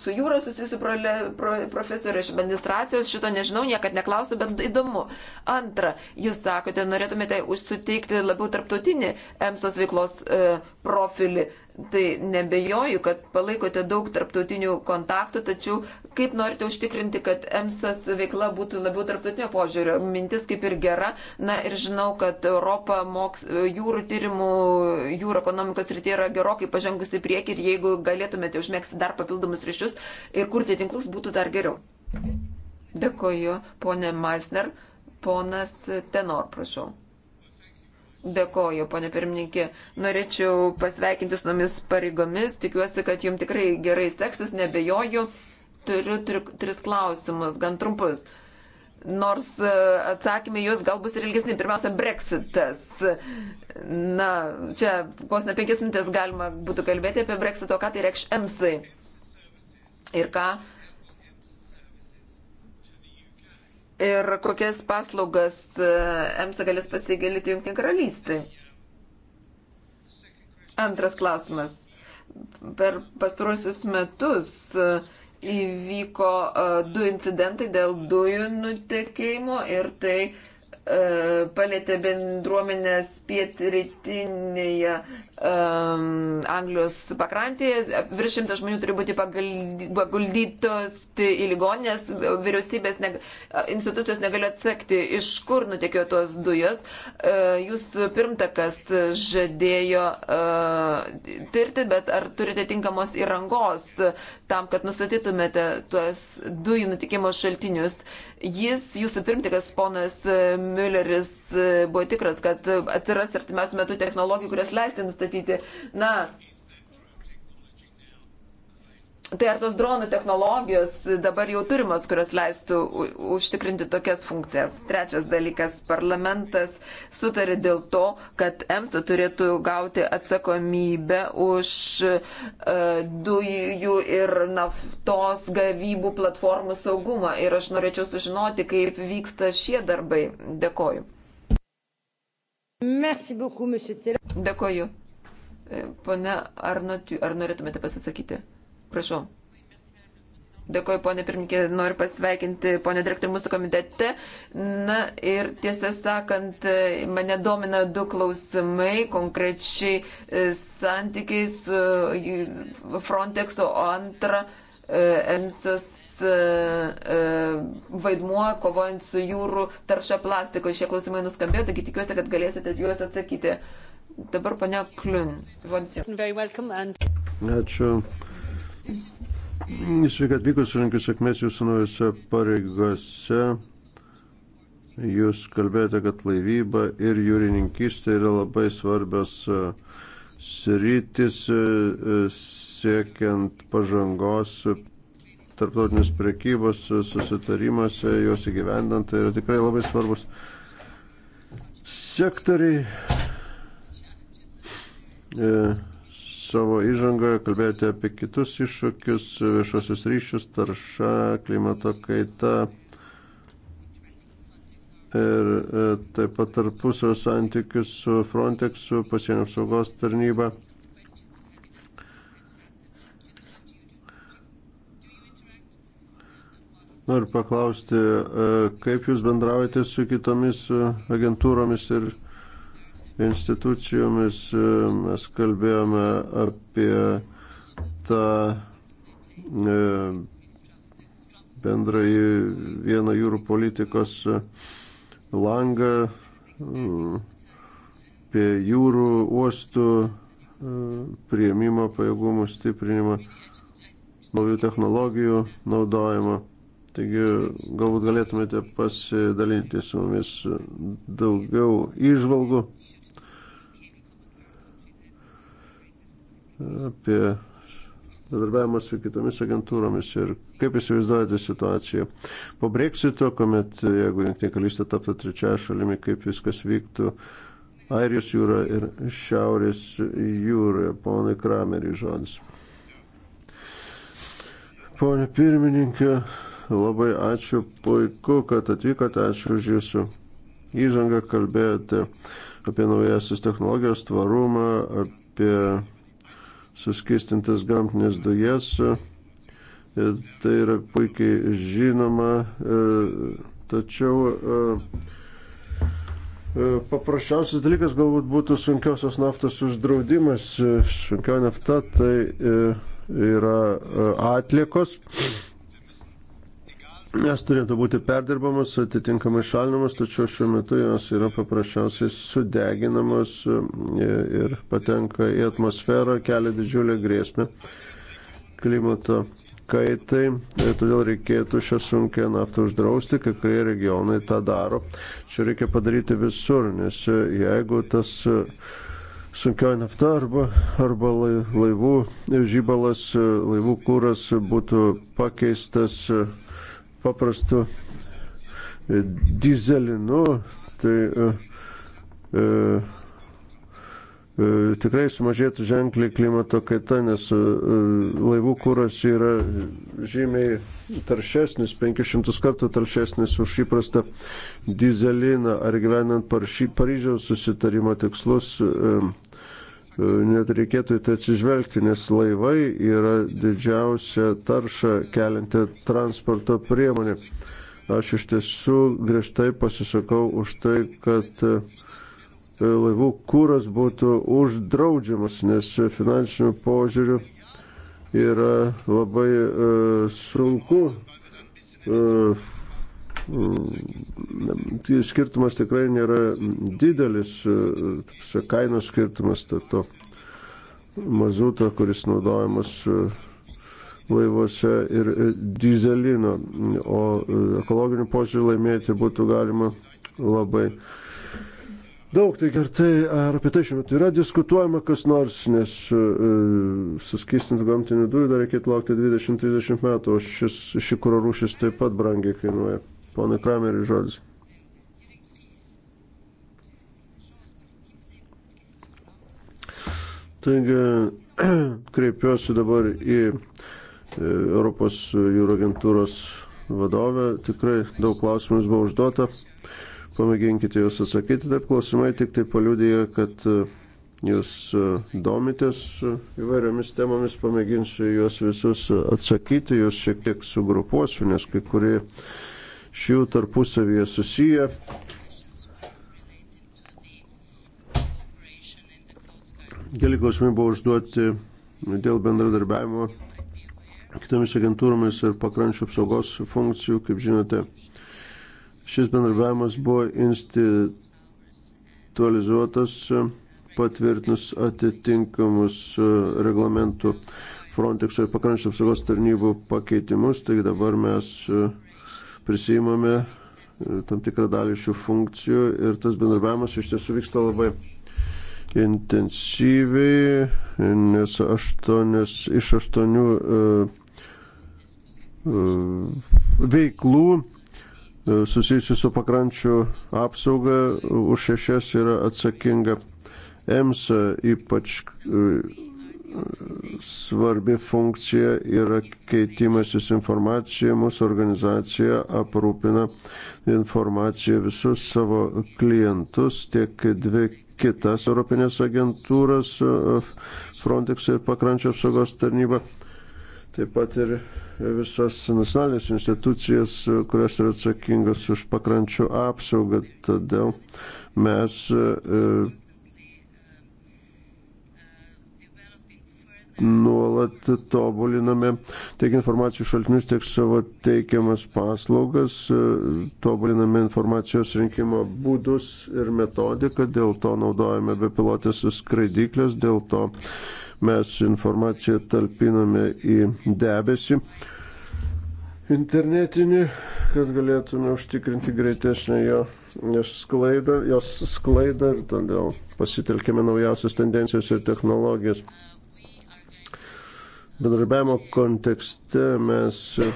su jūra susijusių pro, profesorių, iš administracijos, šito nežinau, niekad neklausiau, bet įdomu. Antra, jūs sakote, norėtumėte užsuteikti labiau tarptautinį EMSOS veiklos e, profilį. Tai nebejoju, kad palaikote daug tarptautinių kontaktų, tačiau kaip norite užtikrinti, kad EMSAS veikla būtų labiau tarptautinio požiūrio? Mintis kaip ir gera. Na ir žinau, kad Europa moka moks, e, jūrų tyrimų, jūrų ekonomikos rytyje yra gerokai pažengusi prieki ir jeigu galėtumėte užmėgsti dar papildomus ryšius ir kurti tinklus, būtų dar geriau. Dėkoju, ponė Meisner. Ponas Tenor, prašau. Dėkoju, ponė pirmininkė. Norėčiau pasveikinti su nomis pareigomis. Tikiuosi, kad jums tikrai gerai seksis, nebejoju. Turiu tri, tris klausimus, gan trumpus. Nors e, atsakymai jūs gal bus ir ilgesni. Pirmiausia, breksitas. Na, čia vos ne penkias minutės galima būtų kalbėti apie breksito, ką tai reikš EMSai. Ir ką. Ir kokias paslaugas EMSA galės pasigėlyti Junkinė karalystė. Antras klausimas. Per pastaruosius metus uh, įvyko e, du incidentai dėl dujų nutekėjimo ir tai e, palėtė bendruomenės pietrytinėje um, Anglijos pakrantėje. Virš šimtas žmonių turi būti paguldytos į ligoninės, vyriausybės neg institucijos negaliu atsekti, iš kur nutekėjo tos dujos. Uh, ehm, jūsų pirmtakas žadėjo uh, tirti, bet ar turite tinkamos įrangos tam, kad nustatytumėte tuos dujų nutikimo šaltinius? Jis, jūsų pirmtakas ponas Mülleris, buvo tikras, kad atsiras artimiausių metų technologijų, kurias leisti nustatyti nustatyti. Na, Tai ar tos dronų technologijos dabar jau turimos, kurios leistų užtikrinti tokias funkcijas? Trečias dalykas - parlamentas sutarė dėl to, kad EMSA turėtų gauti atsakomybę už uh, dujų ir naftos gavybų platformų saugumą. Ir aš norėčiau sužinoti, kaip vyksta šie darbai. Dėkoju. Beaucoup, Dėkoju. E, pone, ar, not, ar norėtumėte pasisakyti? Prašau. Dėkuoju, ponė pirmininkė, noriu pasveikinti ponę direktorių mūsų komitete. Na ir tiesą sakant, e, mane domina du klausimai, konkrečiai e, santykiai su Frontexu, o antra, EMSOS vaidmuo kovojant su jūrų tarša plastiko. Šie klausimai nuskambėjo, taigi tikiuosi, kad galėsite juos atsakyti. Uh, Dabar pane Kliun. Ačiū. Sveiki atvykus, linkiu sėkmės jūsų naujose pareigose. Jūs kalbėjote, kad laivyba ir jūrininkystė yra labai svarbios e, sritis e, e, siekiant pažangos tarptautinės prekybos susitarimuose, juos įgyvendant, tai yra tikrai labai svarbus sektoriai E, savo įžangoje kalbėjote apie kitus iššūkius, viešosius ryšius, tarša, klimato kaita ir e, taip pat tarpusio santykius su Frontexu, pasienio apsaugos tarnyba. Noriu paklausti, e, kaip jūs bendraujate su kitomis agentūromis ir agentūromis? institucijomis e, mes kalbėjome apie tą e, bendrąjį vieną jūrų politikos langą, apie mm, jūrų uostų e, prieimimo pajėgumų stiprinimą, naujų technologijų naudojimą. Taigi galbūt galėtumėte pasidalinti su mumis daugiau įžvalgų. apie bendarbiavimą su kitomis agentūromis ir kaip įsivaizduojate situaciją po breksito, kuomet jeigu jungtinė kalystė taptų trečiaja šalimi, kaip viskas vyktų Airijos jūra ir Šiaurės jūra. Ponai Kramerį žodis. Pone pirmininkė, labai ačiū, puiku, kad atvykote, ačiū už jūsų įžangą, kalbėjote apie naujasias technologijas, tvarumą, apie suskistintas gamtinės dujas. E, tai yra puikiai žinoma, e, tačiau e, paprasčiausias dalykas galbūt būtų sunkiosios naftos uždraudimas. Sunkio nafta tai yra atliekos Nes turėtų būti perdirbamas, atitinkamai šalinamas, tačiau šiuo metu jos yra paprasčiausiai sudeginamos e, ir patenka į atmosferą, kelia didžiulę grėsmę klimato kaitai. Todėl reikėtų šią sunkę naftą uždrausti, kai kurie regionai tą daro. Čia reikia padaryti visur, nes jeigu tas e, sunkioji nafta arba, arba laivų žybalas, e, laivų kūras būtų pakeistas paprastu e, dizelinu, tai e, e, e, tikrai sumažėtų ženkliai klimato kaita, nes e, laivų kūras yra žymiai taršesnis, 500 kartų taršesnis už įprastą dizeliną, ar gyvenant Paryžiaus susitarimo tikslus E, net reikėtų į tai atsižvelgti, nes laivai yra didžiausia tarša kelianti transporto priemonė. Aš iš tiesų griežtai pasisakau už tai, kad e, laivų kūras būtų uždraudžiamas, nes finansinių požiūrių yra labai e, sunku Mm, tai skirtumas tikrai nėra didelis, e, kainos skirtumas tarp to mazuto, kuris naudojamas e, laivuose ir e, dizelino, o ekologinių požiūrį laimėti būtų galima labai daug. Tai ar, tai, ar apie tai šiuo metu yra diskutuojama kas nors, nes uh, suskistintų gamtinių dujų dar reikėtų laukti 20-30 metų, o šis, ši kuro rūšis taip pat brangiai kainuoja. Ponai Kramerį žodis. Taigi, [CLEARS THROAT] kreipiuosi dabar į e, Europos jūro agentūros vadovę. Tikrai daug klausimų jums buvo užduota. Pamėginkite juos atsakyti. Taip klausimai tik tai paliudija, kad e, jūs e, domitės įvairiomis temomis. Pamėginsiu juos visus atsakyti, juos šiek tiek sugrupuosiu, nes kai kurie šių tarpusavyje susiję. Keli klausimai buvo užduoti dėl bendradarbiavimo kitomis agentūromis ir pakrančių apsaugos funkcijų, kaip žinote. Šis bendradarbiavimas buvo institualizuotas patvirtinus atitinkamus e, reglamentų Frontexo ir pakrančių apsaugos tarnybų pakeitimus, taigi dabar mes e, prisijimame e, tam tikrą dalį šių funkcijų ir tas bendravimas iš tiesų vyksta labai intensyviai, nes aštuonės, iš aštuonių uh, uh, veiklų uh, susijusių su pakrančių apsauga už šešias yra atsakinga EMSA, ypač uh, svarbi funkcija yra keitimasis informacija. Mūsų organizacija aprūpina informaciją visus savo klientus, tiek dvi kitas Europinės agentūras, Frontex ir pakrančio apsaugos tarnyba, taip pat ir visas nacionalinės institucijas, kurios yra atsakingas už pakrančių apsaugą. Todėl mes e, nuolat tobuliname tiek informacijų šaltinius, tiek savo teikiamas paslaugas, tobuliname informacijos rinkimo būdus ir metodiką, dėl to naudojame bepilotės skraidyklės, dėl to mes informaciją talpiname į debesį internetinį, kad galėtume užtikrinti greitesnę jo sklaidą, jos sklaidą ir todėl pasitelkime naujausias tendencijas ir technologijas. Bendarbiavimo kontekste mes e,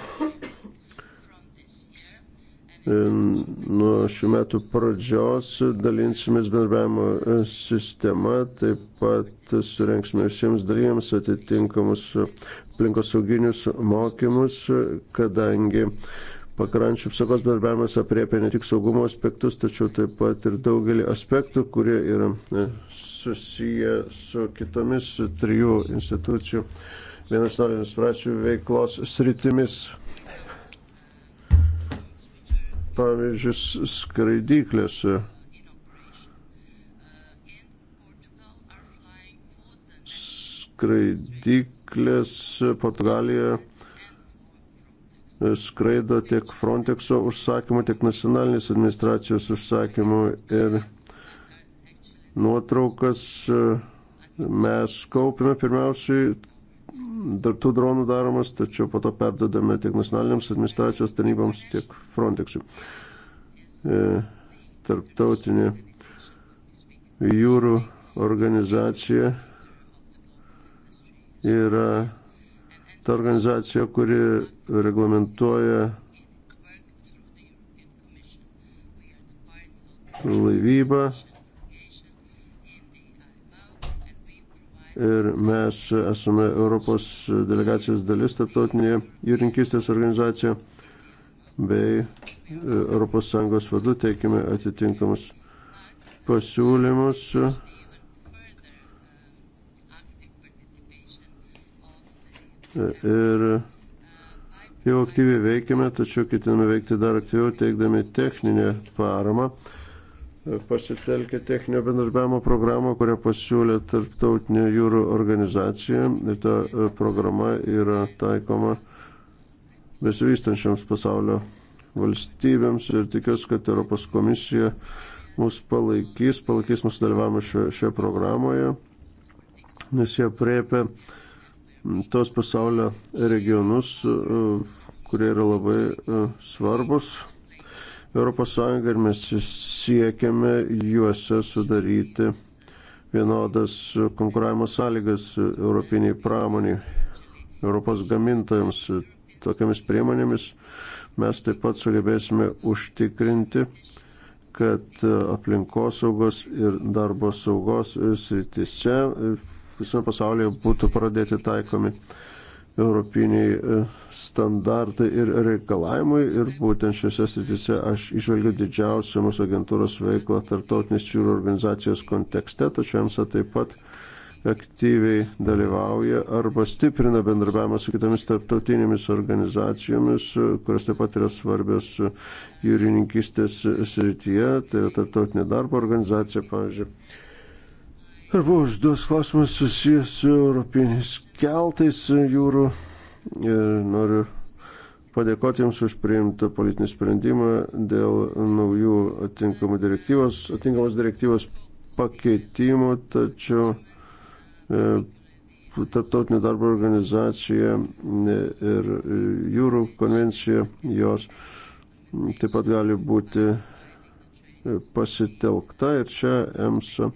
nuo šių metų pradžios dalinsimės bendarbiavimo e, sistema, taip pat surenksime visiems dalyviams atitinkamus aplinkosauginius mokymus, kadangi pakrančių apsaugos bendarbiavimas apriepia ne tik saugumo aspektus, tačiau taip pat ir daugelį aspektų, kurie yra e, susiję su kitomis trijų institucijų vienas naujų administracijų veiklos sritimis. Pavyzdžiui, skraidyklėse. Skraidyklės Portugalijoje skraido tiek Frontexo užsakymų, tiek nacionalinės administracijos užsakymų ir nuotraukas mes kaupime pirmiausiai tų dronų daromas, tačiau po to perdodame tiek nacionaliniams administracijos tarnyboms, tiek Frontexui. E, tarptautinė jūrų organizacija yra ta organizacija, kuri reglamentuoja laivybą, ir mes esame Europos delegacijos dalis tarptautinėje jūrininkistės organizacijoje bei ES vadu teikime atitinkamus pasiūlymus. Ir jau aktyviai veikiame, tačiau ketiname veikti dar aktyviau, teikdami techninę paramą pasitelkę techninio bendradarbiavimo programą, kurią pasiūlė Tarptautinė jūrų organizacija. Ir ta e, programa yra taikoma besivystančiams pasaulio valstybėms ir tikiuosi, kad Europos komisija mus palaikys, palaikys mūsų dalyvavimą šioje, šioje programoje, nes jie priepia tos pasaulio regionus, e, kurie yra labai e, svarbus ES ir mes siekiame juose sudaryti vienodas konkuravimo sąlygas europiniai pramoniai, Europos gamintojams. Tokiamis priemonėmis mes taip pat sugebėsime užtikrinti, kad aplinkosaugos ir darbo saugos sritise visame pasaulyje būtų pradėti taikomi europiniai e, standartai ir reikalavimai ir būtent šiuose srityse aš išvelgiu didžiausią mūsų agentūros veiklą tarptautinės jūrų organizacijos kontekste, tačiau jiems taip pat aktyviai dalyvauja arba stiprina bendrabiavimą su kitomis tarptautinėmis organizacijomis, kurios taip pat yra svarbios jūrininkistės srityje, tai yra tarptautinė darbo organizacija, pavyzdžiui Ir buvo užduos klausimas susijęs su europiniais keltais jūrų. Ir e, noriu padėkoti Jums už priimtą politinį sprendimą dėl naujų atinkamos direktyvos, atinkamos direktyvos pakeitimų, tačiau e, Tarptautinė darbo organizacija e, ir jūrų konvencija, jos taip pat gali būti e, pasitelkta ir čia EMSA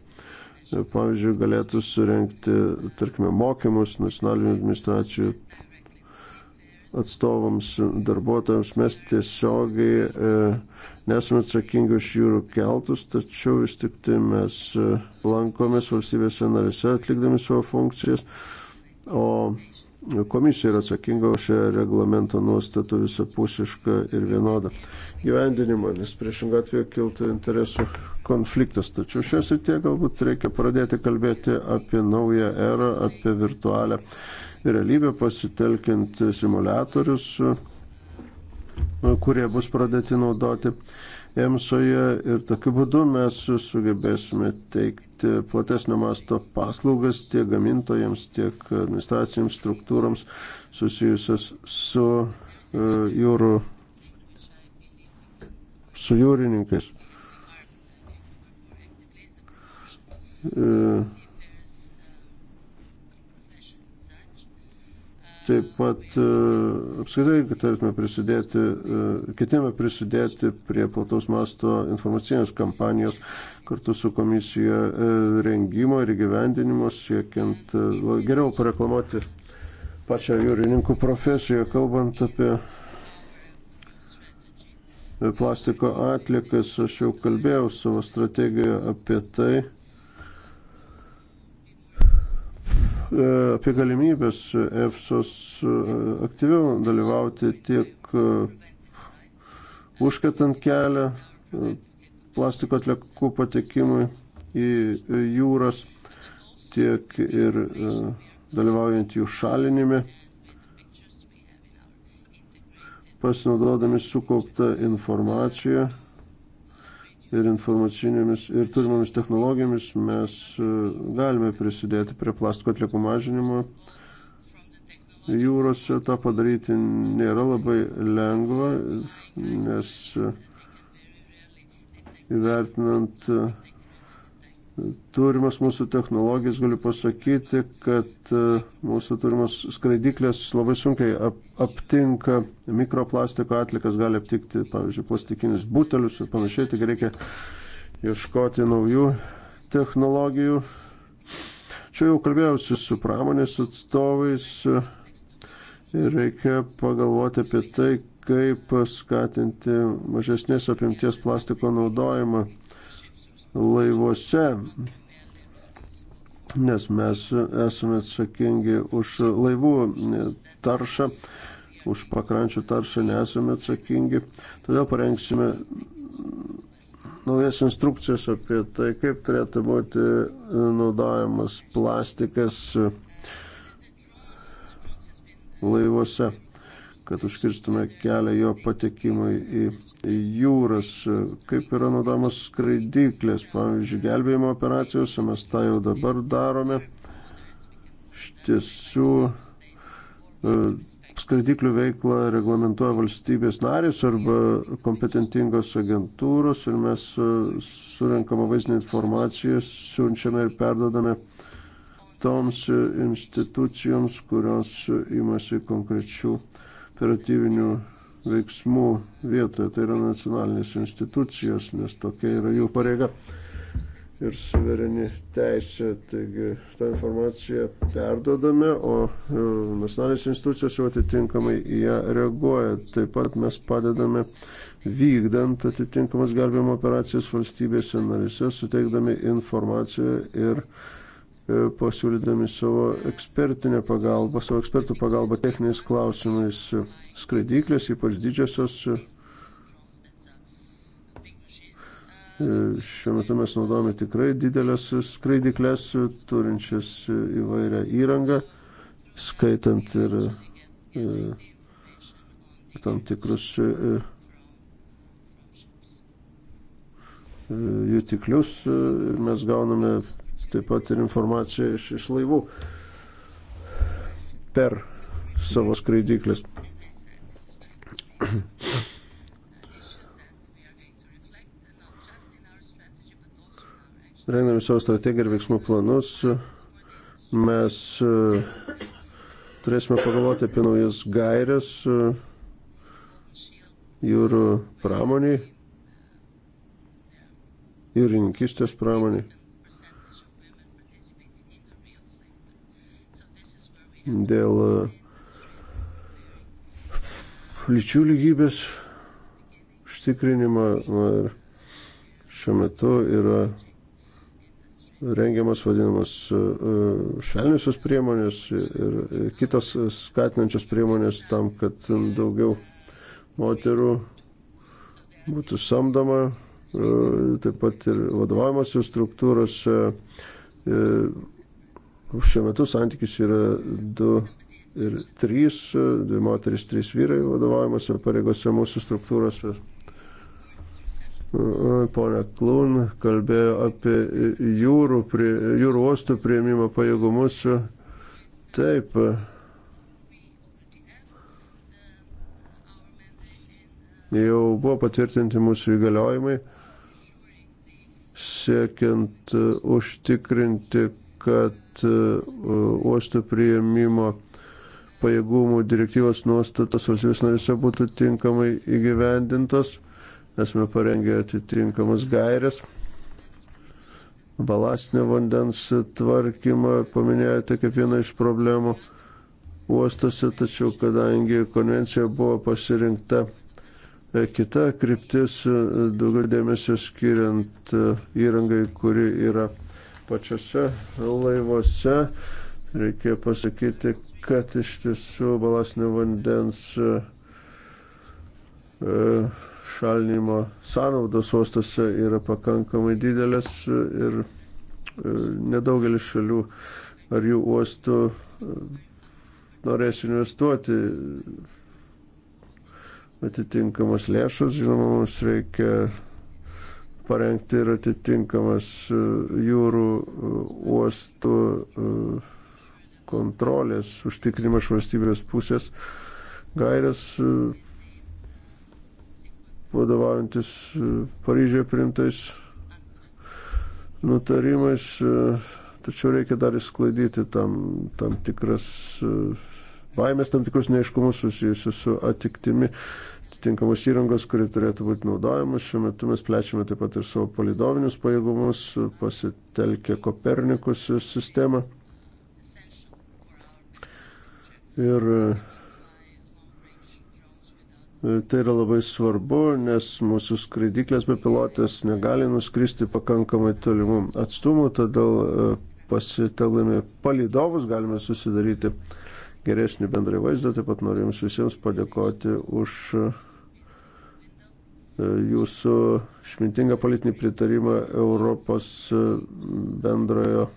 pavyzdžiui, galėtų surenkti, tarkime, mokymus nacionalinių administracijų atstovams, darbuotojams. Mes tiesiogiai e, nesame atsakingi už jūrų keltus, tačiau vis tik tai mes e, lankomės valstybėse narėse atlikdami savo funkcijas, o komisija yra atsakinga už šią reglamento nuostatų visapusišką ir vienodą gyvendinimą, nes priešingą atveju kiltų interesų konfliktas. Tačiau šioje srityje galbūt reikia pradėti kalbėti apie naują erą, apie virtualią realybę, pasitelkiant simulatorius, kurie bus pradėti naudoti. EMSOje ir tokiu būdu mes sugebėsime teikti platesnio masto paslaugas tiek gamintojams, tiek administracijams struktūrams susijusias su e, jūrų su jūrininkais. E, taip pat e, apskritai, kad turėtume prisidėti, e, ketėme prisidėti prie plataus masto informacinės kampanijos kartu su komisija rengimo ir gyvendinimo, siekiant geriau pareklamuoti pačią jūrininkų profesiją, kalbant apie plastiko atlikas, aš jau kalbėjau savo strategiją apie tai E, apie galimybės EFSOS e, aktyviau dalyvauti tiek e, užkatant kelią plastiko atliekų patekimui į jūras, tiek ir dalyvaujant jų šalinime, pasinaudodami sukauptą informaciją ir informacinėmis ir turimomis technologijomis mes e, galime prisidėti prie plastiko atliekų mažinimo. Jūrose tą padaryti nėra labai lengva, nes e, įvertinant e, turimas mūsų technologijas, galiu pasakyti, kad e, mūsų turimas skraidiklės labai sunkiai ap aptinka mikroplastiko atlikas, gali aptikti, pavyzdžiui, plastikinius butelius ir panašiai, tik reikia ieškoti naujų technologijų. Čia jau kalbėjausi su pramonės atstovais e, ir reikia pagalvoti apie tai, kaip skatinti mažesnės apimties plastiko naudojimą laivuose, nes mes esame atsakingi už laivų taršą, už pakrančių taršą nesame atsakingi. Todėl parengsime naujas instrukcijas apie tai, kaip turėtų būti naudojamas plastikas laivuose kad užkirstume kelią jo patekimui į jūras, kaip yra naudojamos skraidyklės, pavyzdžiui, gelbėjimo operacijose, mes tą jau dabar darome. Iš tiesų, e, skraidyklių veiklą reglamentuoja valstybės narės arba kompetentingos agentūros ir mes e, surinkamą vaizdinį informaciją siunčiame ir perdodame toms institucijoms, kurios imasi konkrečių operatyvinių veiksmų vietoje, tai yra nacionalinės institucijos, nes tokia yra jų pareiga ir suvereni teisė. Taigi tą informaciją perdodame, o e, nacionalinės institucijos jau atitinkamai į ją reaguoja. Taip pat mes padedame vykdant atitinkamas gelbėjimo operacijas valstybėse narise, suteikdami informaciją ir E, pasiūlydami savo ekspertinę pagalbą, savo ekspertų pagalbą techniniais klausimais e, skraidyklės, ypač didžiosios. E, šiuo metu mes naudojame tikrai didelės skraidyklės, turinčias įvairią įrangą, skaitant ir tam tikrus jutiklius. Mes gauname taip pat ir informaciją iš, iš laivų per savo skraidyklės. Rengdami savo strategiją ir veiksmų planus, mes e, turėsime pagalvoti apie naujas gairias e, jūrų pramoniai, jūrininkistės pramoniai. dėl e, lyčių lygybės užtikrinimo ir šiuo metu yra rengiamas vadinamas e, e, švelniusios priemonės ir kitos skatinančios priemonės tam, kad daugiau moterų būtų samdoma, taip pat ir vadovavimuose struktūrose Šiuo metu santykis yra 2 ir 3, 2 moteris, 3 vyrai vadovaujamuose pareigose mūsų struktūrose. Pone Klun kalbėjo apie jūrų, prie, jūrų uostų prieimimo pajėgumus. Taip. Jau buvo patvirtinti mūsų įgaliojimai, siekiant užtikrinti, kad kad e, e, uosto prieimimo pajėgumų direktyvos nuostatos valstybės narise būtų tinkamai įgyvendintos. Esame parengę atitinkamas gairias. Balastinio vandens tvarkymą paminėjote kaip vieną iš problemų uostose, tačiau kadangi konvencija buvo pasirinkta e, kita kryptis, daugiau dėmesio skiriant įrangai, kuri yra pačiuose laivuose. Reikia pasakyti, kad iš tiesų balasnio vandens e, šalinimo sąnaudos uostose yra pakankamai didelės ir e, nedaugelis šalių ar jų uostų e, norės investuoti atitinkamas lėšas. Žinoma, mums reikia parengti ir atitinkamas e, jūrų e, uostų e, kontrolės užtikrinimas valstybės pusės gairias vadovaujantis Paryžioje primtais nutarimais, tačiau reikia dar įsklaidyti tam, tam tikras baimės, tam tikrus neiškumus susijusius su atiktimi atitinkamos įrangos, kuri turėtų būti naudojama. Šiuo metu mes plečiame taip pat ir savo palidovinius pajėgumus, pasitelkę Kopernikus sistemą. Ir e, tai yra labai svarbu, nes mūsų skraidyklės be pilotės negali nuskristi pakankamai tolimų atstumų, todėl e, pasitelami palidovus galime susidaryti geresnį bendrą vaizdą. Taip pat noriu Jums visiems padėkoti už jūsų išmintingą politinį pritarimą Europos e, bendrojo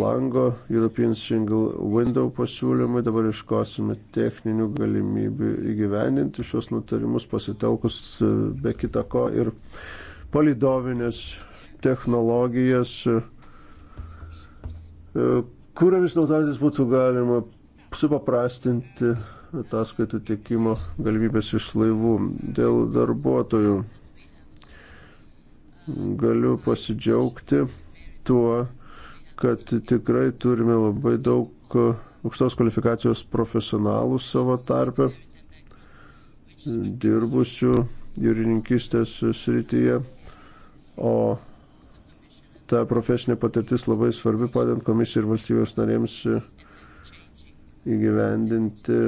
lango European Single Window pasiūlymui. Dabar iškosime techninių galimybių įgyvendinti šios nutarimus pasitelkus e, be kitako ir palidovinės technologijas, e, kuriamis naudotis būtų galima supaprastinti ataskaitų tiekimo galimybės iš laivų. Dėl darbuotojų galiu pasidžiaugti tuo, kad tikrai turime labai daug aukštos kvalifikacijos profesionalų savo tarpe, dirbusių jūrininkistės srityje, o ta profesinė patirtis labai svarbi padant komisijai ir valstybės narėms įgyvendinti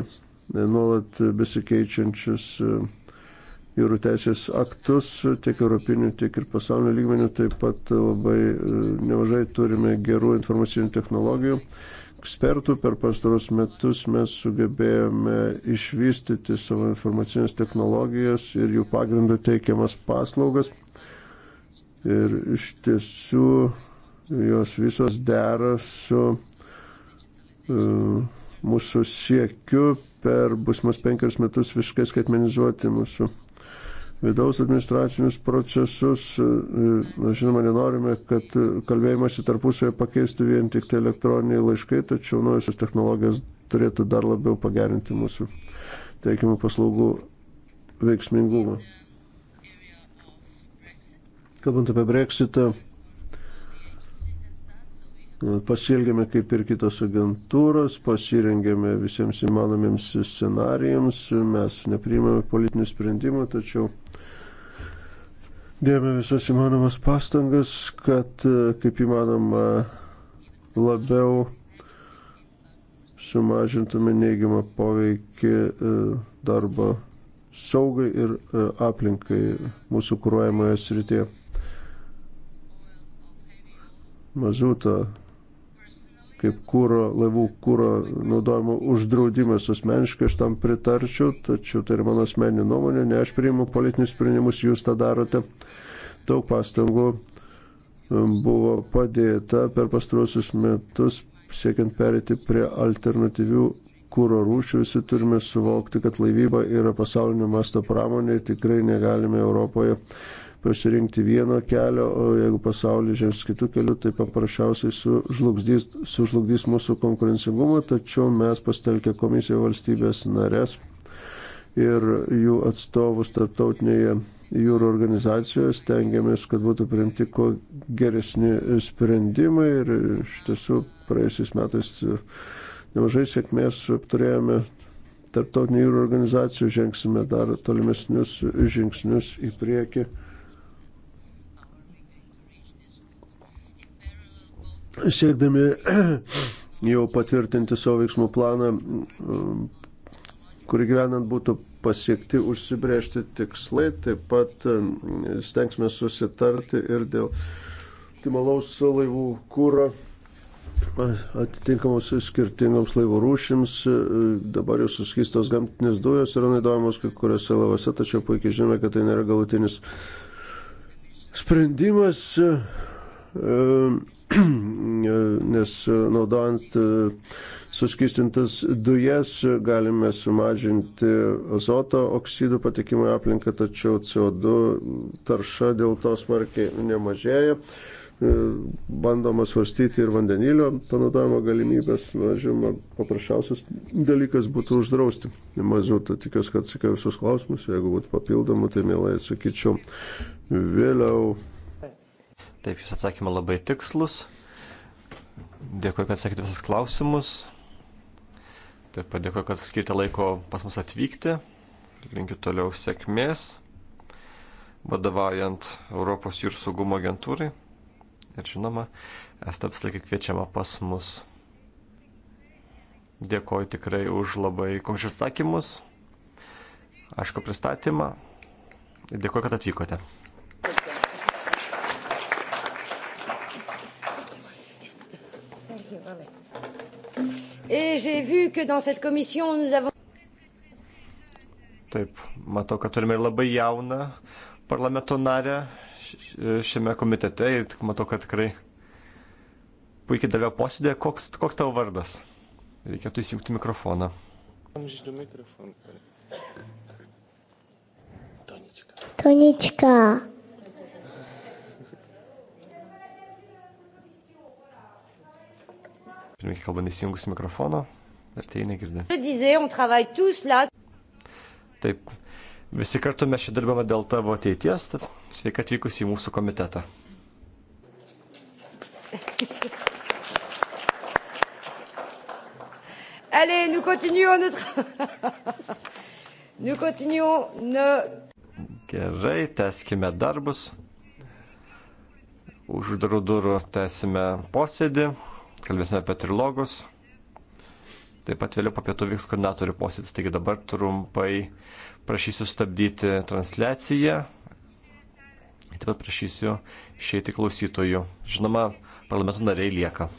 nuolat besikeičiančius e, jūrų teisės aktus tiek europinių, tiek ir pasaulio lygmenių. Taip pat labai e, nemažai turime gerų informacinių technologijų. Ekspertų per pastaros metus mes sugebėjome išvystyti savo informacinės technologijas ir jų pagrindų teikiamas paslaugas. Ir iš tiesų jos visos dera su uh, mūsų siekiu per busmus penkerius metus visiškai skaitmenizuoti mūsų vidaus administracinius procesus. E, žinoma, nenorime, kad kalbėjimąsi tarpusavėje pakeistų vien tik tai elektroniniai laiškai, tačiau naujosios technologijos turėtų dar labiau pagerinti mūsų teikimų paslaugų veiksmingumą. Kalbant apie Brexitą, Pasielgėme kaip ir kitos agentūros, pasirengėme visiems įmanomiems scenarijams, mes neprimėme politinių sprendimų, tačiau dėjome visas įmanomas pastangas, kad e, kaip įmanoma labiau sumažintume neigiamą poveikį e, darbo saugai ir e, aplinkai mūsų kūruojamoje srityje. Mazuto kaip kūro, laivų kūro naudojimo uždraudimas asmeniškai, aš tam pritarčiau, tačiau tai yra mano asmeninė nuomonė, ne aš priimu politinius sprendimus, jūs tą darote. Daug pastangų um, buvo padėta per pastrosius metus siekiant perėti prie alternatyvių kūro rūšių, visi turime suvokti, kad laivyba yra pasaulinio masto pramonė ir tikrai negalime Europoje pasirinkti vieno kelio, o jeigu pasaulis žengs kitų kelių, tai paprasčiausiai sužlugdys, sužlugdys mūsų konkurencingumą, tačiau mes pastelkę komisiją valstybės narės ir jų atstovus tarptautinėje jūrų organizacijoje stengiamės, kad būtų priimti kuo geresni sprendimai ir iš tiesų praėjusiais metais nemažai sėkmės turėjome tarptautinių jūrų organizacijų, žengsime dar tolimesnius žingsnius į priekį. siekdami [CLEARS THROAT] jau patvirtinti savo veiksmų planą, kurį gyvenant būtų pasiekti užsibriežti tikslai, taip pat e, stengsime susitarti ir dėl optimalaus laivų kūro atitinkamos skirtingoms laivų rūšims. E, dabar jau suskystos gamtinės dujos yra naudojamos kai kuriuose laivose, tačiau puikiai žinome, kad tai nėra galutinis sprendimas. E, [CLEARS THROAT] nes e, naudojant e, suskistintas dujas galime sumažinti azoto oksidų patekimą į aplinką, tačiau CO2 tarša dėl to smarkiai nemažėja. E, bandoma svarstyti ir vandenilio panaudojimo galimybės, na, žinoma, paprasčiausias dalykas būtų uždrausti mazutą. Tikiuosi, kad atsakiau visus klausimus, jeigu būtų papildomų, tai mielai atsakyčiau vėliau. Taip, jūs atsakymą labai tikslus. Dėkuoju, kad atsakėte visus klausimus. Taip pat dėkuoju, kad skirti laiko pas mus atvykti. Linkiu toliau sėkmės, vadovaujant Europos jūrų saugumo agentūrai. Ir žinoma, esate vis laikai kviečiama pas mus. Dėkoju tikrai už labai konkrečius sakymus, aišku pristatymą. Dėkoju, kad atvykote. Et j'ai vu que dans cette commission, nous avons. Taip, matau, kad turime ir labai jauną parlamento narę šiame komitete ir matau, kad tikrai puikiai davė posėdė. Koks, koks tavo vardas? Reikėtų įsijungti mikrofoną. Tonička. Tonička. Pirmininkai kalba nesijungus mikrofono, ir tai negirdė. Taip, visi kartu mes čia dirbame dėl tavo ateities, tad sveika atvykus į mūsų komitetą. [LAUGHS] Allez, nous continuons notre. [LAUGHS] nous continuons notre. Gerai, tęskime darbus. Už uždarų durų tęsime posėdį kalbėsime apie trilogus. Taip pat vėliau po pietų vyks koordinatorių posėdis. Taigi dabar trumpai prašysiu stabdyti transliaciją. Taip pat prašysiu išeiti klausytojų. Žinoma, parlamento nariai lieka.